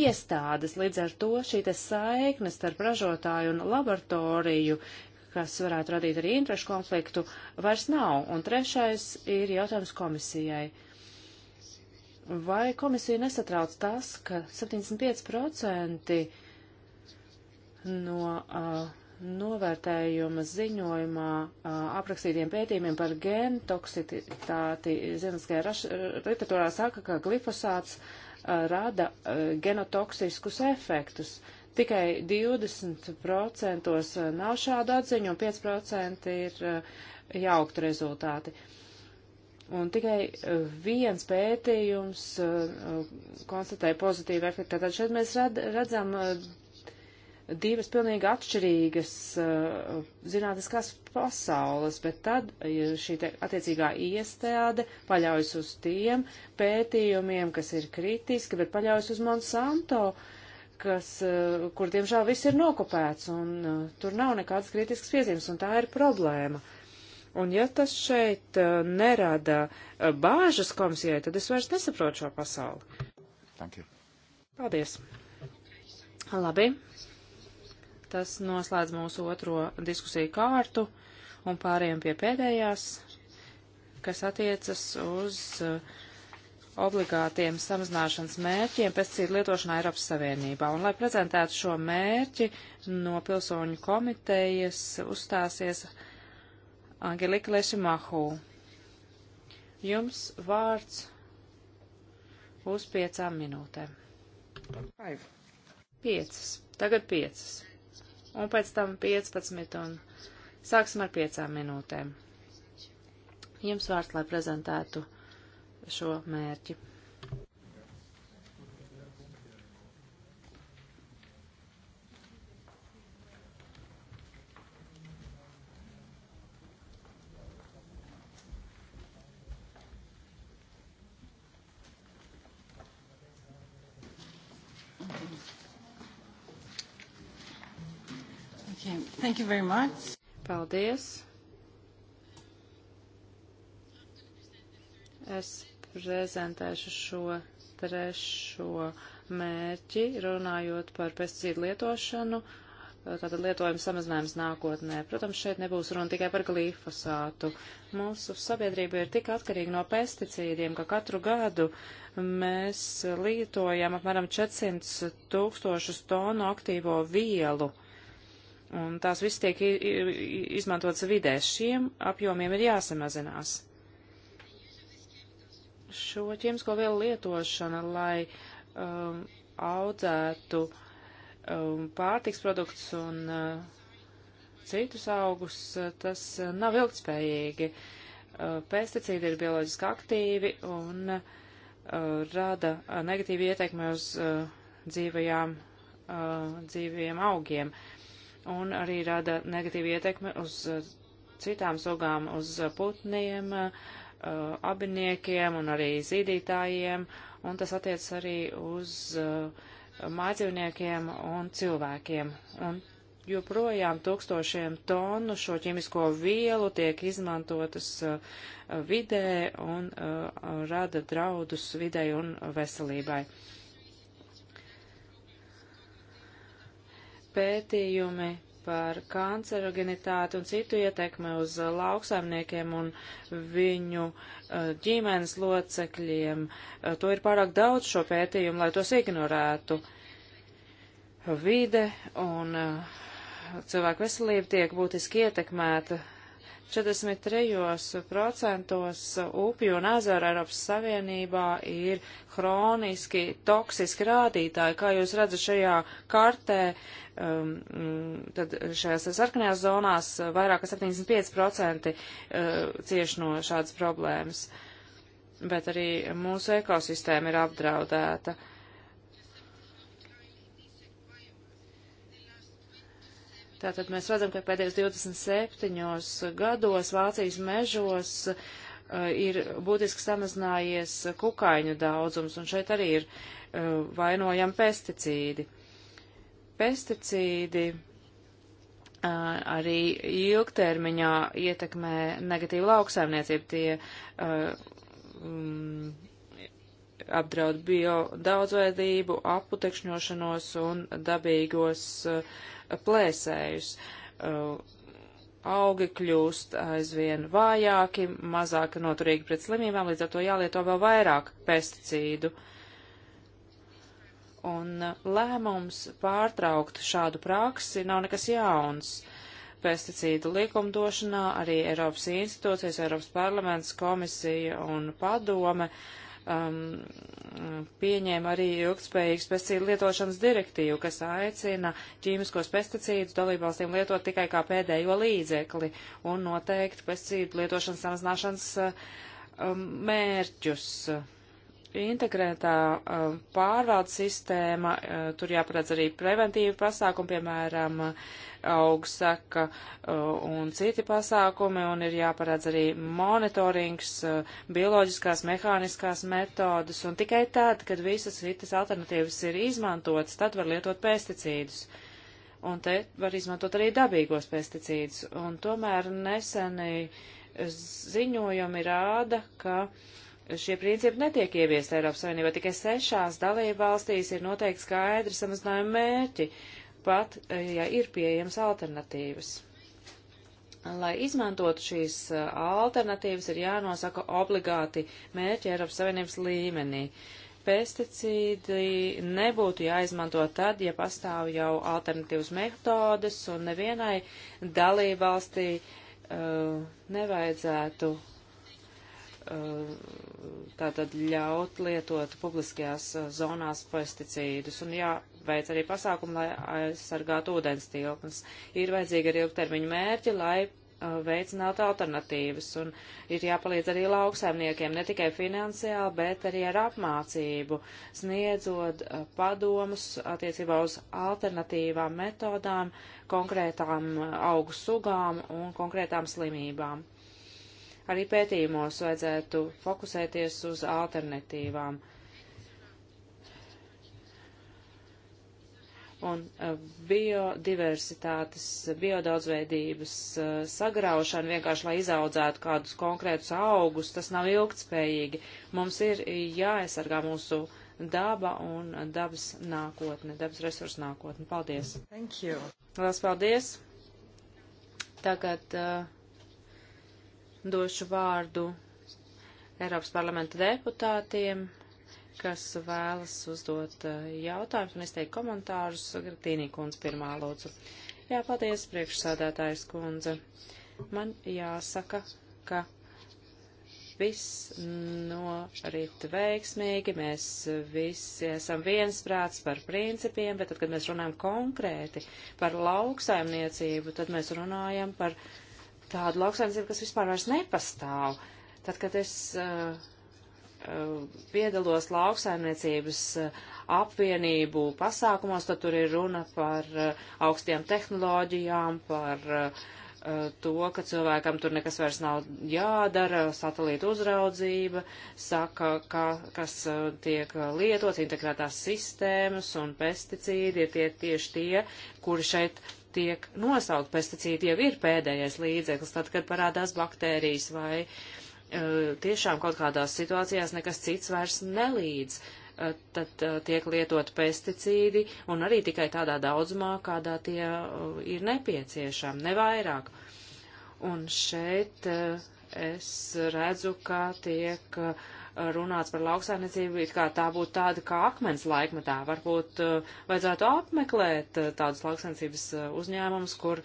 A: iestādes. Līdz ar to šī te saikne starp ražotāju un laboratoriju kas varētu radīt arī interešu konfliktu, vairs nav. Un trešais ir jautājums komisijai. Vai komisija nesatrauc tas, ka 75% no uh, novērtējuma ziņojumā uh, aprakstītiem pētījumiem par gēnu toksicitāti zinātniskajā literatūrā saka, ka glifosāts uh, rada uh, genotoksiskus efektus. Tikai 20% uh, nav šādu atziņu un 5% ir uh, jauktu rezultāti. Un tikai uh, viens pētījums uh, uh konstatēja pozitīvu efektu. Tātad šeit mēs redzam uh, divas pilnīgi atšķirīgas uh, zinātniskās pasaules, bet tad šī te, attiecīgā iestāde paļaujas uz tiem pētījumiem, kas ir kritiski, bet paļaujas uz Monsanto, kas, uh, kur diemžēl viss ir nokopēts un uh, tur nav nekādas kritiskas piezīmes, un tā ir problēma. Un ja tas šeit uh, nerada uh, bāžas komisijai, tad es vairs nesaprotu šo pasauli. Thank you. Paldies. Labi. Tas noslēdz mūsu otro diskusiju kārtu un pāriem pie pēdējās, kas attiecas uz uh, obligātiem samazināšanas mērķiem pesticīdu lietošanā Eiropas Savienībā. Un, lai prezentētu šo mērķi, no pilsoņu komitejas uzstāsies Angelika Lešimahu. Jums vārds uz piecām minūtēm. Five. Piecas. Tagad piecas un pēc tam 15 un sāksim ar 5 minūtēm. Jums vārds, lai prezentētu šo mērķi. Thank you very much. Paldies. Es prezentēšu šo trešo mērķi, runājot par pesticīdu lietošanu, tātad lietojuma samazinājums nākotnē. Protams, šeit nebūs runa tikai par glifosātu. Mūsu sabiedrība ir tik atkarīga no pesticīdiem, ka katru gadu mēs lietojam apmēram 400 tūkstošus tonu aktīvo vielu. Uh, un tās viss tiek izmantotas vidē. Šiem apjomiem ir jāsamazinās. Šo ķemisko vielu lietošana, lai um, audzētu um, pārtiks produkts un uh, citus augus, uh, tas uh, nav ilgtspējīgi. Uh, pesticīdi ir bioloģiski aktīvi un uh, rada uh, negatīvu ietekmi uz uh, dzīvajām, uh, dzīvajiem augiem. Uh, un arī rada negatīvu ietekmi uz uh, citām sugām, uz uh, putniem, uh, abiniekiem un arī zīdītājiem, un tas attiec arī uz mājdzīvniekiem un cilvēkiem. Un joprojām tūkstošiem tonu šo ķemisko vielu tiek izmantotas vidē un rada draudus vidē un veselībai. pētījumi par kancerogenitāti un citu ietekmi uz lauksaimniekiem un viņu uh, ģimenes locekļiem. Uh, to ir pārāk daudz šo pētījumu, lai tos ignorētu. Vide un uh, cilvēku veselība tiek būtiski ietekmēta 43% upju un ezeru Eiropas Savienībā ir hroniski toksiski rādītāji. Kā jūs redzat šajā kartē, um, tad šajās sarkanajās zonās vairāk kā 75% uh, cieš no šādas problēmas. Bet arī mūsu ekosistēma ir apdraudēta. Uh, Tātad mēs redzam, ka pēdējos 27 gados Vācijas mežos uh, ir būtiski samazinājies kukaiņu daudzums, un šeit arī ir uh, vainojami pesticīdi. Pesticīdi uh, arī ilgtermiņā ietekmē negatīvu lauksaimniecību. Tie uh, um, apdraud bio daudzveidību, aputekšņošanos un dabīgos uh, plēsējus. Uh, augi kļūst aizvien vājāki, mazāk noturīgi pret slimībām, līdz ar to jālieto vēl vairāk pesticīdu. Un uh, lēmums pārtraukt šādu praksi nav nekas jauns. Pesticīdu likumdošanā arī Eiropas institūcijas, Eiropas parlaments, komisija un padome uh, um, pieņēma arī ilgspējīgas pesticīdu lietošanas direktīvu, kas aicina ķīmiskos pesticīdus dalībvalstīm lietot tikai kā pēdējo līdzekli un noteikti pesticīdu lietošanas samazināšanas uh, um, mērķus. Uh, integrētā uh, pārvaldes sistēma, uh, tur jāparedz arī preventīvi pasākumi, piemēram, augsaka uh, un citi pasākumi, un ir jāparedz arī monitorings, bioloģiskās, mehāniskās metodas, un tikai tad, kad visas citas alternatīvas ir izmantotas, tad var lietot pesticīdus. Un te var izmantot arī dabīgos pesticīdus, un tomēr neseni ziņojumi rāda, ka uh, Šie principi netiek ieviest Eiropas Savienībā, tikai sešās dalība valstīs ir noteikti skaidri samazinājumi mērķi, pat, eh, ja ir pieejams alternatīvas. Lai izmantotu šīs eh, alternatīvas, ir jānosaka obligāti mērķi Eiropas Savienības līmenī. Pesticīdi nebūtu jāizmanto tad, ja pastāv jau alternatīvas metodes un nevienai dalībvalstī uh, eh, nevajadzētu Uh, tātad ļaut lietot publiskajās uh, zonās pesticīdus un jāveic arī pasākumi, lai aizsargātu ūdens tilpnes. Ir vajadzīgi arī ilgtermiņu mērķi, lai uh, veicinātu alternatīvas un ir jāpalīdz arī lauksaimniekiem, ne tikai finansiāli, bet arī ar apmācību, sniedzot padomus attiecībā uz alternatīvām metodām, konkrētām augu sugām un konkrētām slimībām Arī pētījumos vajadzētu fokusēties uz alternatīvām. Un eh, biodiversitātes, biodaudzveidības eh, sagraušana vienkārši, lai izaudzētu kādus konkrētus augus, tas nav ilgtspējīgi. Mums ir jāaizsargā mūsu daba un dabas nākotne, dabas resursu nākotne. Paldies! Thank you! Lielas paldies! Tagad uh, došu vārdu Eiropas parlamenta deputātiem, kas vēlas uzdot eh, jautājumus un izteikt komentārus. Gratīnī kundze pirmā lūdzu. Jā, paldies, priekšsādātājs kundze. Man jāsaka, ka viss norit veiksmīgi, mēs visi esam viensprāts par principiem, bet tad, kad mēs runājam konkrēti par lauksaimniecību, tad mēs runājam par tādu lauksaimniecību, kas vispār vairs nepastāv. Tad, kad es uh, uh piedalos lauksaimniecības uh, apvienību pasākumos, tad tur ir runa par uh, augstiem tehnoloģijām, par to, ka cilvēkam tur nekas vairs nav jādara, satelīta uzraudzība, saka, ka, kas tiek lietots, integrētās sistēmas un pesticīdi ir tie tieši tie, kuri šeit tiek nosaukt pesticīdi, jau ir pēdējais līdzeklis, tad, kad parādās baktērijas vai uh, tiešām kaut kādās situācijās nekas cits vairs nelīdz. Uh, tad uh, tiek lietot pesticīdi un arī tikai tādā daudzumā, kādā tie ir nepieciešami, nevairāk. Un šeit es redzu, kā tiek uh, runāts par lauksainiecību, it kā tā būtu tāda kā akmens laikmetā. Varbūt uh, vajadzētu apmeklēt uh, tādus lauksainiecības eh, uzņēmumus, kur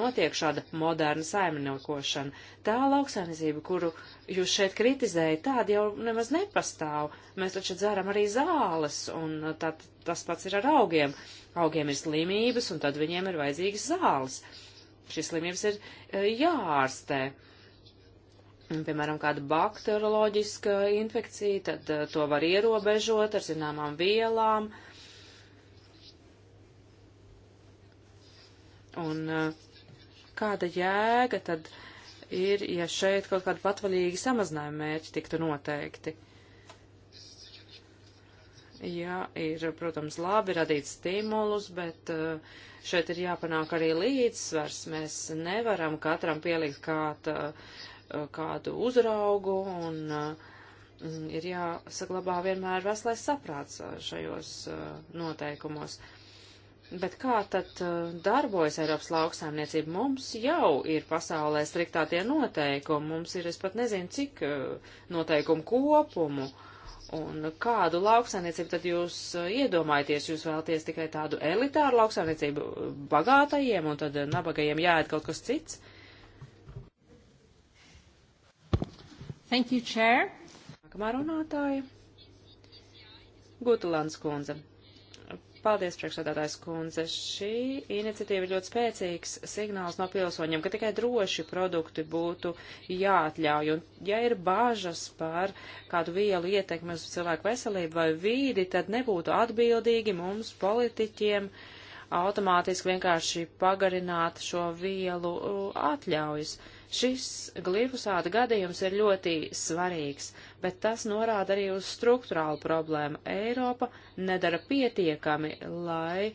A: notiek šāda moderna saimniekošana. Tā lauksainiecība, kuru jūs šeit kritizējat, tāda jau nemaz nepastāv. Mēs taču dzeram arī zāles, un tā, tas pats ir ar augiem. Augiem ir slimības, un tad viņiem ir vajadzīgas zāles. Šīs slimības ir jāārstē. Uh, Mm, piemēram, kāda bakterioloģiska infekcija, tad eh, to var ierobežot ar zināmām vielām. Un eh, kāda jēga tad ir, ja šeit kaut kādi patvaļīgi samazinājumi mērķi tiktu noteikti? Jā, ir, protams, labi radīt stimulus, bet eh, šeit ir jāpanāk arī līdzsvars. Mēs nevaram katram pielikt kāda uh, Eh, kādu uzraugu un eh, mm, ir jāsaglabā vienmēr veselais saprāts eh, šajos noteikumos. Bet kā tad darbojas Eiropas lauksaimniecība? Mums jau ir pasaulē striktā tie noteikumi, mums ir, es pat nezinu, cik noteikumu kopumu. Un kādu lauksaimniecību tad jūs iedomājaties? Jūs vēlaties tikai tādu elitāru lauksaimniecību bagātajiem un tad nabagajiem jāiet kaut kas cits? Uh, Thank you, Chair. Nākamā runātāja. Gutulāns kundze. Paldies, priekšsādātājs kundze. Šī iniciatīva ir ļoti spēcīgs signāls no pilsoņiem, ka tikai droši produkti būtu jāatļauj. Un, ja ir bažas par kādu vielu ietekmi uz cilvēku veselību vai vīdi, tad nebūtu atbildīgi mums, politiķiem, automātiski vienkārši pagarināt šo vielu uh, atļaujas. Uh, Šis glifosāta gadījums ir ļoti svarīgs, bet tas norāda arī uz struktūrālu problēmu. Eiropa nedara pietiekami, lai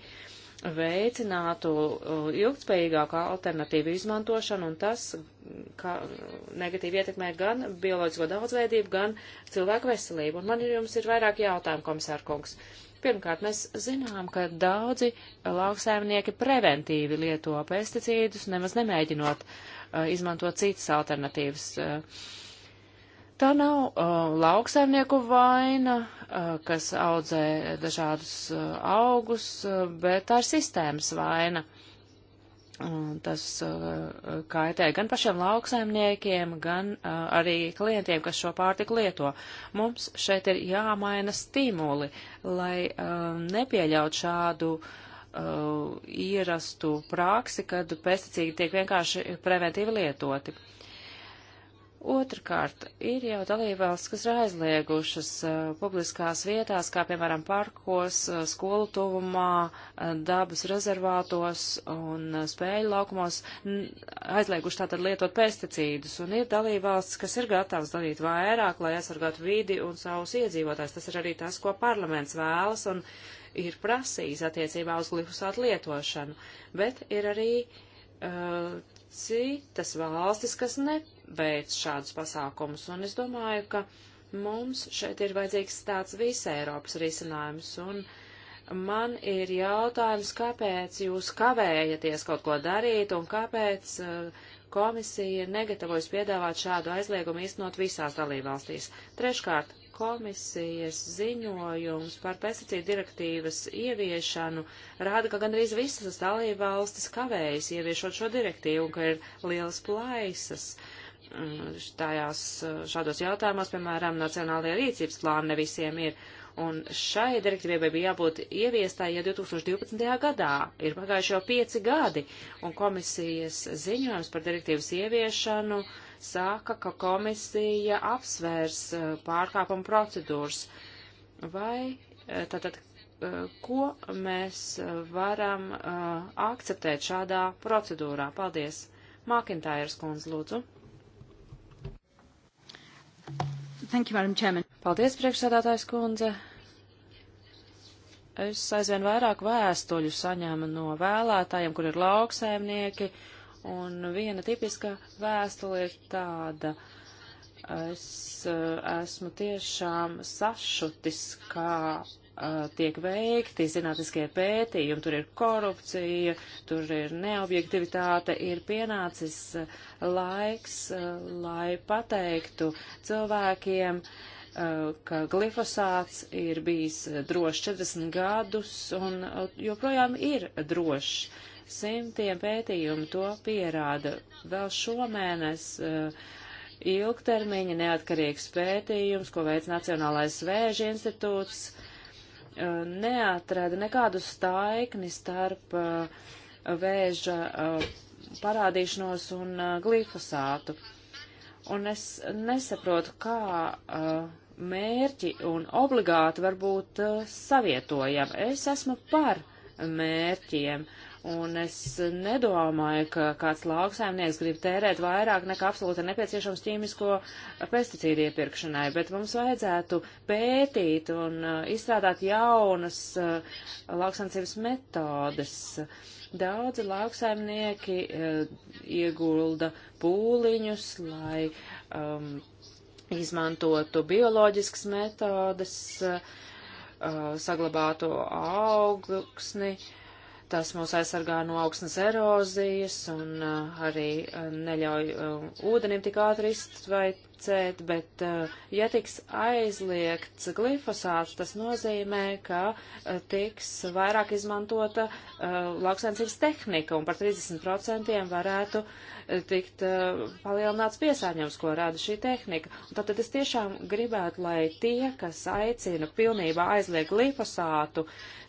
A: veicinātu uh, ilgspējīgāku alternatīvu izmantošanu, un tas kā, negatīvi ietekmē gan bioloģisko daudzveidību, gan cilvēku veselību. Un man jums ir vairāk jautājumu, komisārkungs. Pirmkārt, mēs zinām, ka daudzi lauksēmnieki preventīvi lieto pesticīdus, nemaz nemēģinot uh, Uh, izmantot citas alternatīvas. Uh, tā nav uh, lauksaimnieku vaina, kas audzē dažādus augus, bet tā ir sistēmas vaina. Un tas uh, kaitē gan pašiem lauksaimniekiem, gan uh, arī klientiem, kas šo pārtiku lieto. Mums šeit ir jāmaina stimuli, lai uh, nepieļaut šādu uh, uh, ierastu praksi, kad pesticīdi tiek vienkārši preventīvi lietoti. Otrakārt, ir jau dalībvalsts, kas ir aizliegušas uh, publiskās vietās, kā piemēram parkos, uh, skolu tuvumā, uh, dabas rezervātos un uh, spēļu laukumos, aizlieguši tātad lietot pesticīdus. Un ir dalībvalsts, kas ir gatavs darīt vairāk, lai aizsargātu vidi un savus iedzīvotājus. Tas ir arī tas, ko parlaments vēlas, un ir prasījis attiecībā uz glifosātu lietošanu, bet ir arī uh, citas valstis, kas neveic šādus pasākumus, un es domāju, ka mums šeit ir vajadzīgs tāds visai Eiropas risinājums, un man ir jautājums, kāpēc jūs kavējaties kaut ko darīt, un kāpēc uh, komisija negatavojas piedāvāt šādu aizliegumu īstenot visās dalībvalstīs. Treškārt, komisijas ziņojums par pesticīdu direktīvas ieviešanu rāda, ka gandrīz visas dalība valstis kavējas ieviešot šo direktīvu un ka ir lielas plaisas. Mm, Tājās eh, šādos jautājumos, piemēram, nacionālajā rīcības plāna ne visiem ir. Un šai direktīvai bija jābūt ieviestai jau 2012. gadā. Ir pagājuši jau pieci gadi, un komisijas ziņojums par direktīvas ieviešanu uh, saka, ka komisija apsvērs eh, pārkāpuma procedūras. Vai eh, tātad, eh, ko mēs varam akceptēt šādā procedūrā? Paldies. Mākintājas kundze, lūdzu. Thank you, Madam Chairman. Paldies, priekšsēdātājs kundze. Es aizvien vairāk vēstuļu saņēmu no vēlētājiem, kur ir lauksēmnieki, uh, Un viena tipiska vēstule ir tāda. Es eh, esmu tiešām sašutis, kā eh, tiek veikti zinātniskie pētījumi, tur ir korupcija, tur ir neobjektivitāte, ir pienācis eh, laiks, lai pateiktu cilvēkiem, ka glifosāts ir bijis drošs 40 gadus un joprojām ir drošs. Simtiem pētījumu to pierāda. Vēl šomēnes uh, ilgtermiņa neatkarīgs pētījums, ko veids Nacionālais svēžu institūts, uh, neatrada nekādu staikni starp uh, vēža parādīšanos un glifosātu. Un es nesaprotu, kā mērķi un obligāti var būt savietojami. Es esmu par mērķiem. Uh, Un es nedomāju, ka kāds lauksaimnieks grib tērēt vairāk nekā absolūti nepieciešams ķīmisko pesticīdu iepirkšanai, bet mums vajadzētu pētīt un uh, izstrādāt jaunas uh, lauksaimniecības metodes. Daudzi lauksaimnieki uh, iegulda pūliņus, lai um, izmantotu bioloģiskas metodes, uh, saglabātu augsni. Uh, Tas mūs aizsargā no augsnes erozijas un uh, arī uh, neļauj uh, ūdenim tik ātri iztvait ratificēt, bet eh, ja tiks aizliegts glifosāts, tas nozīmē, ka eh, tiks vairāk izmantota eh, lauksainsības tehnika un par 30% varētu tikt palielināts piesārņojums, ko rada šī tehnika. Un tātad es tiešām gribētu, lai tie, kas aicina pilnībā aizliegt glifosātu,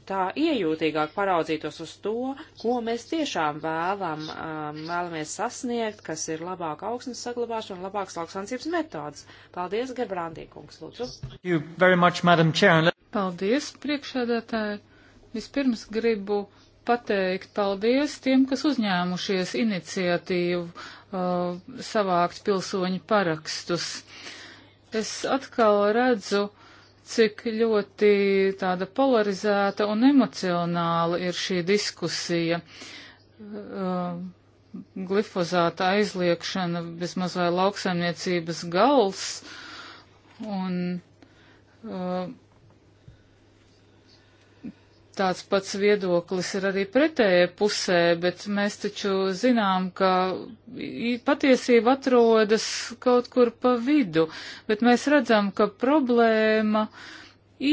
A: tā iejūtīgāk paraudzītos uz to, ko mēs tiešām vēlam, um, vēlamies sasniegt, kas ir labāka augsnes saglabāšana un labāks lauksansības mērķis metodas. Paldies, Gerbrandī kungs, lūdzu.
B: Much, Paldies, priekšsēdētāji. Vispirms gribu pateikt paldies tiem, kas uzņēmušies iniciatīvu uh, savākt pilsoņu parakstus. Es atkal redzu, cik ļoti tāda polarizēta un emocionāla ir šī diskusija. Uh, glifozāta aizliekšana vismaz vai lauksaimniecības gals. Un uh, tāds pats viedoklis ir arī pretējai pusē, bet mēs taču zinām, ka patiesība atrodas kaut kur pa vidu, bet mēs redzam, ka problēma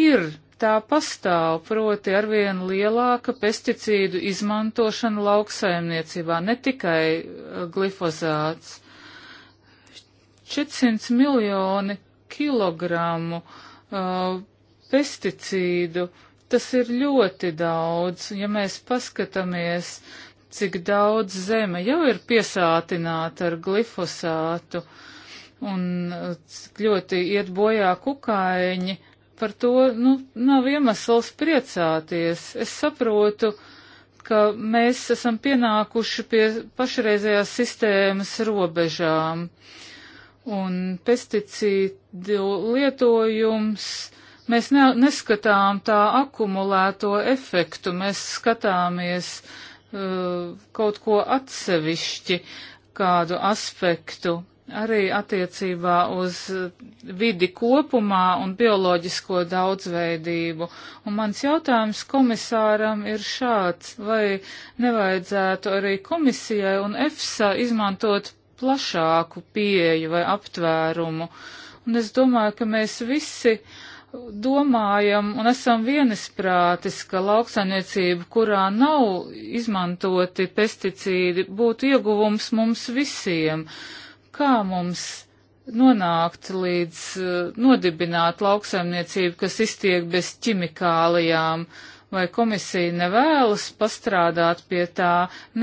B: ir tā pastāv, proti arvien lielāka pesticīdu izmantošana lauksaimniecībā, ne tikai uh, glifozāts. 400 miljoni kilogramu uh, pesticīdu, tas ir ļoti daudz, ja mēs paskatāmies, cik daudz zeme jau ir piesātināta ar glifosātu un uh, cik ļoti iet bojā kukaiņi par to nu, nav iemesls priecāties. Es saprotu, ka mēs esam pienākuši pie pašreizējās sistēmas robežām, un pesticīdu lietojums mēs ne, neskatām tā akumulēto efektu, mēs skatāmies uh, kaut ko atsevišķi, kādu aspektu arī attiecībā uz eh, vidi kopumā un bioloģisko daudzveidību. Un mans jautājums komisāram ir šāds, vai nevajadzētu arī komisijai un EFSA izmantot plašāku pieeju vai aptvērumu. Un es domāju, ka mēs visi domājam un esam vienisprātis, ka lauksaimniecība, kurā nav izmantoti pesticīdi, būtu ieguvums mums visiem. Uh, Kā mums nonākt līdz uh, nodibināt lauksaimniecību, kas iztiek bez ķimikālijām, vai komisija nevēlas pastrādāt pie tā,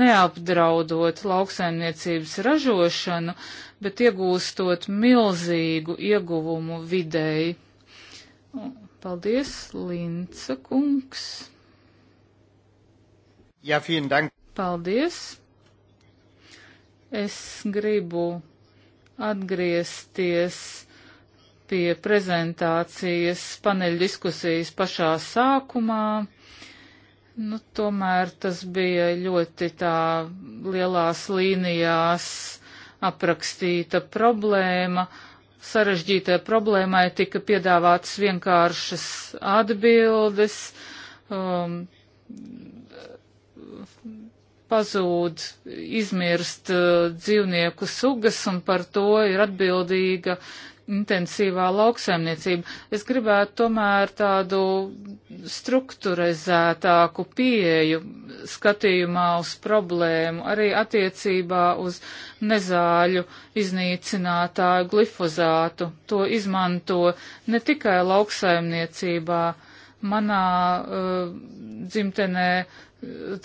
B: neapdraudot lauksaimniecības ražošanu, bet iegūstot milzīgu ieguvumu videi. Paldies, Linca kungs.
C: Jā, ja, vielen dank.
B: Paldies. Es gribu atgriezties pie prezentācijas paneļa diskusijas pašā sākumā. Nu, tomēr tas bija ļoti tā lielās līnijās aprakstīta problēma. Sarežģītai problēmai tika piedāvātas vienkāršas atbildes. Um, pazūd, izmirst uh, dzīvnieku sugas un par to ir atbildīga intensīvā lauksaimniecība. Es gribētu tomēr tādu strukturēzētāku pieeju skatījumā uz problēmu, arī attiecībā uz nezāļu iznīcinātāju glifozātu. To izmanto ne tikai lauksaimniecībā, manā uh, dzimtenē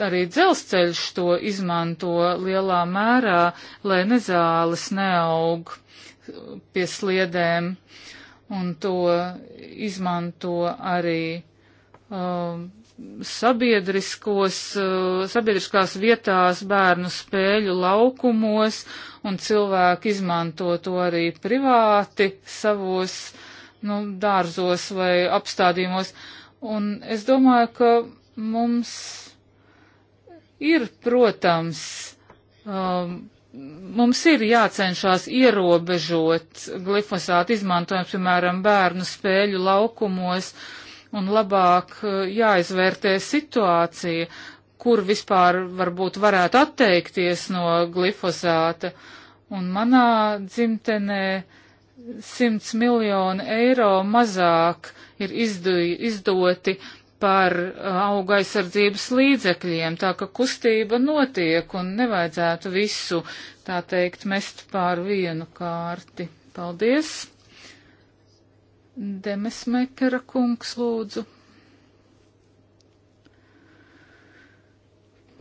B: arī dzelzceļš to izmanto lielā mērā, lai nezāles neaug pie sliedēm, un to izmanto arī um, sabiedriskos, uh, sabiedriskās vietās, bērnu spēļu laukumos, un cilvēki izmanto to arī privāti savos nu, dārzos vai apstādījumos. Un es domāju, ka mums Ir, protams, um, mums ir jācenšas ierobežot glifosātu izmantojumu, piemēram, bērnu spēļu laukumos, un labāk uh, jāizvērtē situācija, kur vispār varbūt varētu atteikties no glifosāta. Un manā dzimtenē 100 miljoni eiro mazāk ir izdu, izdoti par uh, auga aizsardzības līdzekļiem, tā ka kustība notiek un nevajadzētu visu, tā teikt, mest pār vienu kārti. Paldies! Demesmekera kungs lūdzu.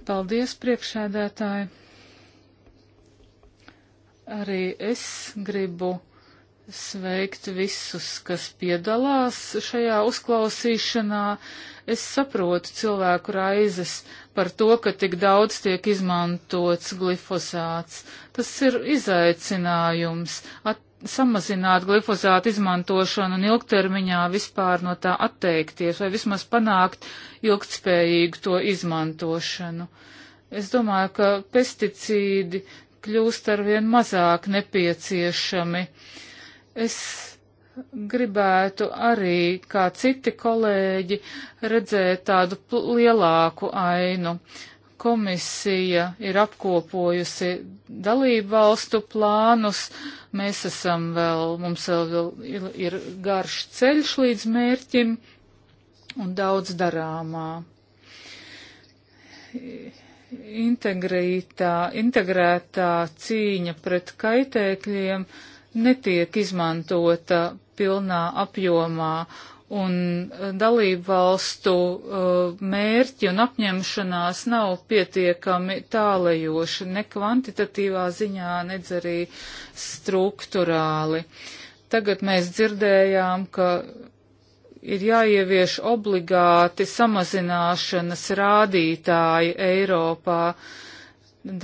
B: Paldies, priekšēdētāji! Arī es gribu sveikt visus, kas piedalās šajā uzklausīšanā. Es saprotu cilvēku raizes par to, ka tik daudz tiek izmantots glifosāts. Tas ir izaicinājums at samazināt glifosātu izmantošanu un ilgtermiņā vispār no tā atteikties vai vismaz panākt ilgtspējīgu to izmantošanu. Es domāju, ka pesticīdi kļūst arvien mazāk nepieciešami. Uh, Es gribētu arī, kā citi kolēģi, redzēt tādu lielāku ainu. Komisija ir apkopojusi dalību valstu plānus. Mēs esam vēl, mums vēl ir, ir garš ceļš līdz mērķim un daudz darāmā. Integrētā, integrētā cīņa pret kaitēkļiem netiek izmantota pilnā apjomā un e, dalību valstu uh, mērķi un apņemšanās nav pietiekami tālajoši ne kvantitatīvā ziņā, nedz arī struktūrāli. Tagad mēs dzirdējām, ka ir jāievieš obligāti samazināšanas rādītāji Eiropā.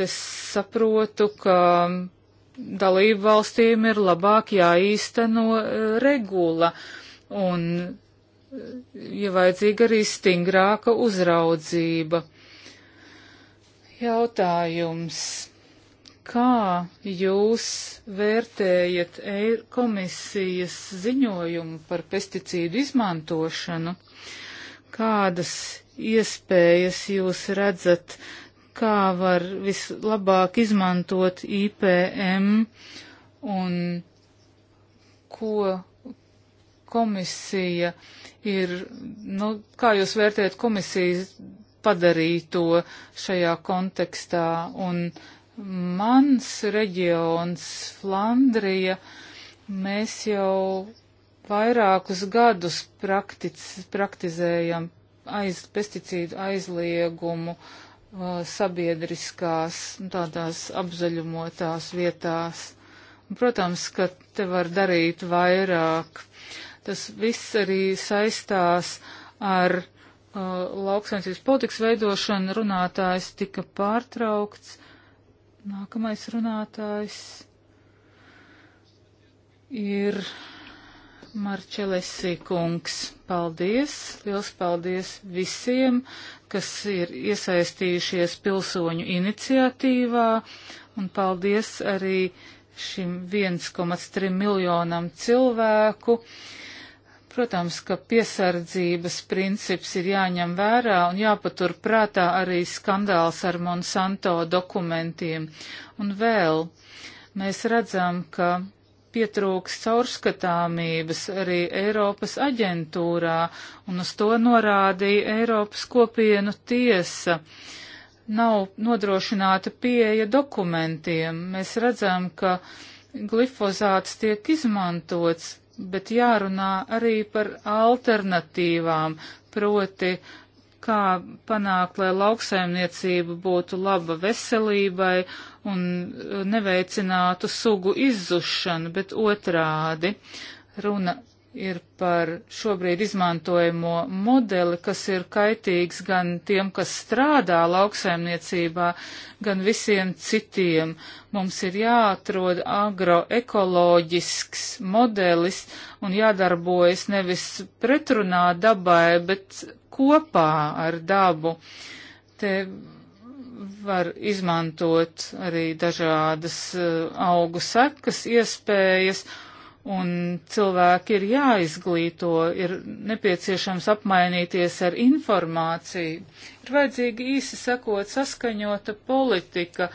B: Es saprotu, ka dalību valstīm ir labāk jāīsteno e, regula un e, ja vajadzīga arī stingrāka uzraudzība. Jautājums. Kā jūs vērtējat komisijas ziņojumu par pesticīdu izmantošanu? Kādas iespējas jūs redzat kā var vislabāk izmantot IPM un ko komisija ir, nu, kā jūs vērtējat komisijas padarīto šajā kontekstā. Un mans reģions, Flandrija, mēs jau vairākus gadus praktic, praktizējam aiz, pesticīdu aizliegumu. Uh, Uh, sabiedriskās, nu, tādās apzaļumotās vietās. Un, protams, ka te var darīt vairāk. Tas viss arī saistās ar uh, lauksaimniecības politikas veidošanu. Runātājs tika pārtraukts. Nākamais runātājs ir. Marčelesi kungs, paldies! Liels paldies visiem, kas ir iesaistījušies pilsoņu iniciatīvā, un paldies arī šim 1,3 miljonam cilvēku. Protams, ka piesardzības princips ir jāņem vērā un jāpatur prātā arī skandāls ar Monsanto dokumentiem. Un vēl mēs redzam, ka pietrūks caurskatāmības arī Eiropas aģentūrā, un uz to norādīja Eiropas kopienu tiesa. Nav nodrošināta pieeja dokumentiem. Mēs redzam, ka glifozāts tiek izmantots, bet jārunā arī par alternatīvām, proti kā panākt, lai lauksaimniecība būtu laba veselībai un e, neveicinātu sugu izzušanu, bet otrādi runa ir par šobrīd izmantojamo modeli, kas ir kaitīgs gan tiem, kas strādā lauksaimniecībā, gan visiem citiem. Mums ir jāatrod agroekoloģisks modelis un jādarbojas nevis pretrunā dabai, bet kopā ar dabu. Te var izmantot arī dažādas eh, augu sekas, iespējas, un cilvēki ir jāizglīto, ir nepieciešams apmainīties ar informāciju. Ir vajadzīga īsi sakot saskaņota politika,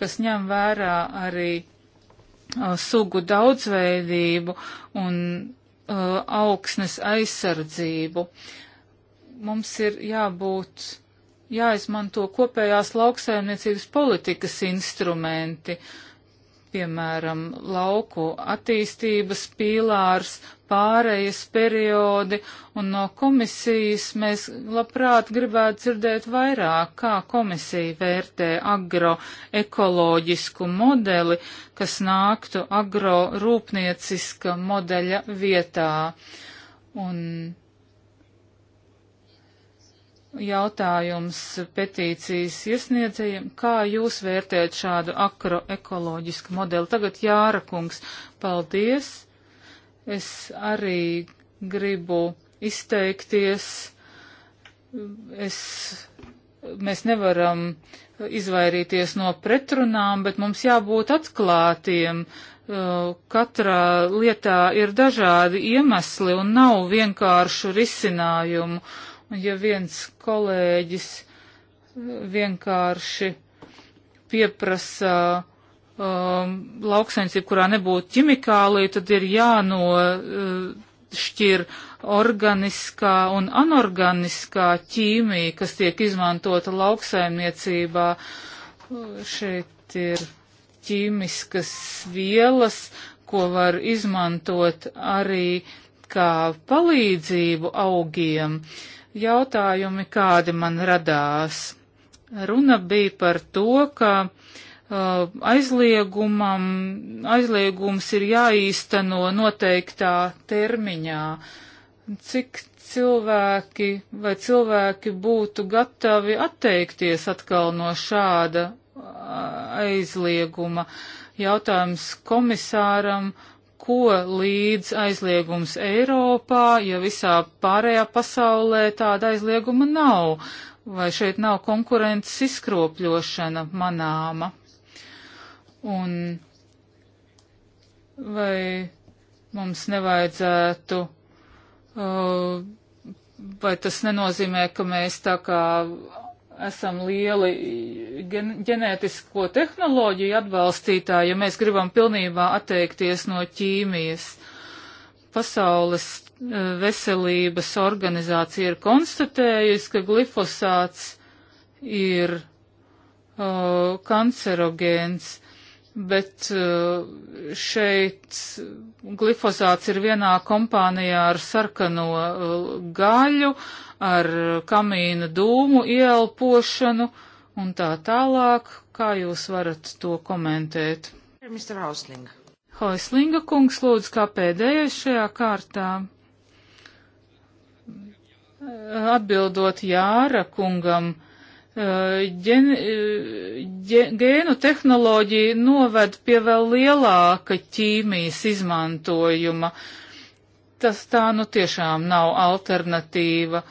B: kas ņem vērā arī uh, sugu daudzveidību un uh, augsnes aizsardzību. Mums ir jābūt jāizmanto kopējās lauksaimniecības politikas instrumenti, piemēram, lauku attīstības pīlārs, pārējas periodi, un no komisijas mēs labprāt gribētu dzirdēt vairāk, kā komisija vērtē agroekoloģisku modeli, kas nāktu agrorūpnieciska modeļa vietā. Un jautājums petīcijas iesniedzējiem, kā jūs vērtējat šādu akroekoloģisku modeli? Tagad Jāra kungs, paldies. Es arī gribu izteikties. Es, mēs nevaram izvairīties no pretrunām, bet mums jābūt atklātiem. Uh, katrā lietā ir dažādi iemesli un nav vienkāršu risinājumu Un ja viens kolēģis eh, vienkārši pieprasa um, lauksaimniecību, kurā nebūtu ķimikālija, tad ir jānošķir eh, uh, organiskā un anorganiskā ķīmija, kas tiek izmantota lauksaimniecībā. Uh, šeit ir ķīmiskas vielas, ko var izmantot arī kā palīdzību augiem. Uh, jautājumi, kādi man radās. Runa bija par to, ka uh, aizliegumam, aizliegums ir jāīsteno noteiktā termiņā. Cik cilvēki vai cilvēki būtu gatavi atteikties atkal no šāda uh, aizlieguma? Jautājums komisāram. Uh, ko līdz aizliegums Eiropā, ja visā pārējā pasaulē tāda aizlieguma nav, vai šeit nav konkurences izkropļošana manāma. Un vai mums nevajadzētu, uh, vai tas nenozīmē, ka mēs tā kā esam lieli gen ģenētisko tehnoloģiju atbalstītāji, ja mēs gribam pilnībā atteikties no ķīmijas. Pasaules eh, veselības organizācija ir konstatējusi, ka glifosāts ir uh, eh, kancerogēns bet uh, šeit glifosāts ir vienā kompānijā ar sarkano uh, gaļu, ar kamīna dūmu ielpošanu un tā tālāk. Kā jūs varat to komentēt?
A: Mr. Hausling.
B: Hauslinga kungs lūdzu kā pēdējais šajā kārtā. Atbildot Jāra kungam, ģen, ģen, gēnu tehnoloģija noved pie vēl lielāka ķīmijas izmantojuma. Tas tā nu tiešām nav alternatīva.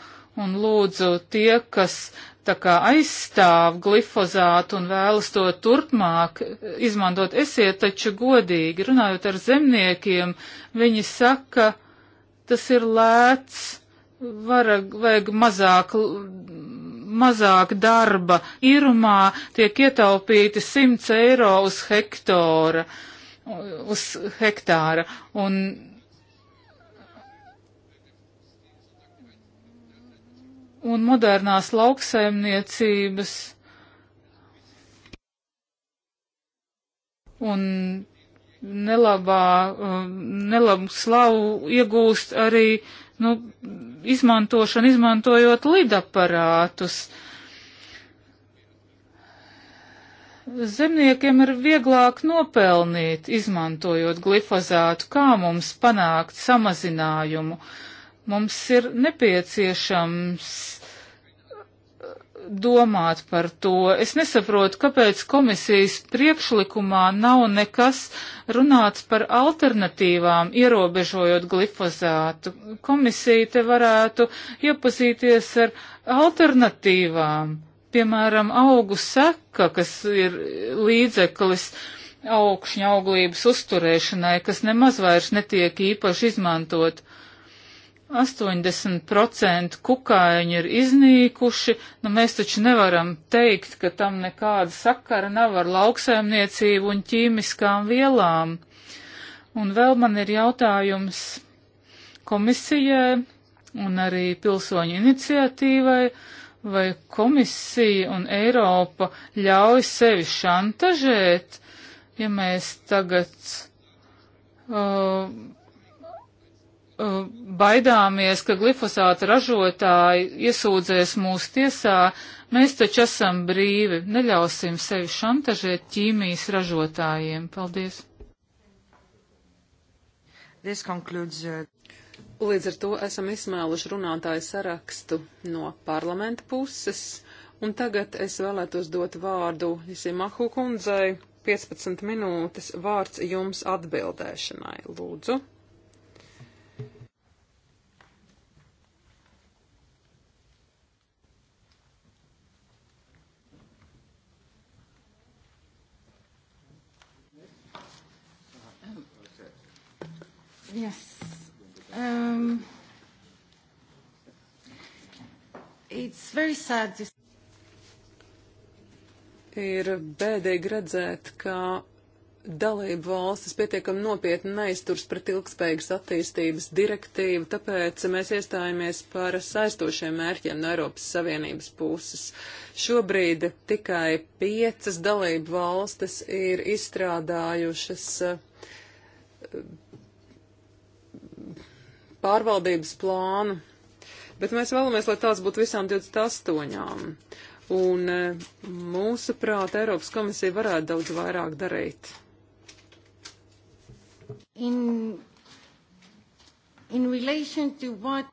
B: Un lūdzu tie, kas tā kā aizstāv glifozātu un vēlas to turpmāk izmantot, esiet taču godīgi. Runājot ar zemniekiem, viņi saka, tas ir lēts, vara, vajag mazāk mazāk darba irumā tiek ietaupīti 100 eiro uz hektāra, uz hektāra. Un un modernās lauksaimniecības un nelabā, um, nelabs slavu iegūst arī uh, nu, izmantošanu, izmantojot lidaparātus. Zemniekiem ir vieglāk nopelnīt, izmantojot glifozātu, kā mums panākt samazinājumu. Mums ir nepieciešams domāt par to. Es nesaprotu, kāpēc komisijas priekšlikumā nav nekas runāts par alternatīvām, ierobežojot glifozātu. Komisija te varētu iepazīties ar alternatīvām, piemēram, augu seka, kas ir līdzeklis augšņa auglības uzturēšanai, kas nemaz vairs netiek īpaši izmantot. 80% kukaiņi ir iznīkuši, nu mēs taču nevaram teikt, ka tam nekāda sakara nav ar lauksaimniecību un ķīmiskām vielām. Un vēl man ir jautājums komisijai un arī pilsoņu iniciatīvai, vai komisija un Eiropa ļauj sevi šantažēt, ja mēs tagad. Uh, Eh, baidāmies, ka glifosāta ražotāji iesūdzēs mūsu tiesā, mēs taču esam brīvi, neļausim sevi šantažēt ķīmijas ražotājiem. Paldies!
A: Concludes...
C: Uh, Līdz ar to esam izsmēluši runātāju sarakstu no parlamenta puses, un tagad es vēlētos dot vārdu Jasimahu kundzei 15 minūtes vārds jums atbildēšanai. Lūdzu! Yes. Um, it's very sad. This... Ir bēdīgi redzēt, ka dalību valstis pietiekami nopietni neizturs pret ilgspējīgas attīstības direktīvu, tāpēc mēs iestājāmies par saistošiem mērķiem no Eiropas Savienības puses. Šobrīd tikai piecas dalību valstis ir izstrādājušas pārvaldības plānu, bet mēs vēlamies, lai tāds būtu visām 28. Un e, mūsuprāt, Eiropas komisija varētu daudz vairāk darīt. In,
B: in relation to what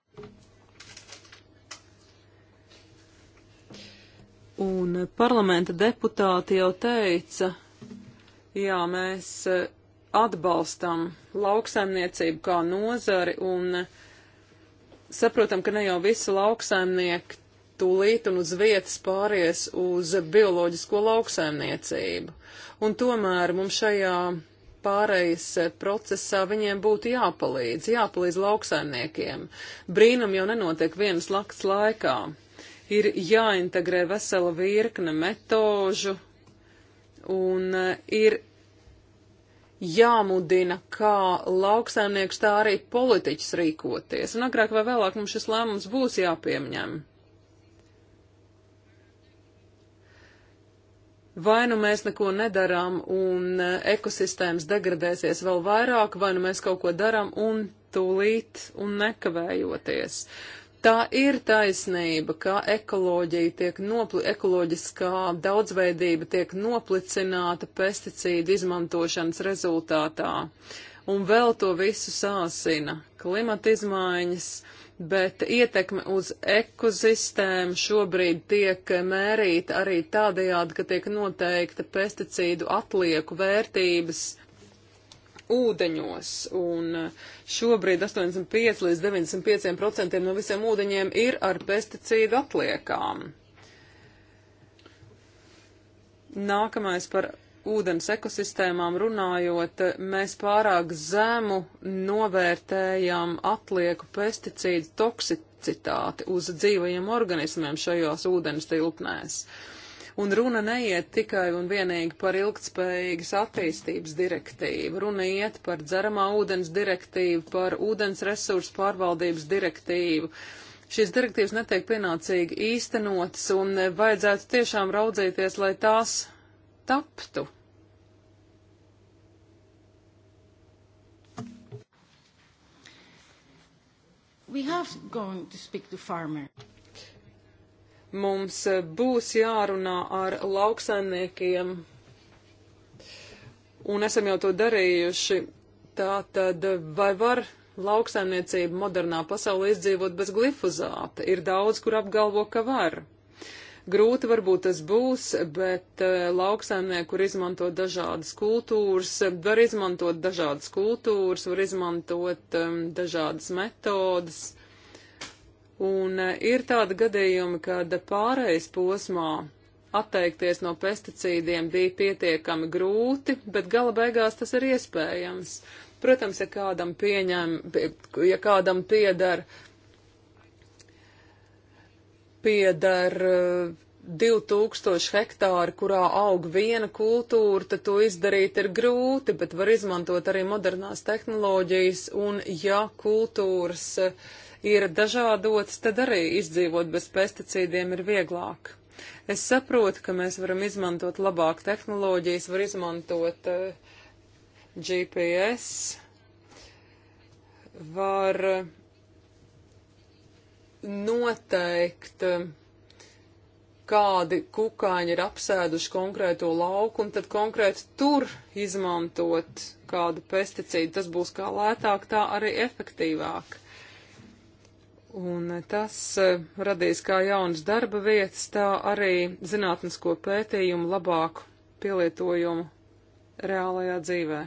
C: Un e, parlamenta deputāti jau teica, jā, mēs e, atbalstam lauksaimniecību kā nozari un saprotam, ka ne jau visi lauksaimnieki tūlīt un uz vietas pāries uz bioloģisko lauksaimniecību. Un tomēr mums šajā pārejas procesā viņiem būtu jāpalīdz, jāpalīdz lauksaimniekiem. Brīnum jau nenotiek vienas lakts laikā. Ir jāintegrē vesela virkne metožu un eh, ir jāmudina kā lauksaimnieks, tā arī politiķis rīkoties. Un agrāk vai vēlāk mums šis lēmums būs jāpieņem. Vai nu mēs neko nedarām un e, ekosistēmas degradēsies vēl vairāk, vai nu mēs kaut ko darām un tūlīt un nekavējoties. Uh, Tā ir taisnība, ka ekoloģija tiek nopli, ekoloģiskā daudzveidība tiek noplicināta pesticīdu izmantošanas rezultātā. Un vēl to visu sāsina klimata izmaiņas, bet ietekme uz ekosistēmu šobrīd tiek mērīta arī tādējādi, ka tiek noteikta pesticīdu atlieku vērtības ūdeņos, un šobrīd 85 līdz 95% no visiem ūdeņiem ir ar pesticīdu atliekām. Nākamais par ūdens ekosistēmām runājot, mēs pārāk zemu novērtējam atlieku pesticīdu toksicitāti uz dzīvajiem organismiem šajos ūdens tilpnēs. Uh, Un runa neiet tikai un vienīgi par ilgtspējīgas attīstības direktīvu. Runa iet par dzeramā ūdens direktīvu, par ūdens resursu pārvaldības direktīvu. Šīs direktīvas netiek pienācīgi īstenotas un vajadzētu tiešām raudzīties, lai tās taptu. We have going to speak to farmer mums eh, būs jārunā ar lauksaimniekiem, un esam jau to darījuši. Tā tad vai var lauksaimniecība modernā pasaulē izdzīvot bez glifozāta? Ir daudz, kur apgalvo, ka var. Grūti varbūt tas būs, bet eh, lauksaimnieki, kur izmanto dažādas kultūras, var izmantot dažādas kultūras, var izmantot um, dažādas metodas. Un e, ir tāda gadījuma, kad pārējais posmā atteikties no pesticīdiem bija pietiekami grūti, bet gala beigās tas ir iespējams. Protams, ja kādam pieņem, ja kādam piedara piedar 2000 e, hektāri, kurā aug viena kultūra, tad to izdarīt ir grūti, bet var izmantot arī modernās tehnoloģijas, un ja kultūras uh, ir dažādots, tad arī izdzīvot bez pesticīdiem ir vieglāk. Es saprotu, ka mēs varam izmantot labāk tehnoloģijas, var izmantot uh, eh, GPS, var eh, noteikt, eh, kādi kukaiņi ir apsēduši konkrēto lauku, un tad konkrēti tur izmantot kādu pesticīdu. Tas būs kā lētāk, tā arī efektīvāk. Un tas eh, radīs kā jaunas darba vietas, tā arī zinātnisko pētījumu labāku pielietojumu reālajā dzīvē.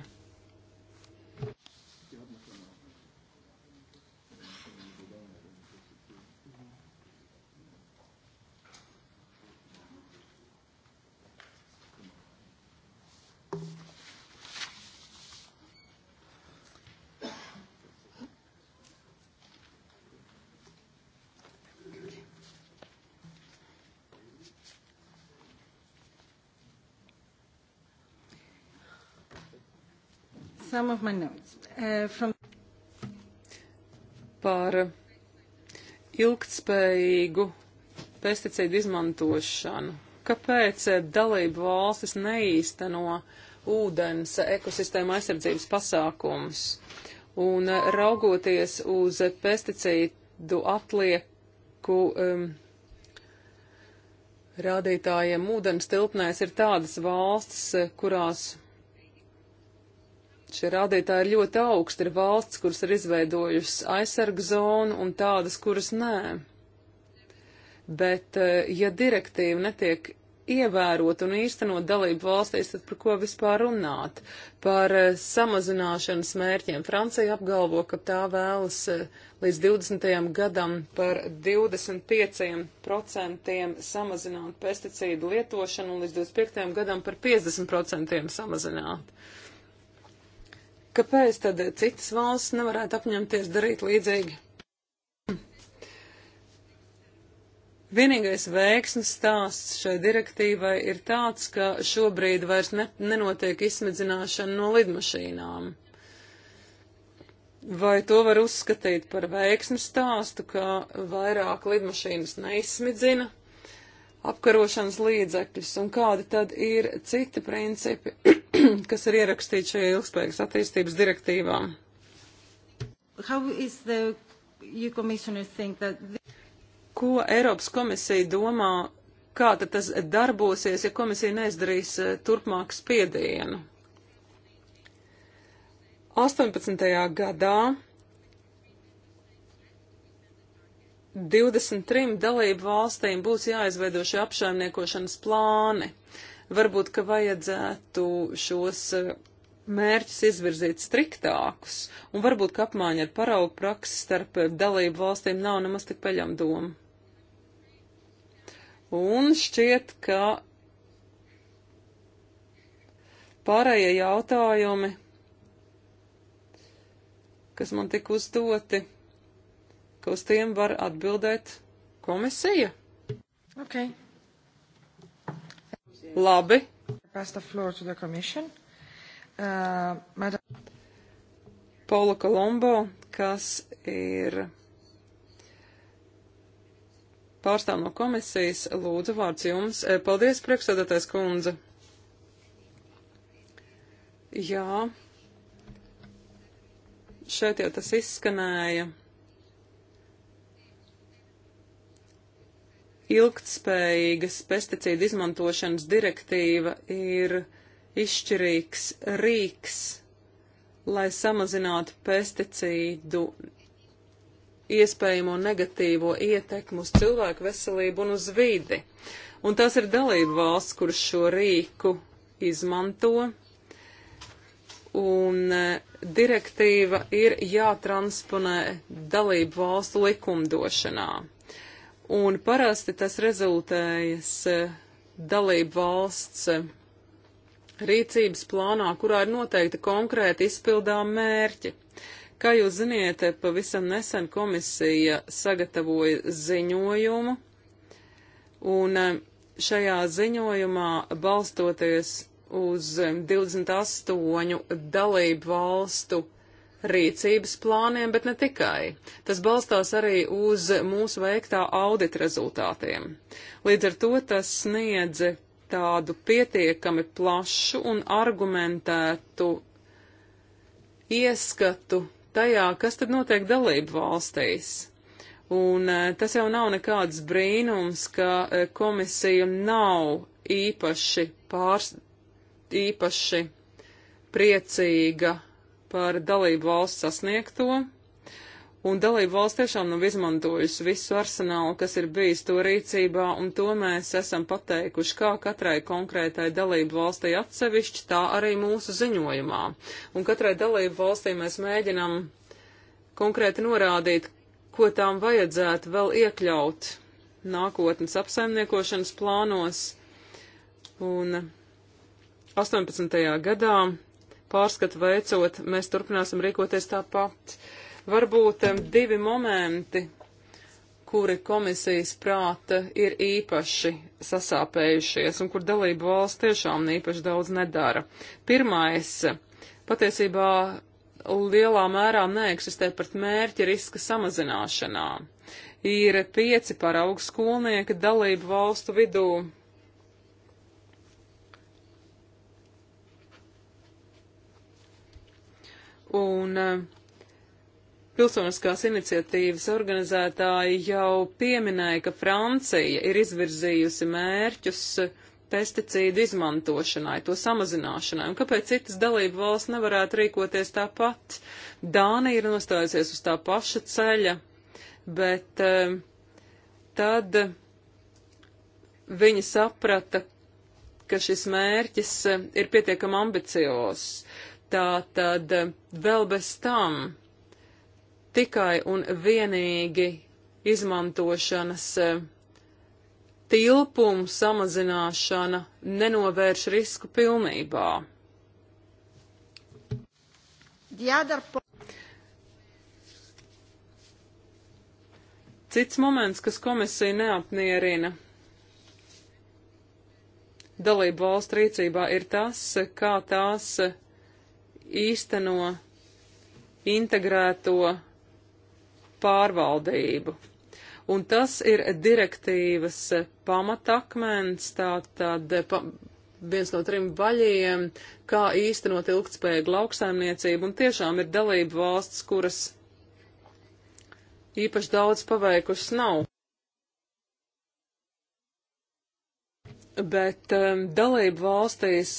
A: some of my notes. Uh, from...
C: Par ilgtspējīgu pesticīdu izmantošanu. Kāpēc eh, dalību valstis neīsteno ūdens ekosistēma aizsardzības pasākums? Un eh, raugoties uz pesticīdu atlieku um, rādītājiem ūdens tilpnēs ir tādas valstis, eh, kurās Šie rādītāji ir ļoti augsti. Ir valsts, kuras ir izveidojušas aizsargu zonu un tādas, kuras nē. Bet, eh, ja direktīva netiek ievērot un īstenot dalību valstīs, tad par ko vispār runāt? Par eh, samazināšanas mērķiem. Francija apgalvo, ka tā vēlas eh, līdz 20. gadam par 25% samazināt pesticīdu lietošanu un līdz 25. gadam par 50% samazināt. Uh, Kāpēc tad citas valsts nevarētu apņemties darīt līdzīgi? Vienīgais veiksmes stāsts šai direktīvai ir tāds, ka šobrīd vairs ne, nenotiek izsmedzināšana no lidmašīnām. Vai to var uzskatīt par veiksmes stāstu, ka vairāk lidmašīnas neizsmidzina, apkarošanas līdzekļus, un kādi tad ir citi principi, kas ir ierakstīti šajā ilgspējīgas attīstības direktīvā? The... Ko Eiropas komisija domā, kā tad tas darbosies, ja komisija neizdarīs eh, turpmāk spiedienu? 18. gadā 23 dalību valstīm būs jāizveido šie apšaimniekošanas plāni. Varbūt, ka vajadzētu šos eh, mērķus izvirzīt striktākus, un varbūt, ka apmaiņa ar paraugu praksi starp dalību valstīm nav nemaz tik peļamdoma. Un šķiet, ka pārējie jautājumi, kas man tik uzdoti, ka uz tiem var atbildēt komisija. Ok. Labi. Uh, madam... Paula Kolombo, kas ir pārstāv no komisijas, lūdzu vārds jums. Eh, paldies, priekšsēdētājs kundze. Jā, šeit jau tas izskanēja. ilgtspējīgas pesticīdu izmantošanas direktīva ir izšķirīgs rīks, lai samazinātu pesticīdu iespējamo negatīvo ietekmu uz cilvēku veselību un uz vidi. Un tas ir dalība valsts, kuras šo rīku izmanto. Un e, direktīva ir jātransponē dalību valstu likumdošanā un parasti tas rezultējas e, dalību valsts e, rīcības plānā, kurā ir noteikti konkrēti izpildām mērķi. Kā jūs ziniet, e, pavisam nesen komisija sagatavoja ziņojumu, un šajā ziņojumā balstoties uz 28 dalību valstu uh, rīcības plāniem, bet ne tikai. Tas balstās arī uz mūsu veiktā audita rezultātiem. Līdz ar to tas sniedz tādu pietiekami plašu un argumentētu ieskatu tajā, kas tad notiek dalību valstīs. Un eh, tas jau nav nekāds brīnums, ka eh, komisija nav īpaši pārs, īpaši priecīga par dalību valsts sasniegto, un dalību valsts tiešām nav izmantojusi visu arsenālu, kas ir bijis to rīcībā, un to mēs esam pateikuši kā katrai konkrētai dalību valstī atsevišķi, tā arī mūsu ziņojumā. Un katrai dalību valstī mēs mēģinam konkrēti norādīt, ko tām vajadzētu vēl iekļaut nākotnes apsaimniekošanas plānos. Un 18. gadā pārskatu veicot, mēs turpināsim rīkoties tāpat. Varbūt divi momenti, kuri komisijas prāta ir īpaši sasāpējušies un kur dalību valsts tiešām īpaši daudz nedara. Pirmais, patiesībā lielā mērā neeksistē pret mērķi riska samazināšanā. Ir pieci paraugskolnieki dalību valstu vidū, un eh, pilsoniskās iniciatīvas organizētāji jau pieminēja, ka Francija ir izvirzījusi mērķus eh, pesticīdu izmantošanai, to samazināšanai, un kāpēc citas dalību valsts nevarētu rīkoties tāpat. Dānija ir nostājusies uz tā paša ceļa, bet eh, tad viņi saprata, ka šis mērķis eh, ir pietiekami ambiciozs. Tā tad vēl bez tam tikai un vienīgi izmantošanas e, tilpumu samazināšana nenovērš risku pilnībā. Cits moments, kas komisija neapmierina dalību valstu rīcībā, ir tas, kā tās īsteno integrēto pārvaldību. Un tas ir direktīvas pamatakmens, tātad pa, viens no trim vaļiem, kā īstenot ilgtspējīgu lauksaimniecību. Un tiešām ir dalība valsts, kuras īpaši daudz paveikušas nav. Bet um, dalību valstīs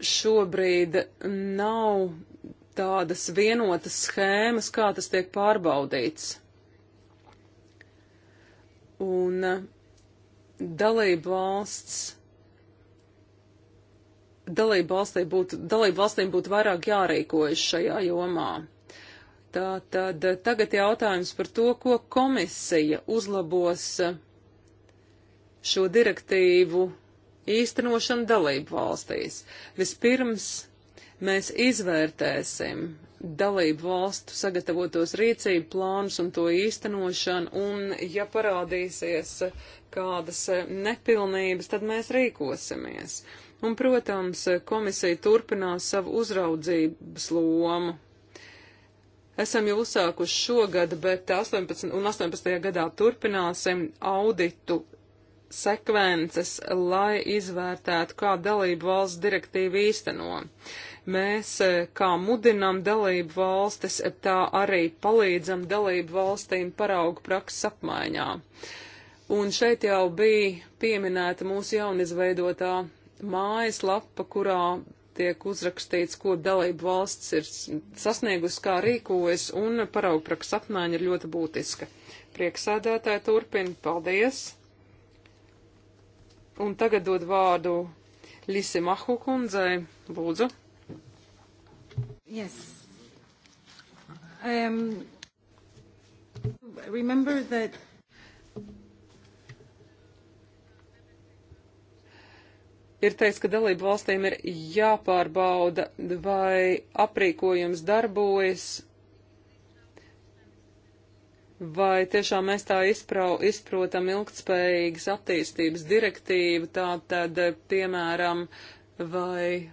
C: šobrīd nav tādas vienotas schēmas, kā tas tiek pārbaudīts. Un uh, dalību valsts. Dalību, valstī būtu, dalību valstīm būtu vairāk jārīkojas šajā jomā. Tā tad uh, tagad jautājums par to, ko komisija uzlabos uh, šo direktīvu īstenošanu dalību valstīs. Vispirms mēs izvērtēsim dalību valstu sagatavotos rīcību plānus un to īstenošanu, un ja parādīsies kādas nepilnības, tad mēs rīkosimies. Un, protams, komisija turpinās savu uzraudzības lomu. Esam jau uzsākuši šogad, bet 18 un 18. gadā turpināsim auditu sekvences, lai izvērtētu, kā dalību valsts direktīva īsteno. Mēs eh, kā mudinam dalību valstis, tā arī palīdzam dalību valstīm paraugu prakses apmaiņā. Un šeit jau bija pieminēta mūsu jaunizveidotā mājaslapa, kurā tiek uzrakstīts, ko dalību valsts ir sasniegusi, kā rīkojas, un paraugprakses apmaiņa ir ļoti būtiska. Prieksēdētāji turpina, paldies! Un tagad dod vārdu Lise Mahu kundzei. Lūdzu.
A: Yes. Um, remember that
C: ir teikts, ka dalību valstīm ir jāpārbauda, vai aprīkojums darbojas vai tiešām mēs tā izprau, izprotam ilgtspējīgas attīstības direktīvu, tā tad, piemēram, vai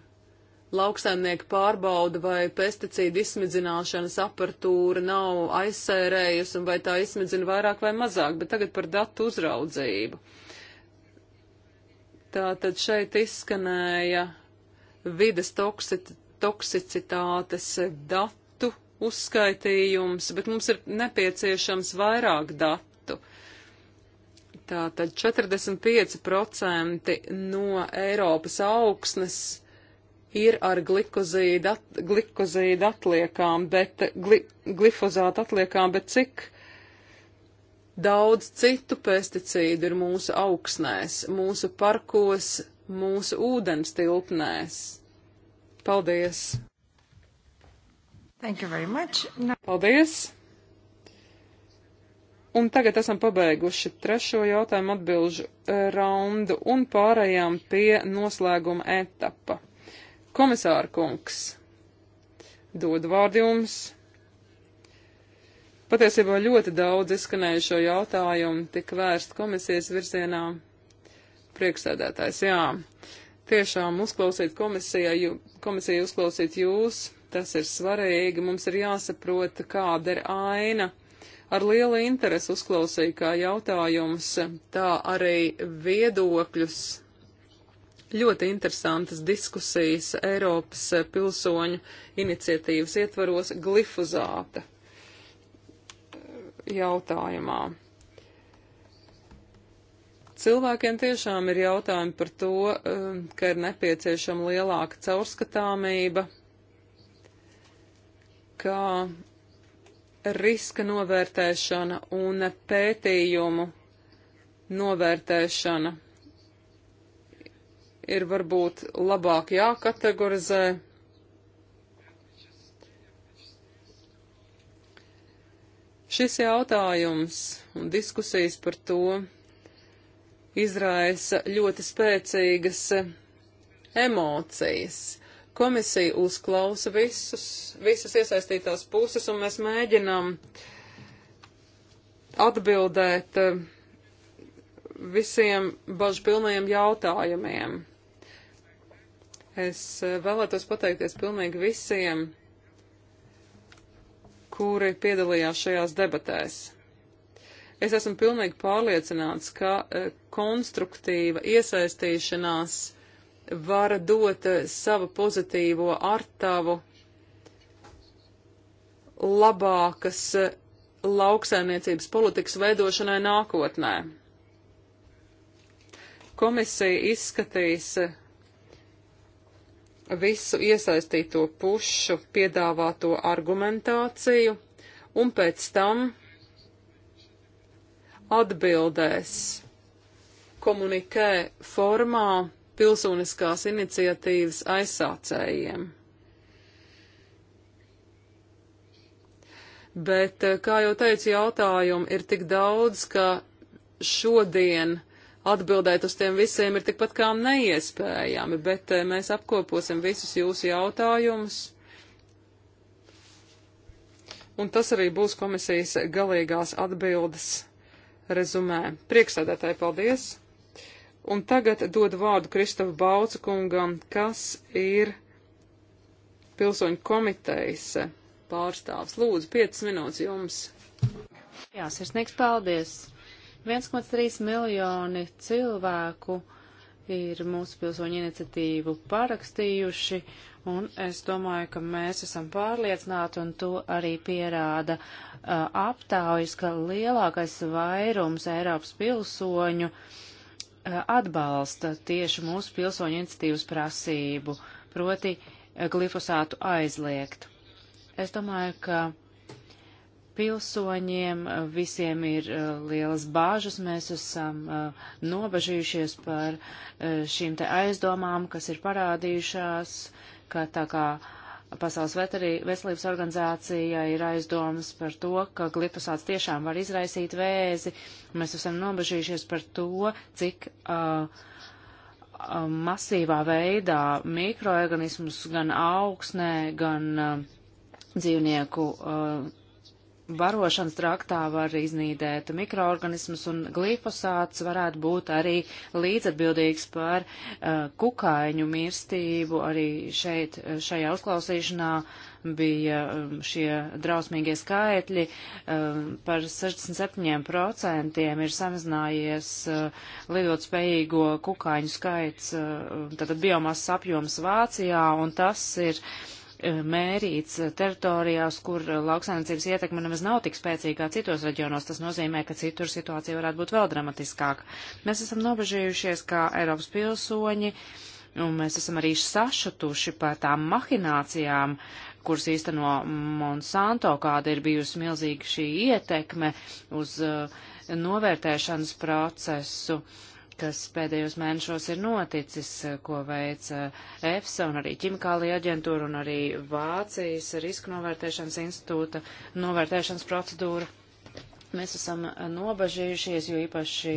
C: lauksaimnieku pārbauda vai pesticīdu izsmidzināšanas aparatūra nav aizsērējusi un vai tā izsmidzina vairāk vai mazāk, bet tagad par datu uzraudzību. Tā tad šeit izskanēja vides toksicitātes dati uzskaitījums, bet mums ir nepieciešams vairāk datu. Tātad 45% no Eiropas augsnes ir ar glikozīdu, at, glikozīdu atliekām, bet gli, glifozātu atliekām, bet cik daudz citu pesticīdu ir mūsu augsnēs, mūsu parkos, mūsu ūdens tilpnēs? Paldies! Thank you very much. No. Paldies! Un tagad esam pabeiguši trešo jautājumu atbilžu eh, raundu un pārējām pie noslēguma etapa. Komisāra kungs, dod vārdu jums. Patiesībā ļoti daudz izskanējušo jautājumu tik vērst komisijas virzienā. Prieksēdētājs, jā. Tiešām uzklausīt komisiju, komisiju uzklausīt jūs, Tas ir svarīgi. Mums ir jāsaprot, kāda ir aina. Ar lielu interesi uzklausīju kā jautājums, tā arī viedokļus. Ļoti interesantas diskusijas Eiropas pilsoņu iniciatīvas ietvaros glifuzāta jautājumā. Cilvēkiem tiešām ir jautājumi par to, eh, ka ir nepieciešama lielāka caurskatāmība, ka riska novērtēšana un pētījumu novērtēšana ir varbūt labāk jākategorizē. Šis jautājums un diskusijas par to izraisa ļoti spēcīgas emocijas. Komisija uzklausa visus, visas iesaistītās puses, un mēs mēģinām atbildēt eh, visiem bažpilniem jautājumiem. Es eh, vēlētos pateikties pilnīgi visiem, kuri piedalījās šajās debatēs. Es esmu pilnīgi pārliecināts, ka e, konstruktīva iesaistīšanās var dot savu pozitīvo artavu labākas lauksaimniecības politikas veidošanai nākotnē. Komisija izskatīs visu iesaistīto pušu piedāvāto argumentāciju un pēc tam atbildēs komunikē formā pilsoniskās iniciatīvas aizsācējiem. Bet, eh, kā jau teicu, jautājumu ir tik daudz, ka šodien atbildēt uz tiem visiem ir tikpat kā neiespējami, bet eh, mēs apkoposim visus jūsu jautājumus. Un tas arī būs komisijas galīgās atbildes rezumē. Priekšsēdētāji, paldies! Un tagad dod vārdu Kristofu Baucu kungam, kas ir pilsoņu komitejas pārstāvs. Lūdzu, 5 minūtes jums.
A: Jā, sirsnīgs paldies. 1,3 miljoni cilvēku ir mūsu pilsoņu iniciatīvu parakstījuši, un es domāju, ka mēs esam pārliecināti, un to arī pierāda uh, aptaujas, ka lielākais vairums Eiropas pilsoņu uh, Eh, atbalsta tieši mūsu pilsoņu iniciatīvas prasību, proti eh, glifosātu aizliegt. Es domāju, ka pilsoņiem eh, visiem ir lielas bāžas. Mēs esam nobažījušies par šīm te aizdomām, kas ir parādījušās, ka tā kā uh, Pasaules veselības organizācija ir aizdomas par to, ka glifosāts tiešām var izraisīt vēzi. Mēs esam nobežījušies par to, cik uh, uh masīvā veidā mikroorganismus gan augsnē, gan uh, dzīvnieku uh, barošanas traktā var iznīdēt mikroorganismus, un glifosāts varētu būt arī līdzatbildīgs par uh, kukaiņu mirstību. Arī šeit, uh, šajā uzklausīšanā bija um, šie drausmīgie skaitļi. Uh, par 67% ir samazinājies uh, lidot spējīgo kukaiņu skaits, uh, tātad biomasas apjoms Vācijā, un tas ir. Uh, Eh, mērīts teritorijās, kur lauksainicības ietekme nemaz nav tik spēcīgā citos reģionos. Tas nozīmē, ka citur situācija varētu būt vēl dramatiskāka. Mēs esam nobežījušies kā Eiropas pilsoņi, un mēs esam arī sašutuši par tām mahinācijām, kuras īsteno Monsanto, kāda ir bijusi milzīga šī ietekme uz uh, novērtēšanas procesu. Uh, kas pēdējos mēnešos ir noticis, eh, ko veica eh, EFSA un arī ķimikālija aģentūra un arī Vācijas riska novērtēšanas institūta novērtēšanas procedūra. Mēs esam eh, nobažījušies, jo īpaši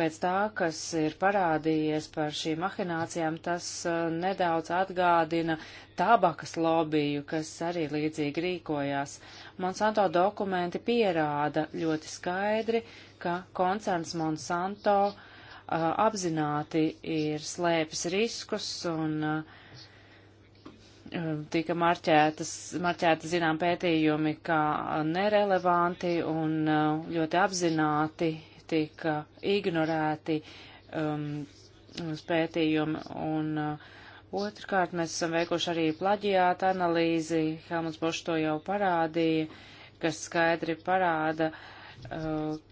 A: pēc tā, kas ir parādījies par šīm mahinācijām, tas nedaudz atgādina tabakas lobiju, kas arī līdzīgi rīkojās. Monsanto dokumenti pierāda ļoti skaidri, ka koncerns Monsanto uh, apzināti ir slēpis riskus un tika marķētas, marķēta zinām pētījumi kā nerelevanti un ļoti apzināti tika ignorēti um, pētījumi un uh, Otrkārt, mēs esam veikuši arī plaģiāta analīzi, Helmuts Bošs to jau parādīja, kas skaidri parāda,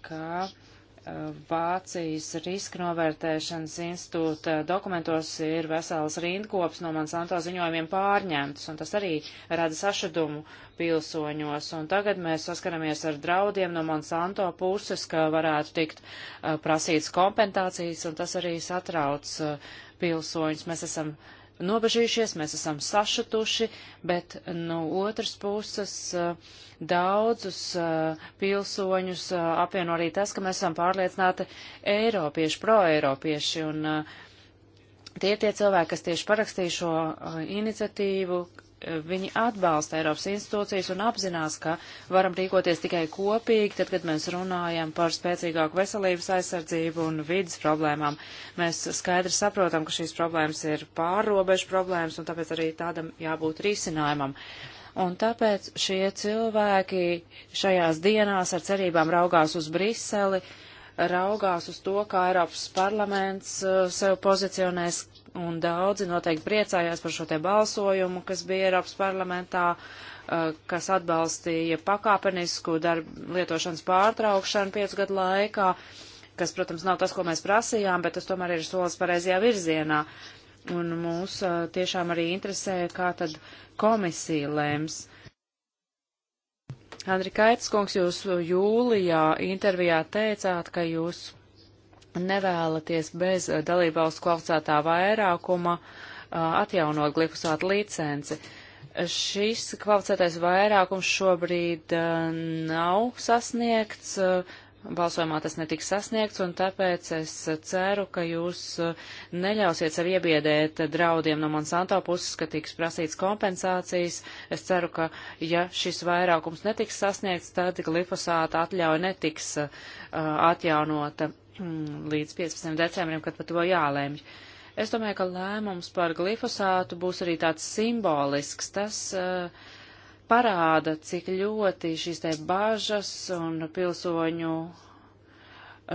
A: ka Vācijas riska novērtēšanas institūta dokumentos ir vesels rindkops no Monsanto ziņojumiem pārņemts, un tas arī rada sašudumu pilsoņos. Un tagad mēs saskaramies ar draudiem no Monsanto puses, ka varētu tikt uh, prasīts kompensācijas, un tas arī satrauc uh, pilsoņus. Mēs esam uh, nobežījušies, mēs esam sašutuši, bet no nu, otras puses eh, daudzus eh, pilsoņus eh, apvieno arī tas, ka mēs esam pārliecināti eiropieši, proeiropieši. Un tie ir tie cilvēki, kas tieši parakstīja šo iniciatīvu, viņi atbalsta Eiropas institūcijas un apzinās, ka varam rīkoties tikai kopīgi, tad, kad mēs runājam par spēcīgāku veselības aizsardzību un vidas problēmām. Mēs skaidri saprotam, ka šīs problēmas ir pārrobežu problēmas, un tāpēc arī tādam jābūt risinājumam. Un tāpēc šie cilvēki šajās dienās ar cerībām raugās uz Briseli, raugās uz to, kā Eiropas parlaments uh, sev pozicionēs un daudzi noteikti priecājās par šo te balsojumu, kas bija Eiropas parlamentā, eh, kas atbalstīja pakāpenisku darbu lietošanas pārtraukšanu piecu gadu laikā, kas, protams, nav tas, ko mēs prasījām, bet tas tomēr ir solis pareizajā virzienā. Un mūs eh, tiešām arī interesē, kā tad komisija lēms. Andri Kaitskungs, jūs jūlijā intervijā teicāt, ka jūs nevēlaties bez eh, dalībvalstu kvalificētā vairākuma eh, atjaunot glifosātu licenci. Šis kvalificētais vairākums šobrīd eh, nav sasniegts, balsojumā tas netiks sasniegts, un tāpēc es ceru, ka jūs neļausiet sev iebiedēt draudiem no Monsanto puses, ka tiks prasīts kompensācijas. Es ceru, ka ja šis vairākums netiks sasniegts, tad glifosāta atļauja netiks uh, atjaunota. Mm, līdz 15. decembrim, kad par to jālēmj. Es domāju, ka lēmums par glifosātu būs arī tāds simbolisks. Tas uh, parāda, cik ļoti šīs te bažas un pilsoņu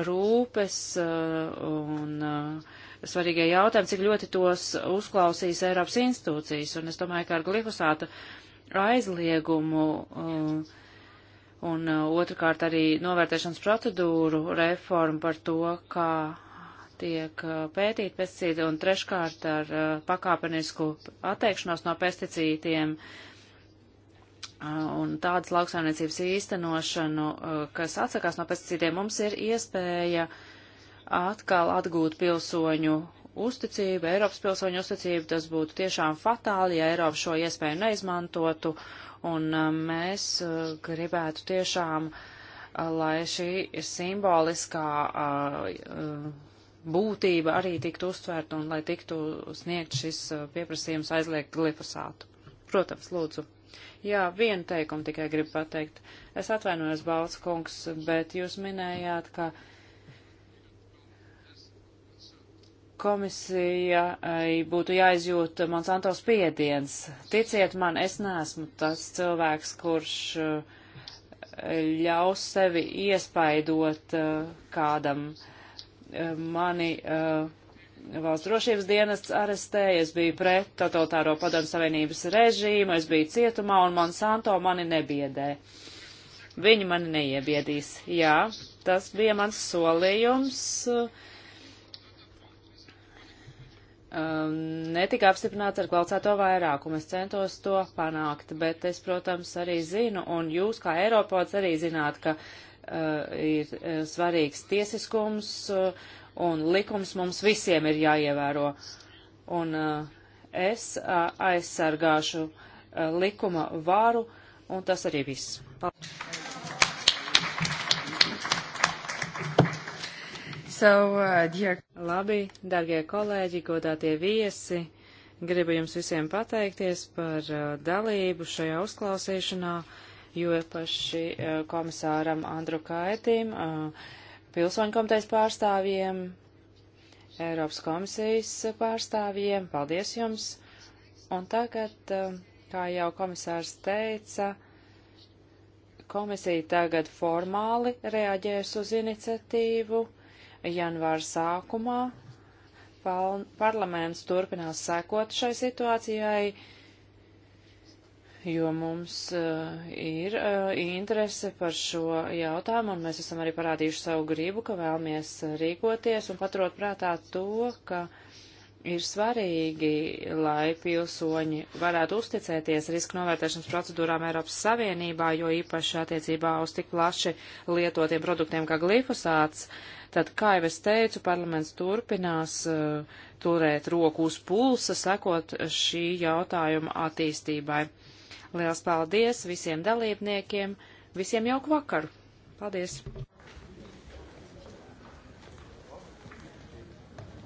A: rūpes uh, un uh, svarīgie jautājumi, cik ļoti tos uzklausīs Eiropas institūcijas. Un es domāju, ka ar glifosātu aizliegumu uh, un uh, otrkārt arī novērtēšanas procedūru reformu par to, kā tiek uh, pētīt pesticīdi, un treškārt ar uh, pakāpenisku atteikšanos no pesticītiem un tādas lauksaimniecības īstenošanu, kas atsakās no pesticīdiem, mums ir iespēja atkal atgūt pilsoņu uzticību, Eiropas pilsoņu uzticību. Tas būtu tiešām fatāli, ja Eiropa šo iespēju neizmantotu Un uh, mēs uh, gribētu tiešām, uh, lai šī simboliskā būtība arī tiktu uztvērta un lai tiktu sniegt šis pieprasījums aizliegt glifosātu. Protams, lūdzu. Jā, vienu teikumu tikai gribu pateikt. Es atvainojos, Balts kungs, bet jūs minējāt, ka uh, komisijai būtu jāizjūt Monsanto spiediens. Ticiet man, es neesmu tas cilvēks, kurš eh, ļaus sevi iespaidot eh, kādam. Eh, mani valsts drošības dienests arestēja, es biju pret totalitāro padomu savienības režīmu, es biju cietumā un Monsanto mani nebiedē. Viņi mani neiebiedīs. Jā, tas bija mans solījums. Uh, um, netika apstiprināts ar klaucēto vairākumu. Es centos to panākt, bet es, protams, arī zinu, un jūs kā Eiropods arī zināt, ka uh, ir uh, svarīgs tiesiskums uh, un likums mums visiem ir jāievēro. Un uh, es uh, aizsargāšu uh, likuma vāru, un tas arī viss. Paldies. So, uh, dear... Labi, dargie kolēģi, godātie viesi, gribu jums visiem pateikties par uh, dalību šajā uzklausīšanā, jo paši uh, komisāram Andru Kaitim, uh, pilsoņu komitejas pārstāvjiem, Eiropas komisijas pārstāvjiem. Paldies jums! Un tagad, uh, kā jau komisārs teica, komisija tagad formāli reaģēs uz iniciatīvu janvāra sākumā. Pal parlaments turpinās sekot šai situācijai, jo mums uh, ir uh, interese par šo jautājumu, un mēs esam arī parādījuši savu gribu, ka vēlamies rīkoties un paturot prātā to, ka uh, ir svarīgi, lai pilsoņi varētu uzticēties riska novērtēšanas procedūrām Eiropas Savienībā, jo īpaši attiecībā uz tik plaši lietotiem produktiem kā glifosāts. Tad, kā jau es teicu, parlaments turpinās uh, turēt roku uz pulsa, sekot šī jautājuma attīstībai. Liels paldies visiem dalībniekiem, visiem jauku vakaru! Paldies!